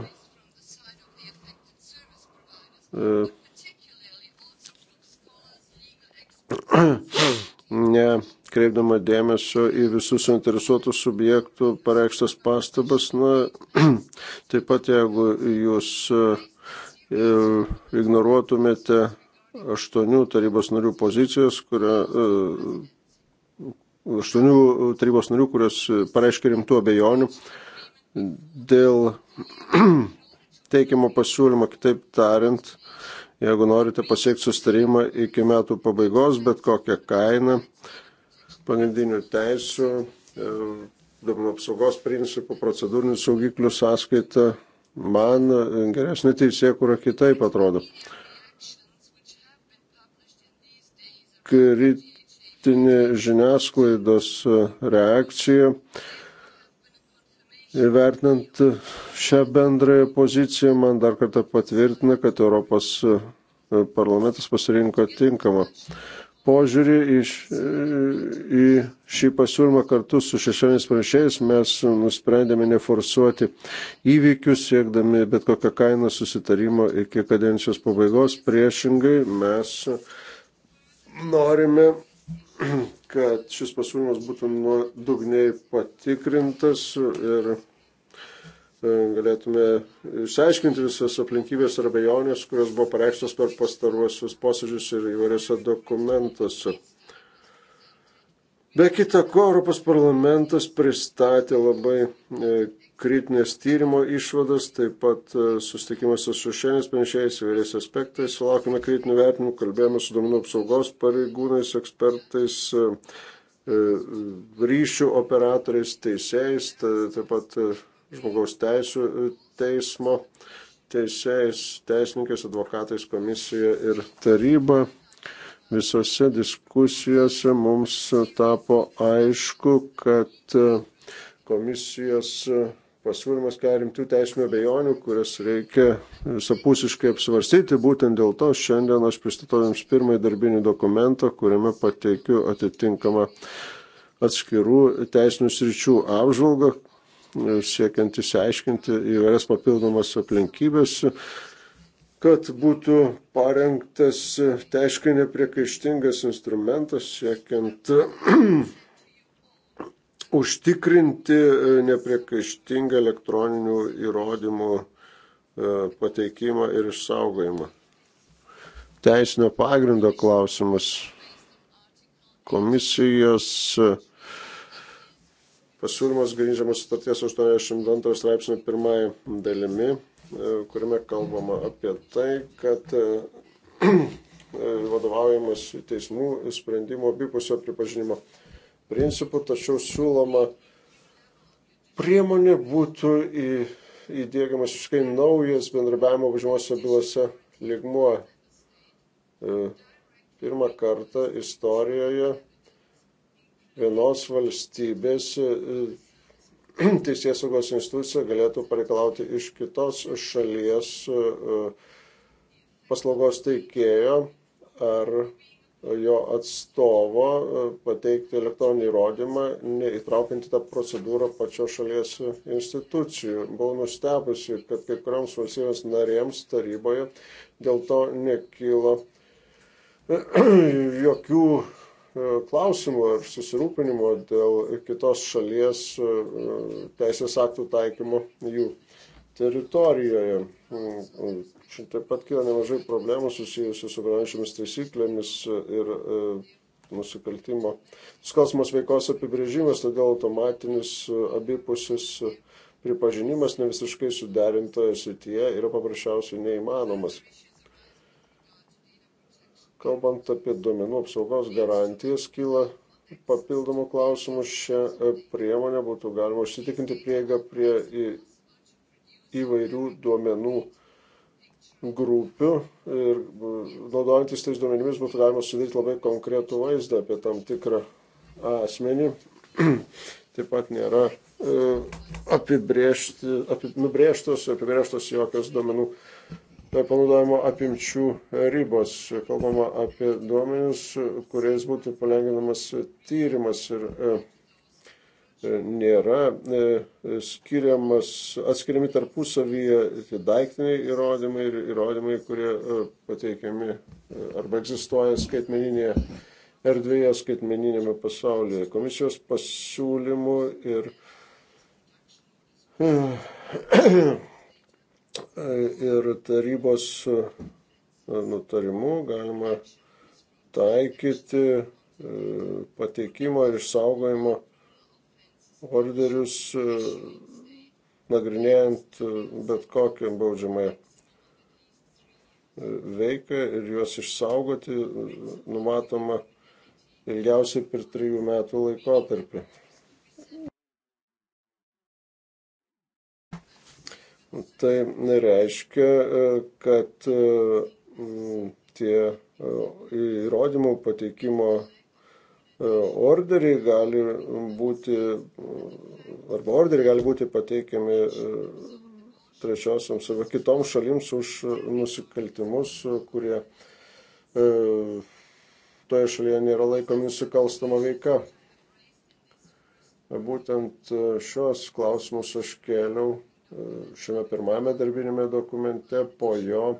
nekreipdama dėmesio į visus suinteresuotų subjektų pareikštas pastabas. Na, taip pat jeigu jūs e, ignoruotumėte aštuonių tarybos narių pozicijos, kurio, e, aštuonių tarybos narių, kurios pareiškia rimtų abejonių dėl teikiamo pasiūlymo. Kitaip tariant, jeigu norite pasiekti sustarimą iki metų pabaigos, bet kokią kainą, pagrindinių teisų, e, duomenų apsaugos principų, procedūrinių saugiklių sąskaita, man e, geresnė teisė, kurio kitaip atrodo. Kritinė žiniasklaidos e, reakcija Ir vertinant šią bendrąją poziciją, man dar kartą patvirtina, kad Europos e, parlamentas pasirinko tinkamą požiūrį į, e, į šį pasiūlymą kartu su šešiomis pranešėjais. Mes nusprendėme neforsuoti įvykių, siekdami bet kokią kainą susitarimo iki kadencijos pabaigos. Priešingai mes norime kad šis pasiūlymas būtų nuodugniai patikrintas ir e, galėtume išsiaiškinti visas aplinkybės ir abejonės, kurios buvo pareikštos per pastaruosius posėdžius ir įvairiose dokumentuose. Be kita ko, Europos parlamentas pristatė labai e, kritinės tyrimo išvadas, taip pat e, sustikimuose su šiandienis panašiais įvairiais aspektais, sulaukime kritinių vertinimų, kalbėjome su duomenų apsaugos pareigūnais, ekspertais, e, e, ryšių operatoriais, teisėjais, taip pat žmogaus teisų teismo teisėjais, teisininkais, advokatais, komisija ir taryba. Visose diskusijose mums tapo aišku, kad komisijos pasiūlymas kelia rimtų teisinių abejonių, kurias reikia visapusiškai apsvarstyti. Būtent dėl to šiandien aš pristatau Jums pirmąjį darbinį dokumentą, kuriame pateikiu atitinkamą atskirų teisinių sričių apžvalgą, siekiant įsiaiškinti įvairias papildomas aplinkybės kad būtų parengtas teiškai nepriekaištingas instrumentas, siekiant užtikrinti e, nepriekaištingą elektroninių įrodymų e, pateikimą ir išsaugojimą. Teisinio pagrindo klausimas. Komisijos e, pasiūlymas grindžiamas sutarties 82 straipsnio pirmai dalimi, kuriame kalbama apie tai, kad vadovaujamas teismų sprendimo abipusio pripažinimo principų, tačiau siūloma priemonė būtų į, įdėgiamas visiškai naujas bendrabiavimo važiuosiuose bylose ligmuo. E, pirmą kartą istorijoje vienos valstybės e, teisės saugos institucija galėtų pareikalauti iš kitos šalies e, paslaugos teikėjo ar jo atstovo e, pateikti elektroninį įrodymą, neįtraukiant į tą procedūrą pačios šalies institucijų. Buvau nustebusi, kad kai kuriams valstybės narėms taryboje dėl to nekyla e, jokių e, klausimų ar susirūpinimo dėl kitos šalies teisės aktų taikymo jų teritorijoje. Mm, Čia taip pat kyla nemažai problemų susijusių su galiojančiomis taisyklėmis ir e, nusikaltimo. Nusikalstamos veikos apibrėžimas, todėl automatinis e, abipusis pripažinimas ne visiškai suderintoje srityje yra paprasčiausiai neįmanomas. Kalbant apie duomenų apsaugos garantijas, kyla papildomų klausimų. Šią e, priemonę būtų galima užsitikinti prieigą prie įvairių duomenų grupių ir e, naudojantis tais duomenimis būtų galima sudaryti labai konkretų vaizdą apie tam tikrą asmenį. Taip pat nėra e, apibrėžtos, apibrėžtos jokios duomenų e, panaudojimo apimčių ribos. Kalbama apie duomenis, kuriais būtų palenginamas tyrimas ir nėra e, skiriamas, atskiriami tarpusavyje daiktiniai įrodymai ir įrodymai, kurie e, pateikiami e, arba egzistuoja skaitmeninėje erdvėje, skaitmeninėme pasaulyje. Komisijos pasiūlymų ir, ir tarybos nutarimu galima taikyti pateikimo ir išsaugojimo orderius e, nagrinėjant e, bet kokią baudžiamąją e, veiką ir juos išsaugoti numatoma ilgiausiai per trijų metų laikotarpį. Tai nereiškia, kad tie įrodymų pateikimo E, orderiai gali būti, e, arba orderiai gali būti pateikiami e, trečiosiams arba kitoms šalims už nusikaltimus, kurie toje šalyje nėra laikomi nusikalstama veika. Būtent šios klausimus aš kėliau šiame pirmame darbinėme dokumente, po jo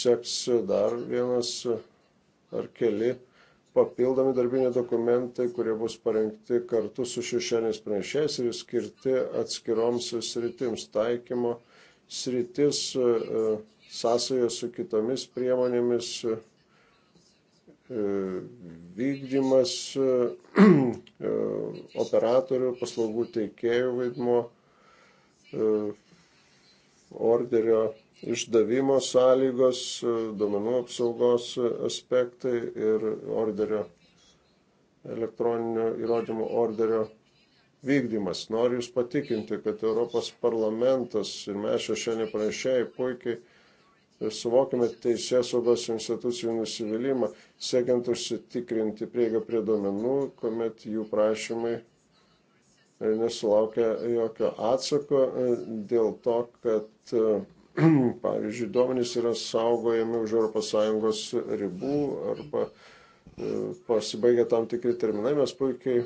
seks dar vienas ar keli papildomi darbiniai dokumentai, kurie bus parengti kartu su šešėliniais pranešėjais ir skirti atskiroms sritims taikymo sritis e, e, sąsajos su kitomis priemonėmis e, vykdymas, operatorių, paslaugų teikėjų vaidmo, orderio išdavimo sąlygos, duomenų apsaugos aspektai ir orderio, elektroninio įrodymo orderio vykdymas. Noriu Jūs patikinti, kad Europos parlamentas ir mes šiandien pranešėjai puikiai suvokime teisės saugos institucijų nusivylimą, siekiant užsitikrinti prieigą prie duomenų, kuomet jų prašymai e, nesulaukia jokio atsako e, dėl to, kad e, pavyzdžiui, duomenys yra saugojami už ES ribų arba e, pasibaigia tam tikri terminai, mes puikiai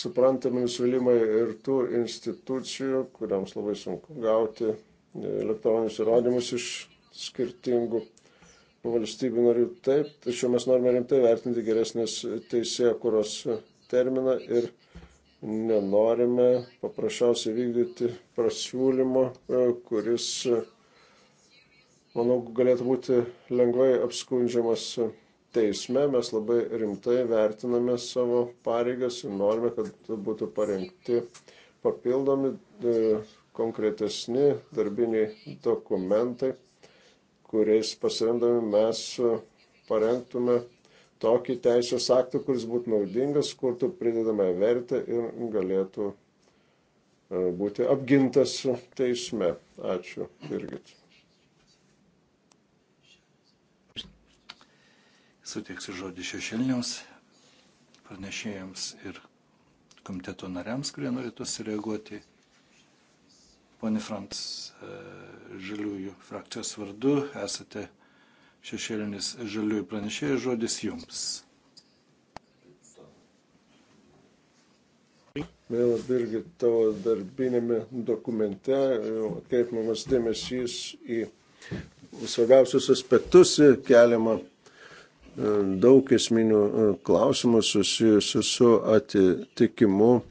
suprantami nusivylimai ir tų institucijų, kuriams labai sunku gauti e, elektroninius įrodymus iš skirtingų valstybių narių. Taip, tačiau mes norime rimtai vertinti geresnės teisėkuros terminą ir nenorime paprasčiausiai vykdyti pasiūlymo, e, kuris, e, manau, galėtų būti lengvai apskundžiamas teisme. Mes labai rimtai vertiname savo pareigas ir norime, kad būtų parengti papildomi e, konkretesni darbiniai dokumentai, kuriais pasirendami mes parengtume tokį teisės aktą, kuris būtų naudingas, kurtų pridedamą vertę ir galėtų e, būti apgintas teisme. Ačiū, Birgit. Suteiksiu žodį šešėliniams pranešėjams ir komiteto nariams, kurie norėtų sureaguoti. Pone Frans, e, žaliųjų frakcijos vardu esate šešėlinis žaliųjų pranešėjas, žodis jums. Mėla Birgit, tavo darbinėme dokumente atkreipiamas dėmesys į svarbiausius aspektus keliamą e, daug esminių e, klausimų susijusių su atitikimu e,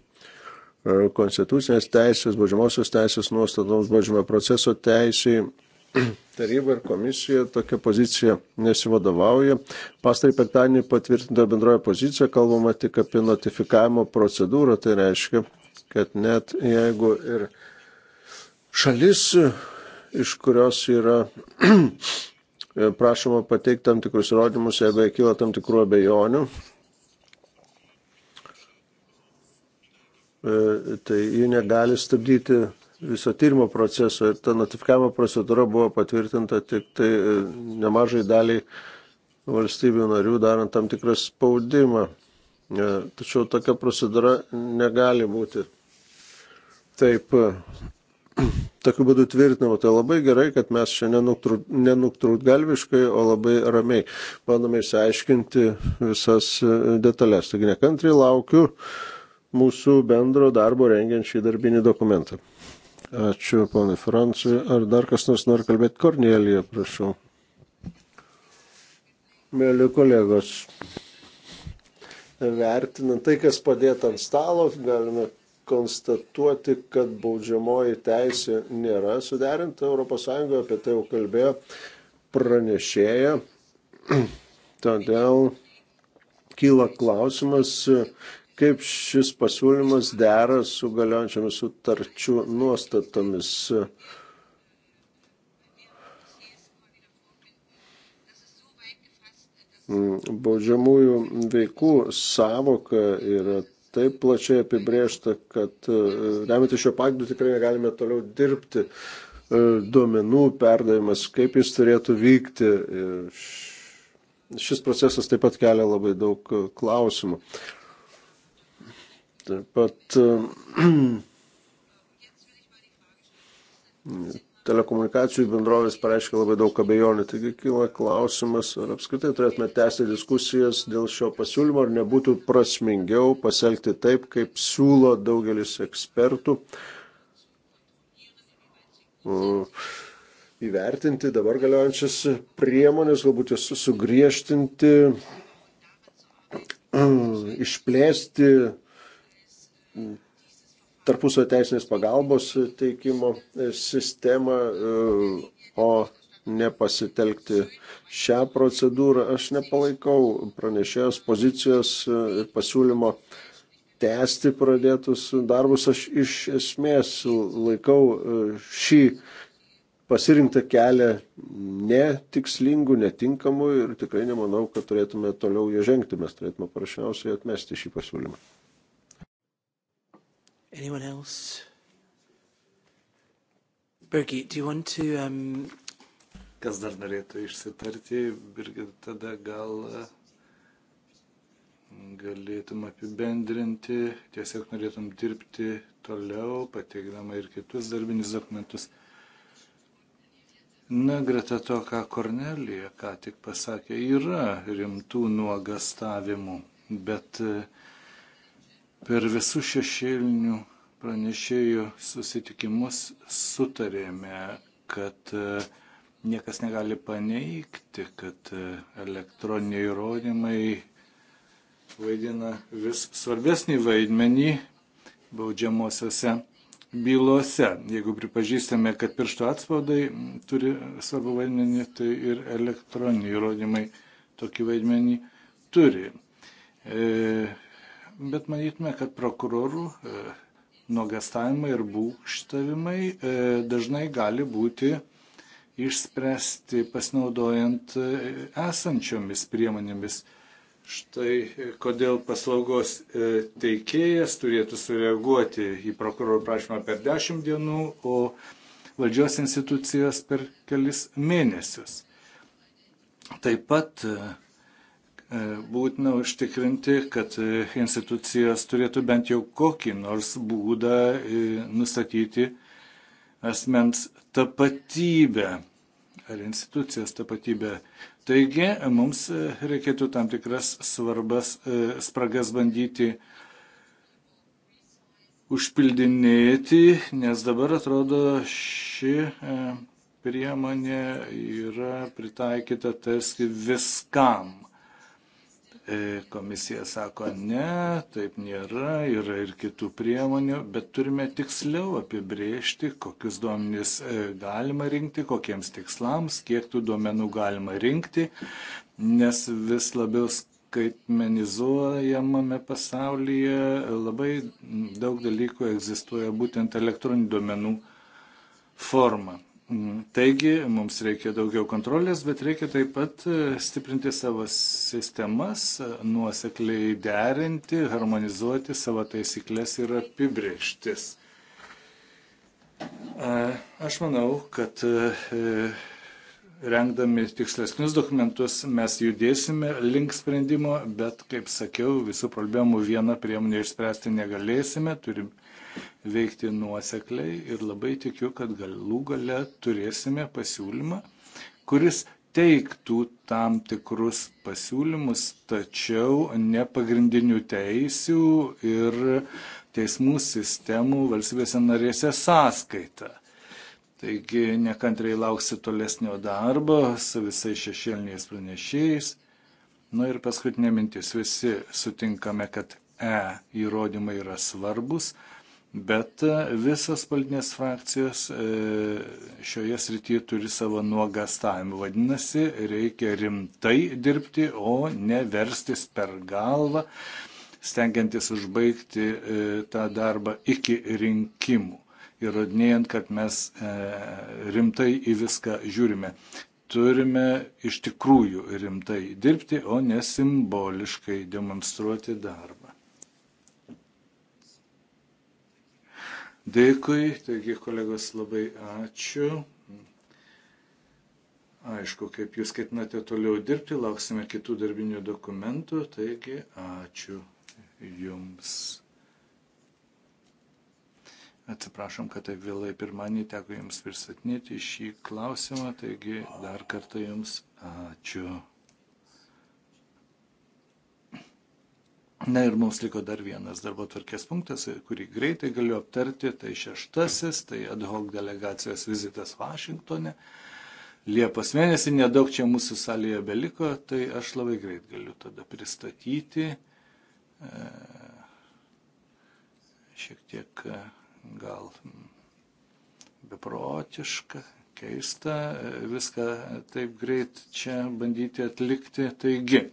konstitucinės teisės, baudžiamosios teisės nuostatoms, baudžiamo proceso teisėjai taryba ir komisija tokia pozicija nesivadovauja. Pastarį penktadienį patvirtinta bendroja pozicija, kalbama tik apie notifikavimo procedūrą, tai reiškia, kad net jeigu ir šalis, iš kurios yra prašoma pateikti tam tikrus įrodymus, jeigu kyla tam tikrų abejonių, e, tai ji negali stabdyti viso tyrimo proceso ir ta notifikavimo procedūra buvo patvirtinta tik tai e, nemažai daliai valstybių narių darant tam tikrą spaudimą. E, tačiau tokia procedūra negali būti taip e, tokiu būdu tvirtinama. Tai labai gerai, kad mes čia nenuktrūt galviškai, o labai ramiai bandome išsiaiškinti visas detalės. Taigi nekantriai laukiu mūsų bendro darbo rengiant šį darbinį dokumentą. Ačiū, ponai Francijai. Ar dar kas nors nori kalbėti? Kornelija, prašau. Mėly kolegos, vertinant tai, kas padėta ant stalo, galime konstatuoti, kad baudžiamoji teisė nėra suderinta ES, apie tai jau kalbėjo pranešėja. Todėl kyla klausimas, kaip šis pasiūlymas dera su galiojančiamis sutarčių nuostatomis. Mm, baudžiamųjų veikų savoka yra taip plačiai apibriešta, kad e, remiantis šio pagrindu tikrai negalime toliau dirbti. E, duomenų perdavimas, kaip jis turėtų vykti. E, šis procesas taip pat kelia labai daug klausimų. Taip pat ehm, telekomunikacijų bendrovės pareiškia labai daug abejonių. Taigi kyla klausimas, ar apskritai turėtume tęsti diskusijas dėl šio pasiūlymo, ar nebūtų prasmingiau pasielgti taip, kaip siūlo daugelis ekspertų. Įvertinti dabar galiojančias priemonės, galbūt jas sugriežtinti, išplėsti tarpusio teisinės pagalbos teikimo sistemą, e, o nepasitelkti šią procedūrą. Aš nepalaikau pranešėjos pozicijos ir pasiūlymo tęsti pradėtus darbus. Aš iš esmės laikau e, šį pasirinktą kelią netikslingų, netinkamų ir tikrai nemanau, kad turėtume toliau jį žengti. Mes turėtume paprasčiausiai atmesti šį pasiūlymą. Anyone else? Birgit, do you want to... Um... Kas dar norėtų išsitarti, Birgit, tada gal e, galėtum apibendrinti, tiesiog norėtum dirbti toliau, pateikdama ir kitus darbinius dokumentus. Na, greta to, ką Kornelija ką tik pasakė, yra rimtų nuogastavimų, bet uh, Per visus šešėlinių pranešėjų susitikimus sutarėme, kad e, niekas negali paneigti, kad e, elektroniniai įrodymai vaidina vis svarbesnį vaidmenį baudžiamosiose bylose. Jeigu pripažįstame, kad piršto atspaudai turi svarbu vaidmenį, tai ir elektroniniai įrodymai tokį vaidmenį turi. E, bet manytume, kad prokurorų e, nuogastavimai ir būkštavimai e, dažnai gali būti išspręsti pasinaudojant e, esančiomis priemonėmis. Štai kodėl paslaugos teikėjas turėtų sureaguoti į prokurorų prašymą per 10 dienų, o valdžios institucijos per kelis mėnesius. Taip pat E, būtina užtikrinti, kad e, institucijos turėtų bent jau kokį nors būdą e, nustatyti asmens tapatybę ar institucijos tapatybę. Taigi mums reikėtų tam tikras svarbas spragas bandyti užpildinėti, nes dabar atrodo ši priemonė yra pritaikyta tarsi viskam. E, komisija sako, ne, taip nėra, yra ir kitų priemonių, bet turime tiksliau apibriežti, kokius duomenys e, galima rinkti, kokiems tikslams, kiek tų duomenų galima rinkti, nes vis labiau skaitmenizuojamame pasaulyje labai daug dalykų egzistuoja būtent elektroninių duomenų forma. Mm, taigi mums reikia daugiau kontrolės, bet reikia taip pat e, stiprinti savo sistemas, e, nuosekliai derinti, harmonizuoti savo taisyklės ir apibrieštis. E, aš manau, kad rengdami tikslesnius dokumentus mes judėsime link sprendimo, bet, kaip sakiau, visų problemų vieną priemonę išspręsti negalėsime, turime veikti nuosekliai ir labai tikiu, kad galų gale turėsime pasiūlymą, kuris teiktų tam tikrus pasiūlymus, tačiau ne pagrindinių teisių ir teismų sistemų valstybėse narėse sąskaita. Taigi nekantriai lauksiu tolesnio darbo su visais šešėliniais pranešėjais. Na nu ir paskutinė mintis, visi sutinkame, kad E įrodymai yra svarbus, Bet e, visas politinės frakcijos e, šioje srityje turi savo nuogastavimą. Vadinasi, reikia rimtai dirbti, o ne verstis per galvą, stengiantis užbaigti e, tą darbą iki rinkimų. Įrodinėjant, kad mes rimtai į viską žiūrime. Turime iš tikrųjų rimtai dirbti, o ne simboliškai demonstruoti darbą. Dėkui, taigi kolegos labai ačiū. Aišku, kaip jūs ketinate toliau dirbti, lauksime kitų darbinių dokumentų, taigi ačiū jums. Atsiprašom, kad taip vėlai pirmąjį teko jums pristatinėti šį klausimą, taigi dar kartą jums ačiū. Na ir mums liko dar vienas darbo tvarkės punktas, kurį greitai galiu aptarti, tai šeštasis, tai ad hoc delegacijos vizitas Vašingtone. Liepos mėnesį nedaug čia mūsų salėje beliko, tai aš labai greit galiu tada pristatyti. E, šiek tiek e, gal beprotiška, keista e, viską taip greit čia bandyti atlikti. Taigi,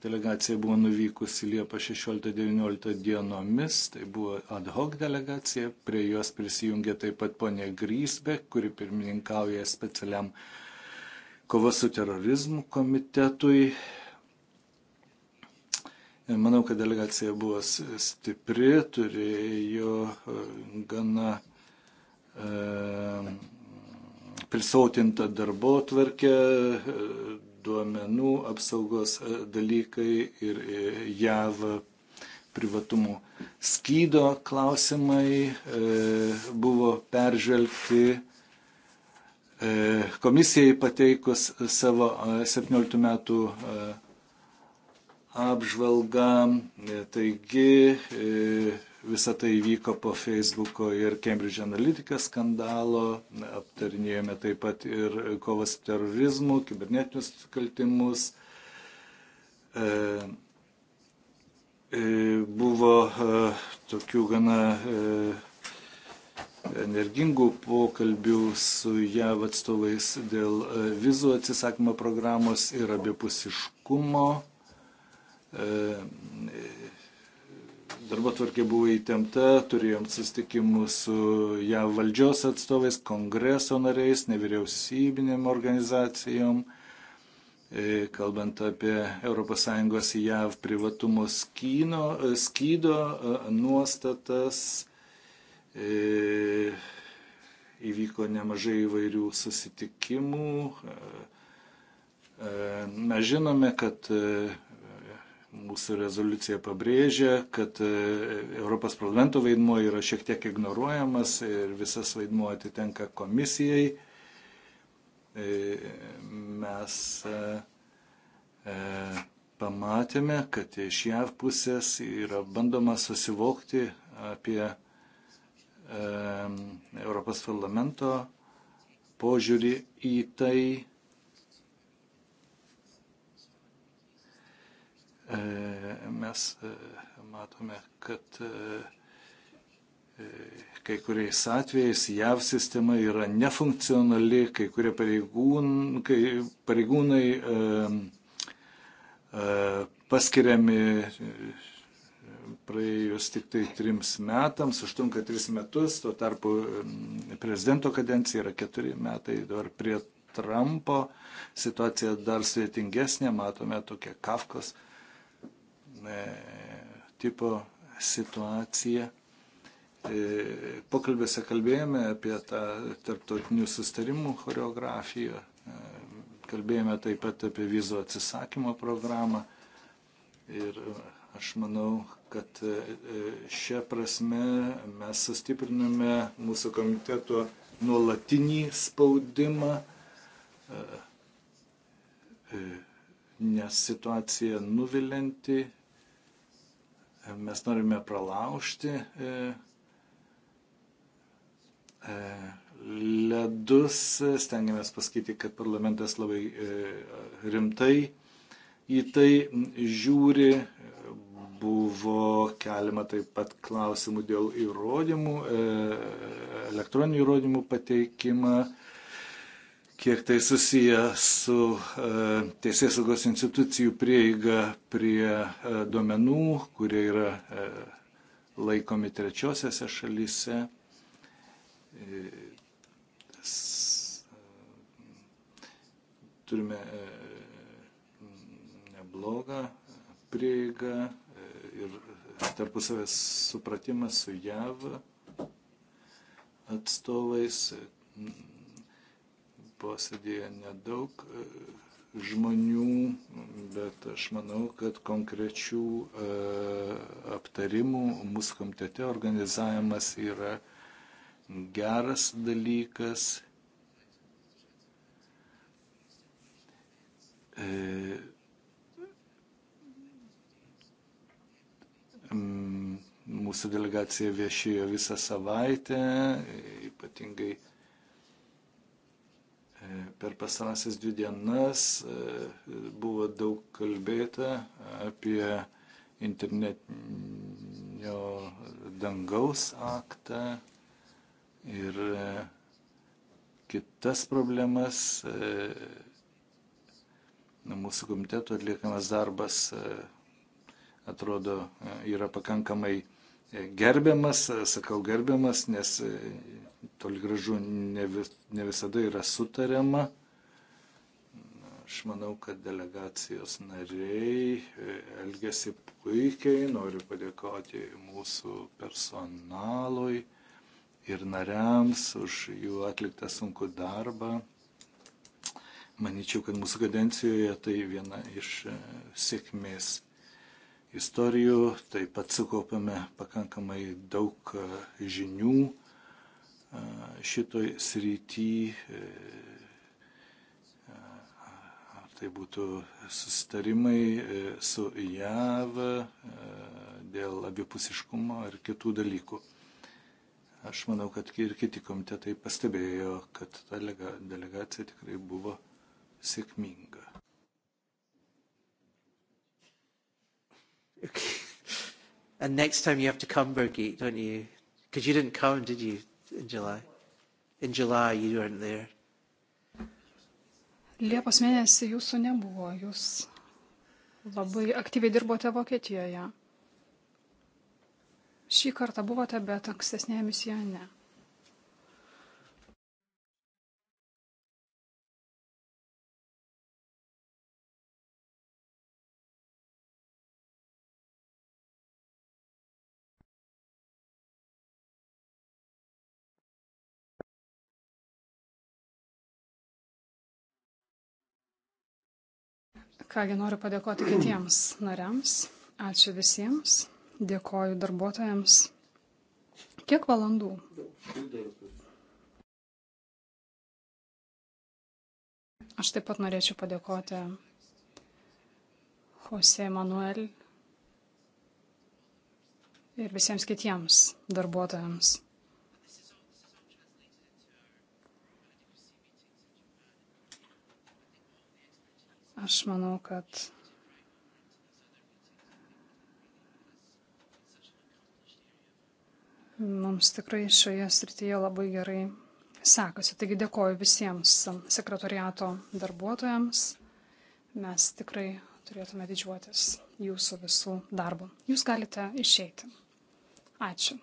Delegacija buvo nuvykusi Liepa 16-19 dienomis, tai buvo ad hoc delegacija, prie jos prisijungė taip pat ponė Grysbė, kuri pirmininkauja specialiam kovos su terorizmu komitetui. Manau, kad delegacija buvo stipri, turėjo e, gana e, prisautintą darbo tvarkę, e, duomenų apsaugos e, dalykai ir e, JAV privatumo skydo klausimai e, buvo peržvelgti komisijai pateikus savo 17 metų apžvalgą. Taigi Visą tai vyko po Facebook'o ir Cambridge Analytica skandalo. Aptarinėjome taip pat ir kovas su terorizmu, kibernetinius kaltimus. E, e, buvo e, tokių gana e, energingų pokalbių su JAV atstovais dėl e, vizų atsisakymo programos ir abipusiškumo. E, Darbotvarkė buvo įtempta, turėjom susitikimų su JAV valdžios atstovais, kongreso nariais, nevyriausybinėm organizacijom, e, kalbant apie ES JAV privatumo skyno, e, skydo e, nuostatas. Įvyko nemažai įvairių susitikimų. Mes žinome, kad Mūsų rezoliucija pabrėžia, kad e, Europos parlamento vaidmuo yra šiek tiek ignoruojamas ir visas vaidmuo atitenka komisijai. E, mes e, pamatėme, kad iš JAV pusės yra bandoma susivokti apie Europos parlamento požiūrį į tai, E, mes e, matome, kad e, kai kuriais atvejais JAV sistema yra nefunkcionali, kai kurie pareigūn, kai pareigūnai paskiriami praėjus tik tai trims metams, užtunka tris metus, tuo tarpu prezidento kadencija yra keturi metai, dabar prie Trumpo situacija dar sveitingesnė, matome tokią Kafkos uh, E, tipo situaciją. E, Pokalbėse kalbėjome apie tą tarptautinių sustarimų choreografiją, e, kalbėjome taip pat apie vizų atsisakymo programą. Ir aš manau, kad šią prasme mes sustipriname mūsų komiteto nuolatinį spaudimą, nes situacija nuvilinti Mes norime pralaužti e, e, ledus, stengiamės pasakyti, kad parlamentas labai e, rimtai į tai žiūri. Buvo keliama taip pat klausimų dėl įrodymų, elektroninių įrodymų pateikimą, kiek tai susiję su e, Teisės saugos institucijų prieiga prie e, duomenų, kurie yra e, laikomi trečiosiose šalyse. Turime neblogą prieigą ir tarpusavės supratimas su JAV atstovais posėdėje nedaug e, žmonių, bet aš manau, kad konkrečių e, aptarimų mūsų komitete organizavimas yra geras dalykas. E, mūsų delegacija viešėjo visą savaitę, ypatingai Per pasarasias dvi dienas e, buvo daug kalbėta apie internetinio dangaus aktą ir e, kitas problemas. E, mūsų komiteto atliekamas darbas atrodo yra pakankamai gerbiamas, sakau gerbiamas, nes toli gražu ne, vis, ne visada yra sutariama. Aš manau, kad delegacijos nariai e, elgesi puikiai, noriu padėkoti mūsų personalui ir nariams už jų atliktą sunku darbą. Maničiau, kad mūsų kadencijoje tai viena iš e, sėkmės istorijų, taip pat sukaupėme pakankamai daug e, žinių šitoj srity, e, ar tai būtų sustarimai e, su JAV e, dėl abipusiškumo ar kitų dalykų. Aš manau, kad ir kiti komitetai pastebėjo, kad ta delegacija tikrai buvo sėkminga. Okay. And next time you have to come, Birgit, don't you? Because you didn't come, did you? in July? In July you weren't there. Liepos mėnesį jūsų nebuvo, jūs labai aktyviai dirbote Vokietijoje. Šį kartą buvote, bet ankstesnėje misijoje ne. Kągi noriu padėkoti kitiems nariams. Ačiū visiems. Dėkoju darbuotojams. Kiek valandų? Aš taip pat norėčiau padėkoti Jose Manuel ir visiems kitiems darbuotojams. Aš manau, kad mums tikrai šioje srityje labai gerai sekasi. Taigi dėkoju visiems sekretoriato darbuotojams. Mes tikrai turėtume didžiuotis jūsų visų darbu. Jūs galite išeiti. Ačiū.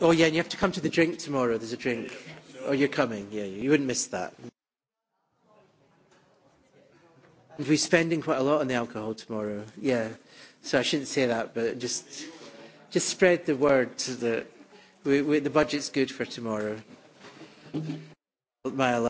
Oh, yeah, and you have to come to the drink tomorrow. There's a drink. Oh, you're coming. Yeah, you wouldn't miss that. And we're spending quite a lot on the alcohol tomorrow. Yeah. So I shouldn't say that, but just just spread the word that we, we, the budget's good for tomorrow. My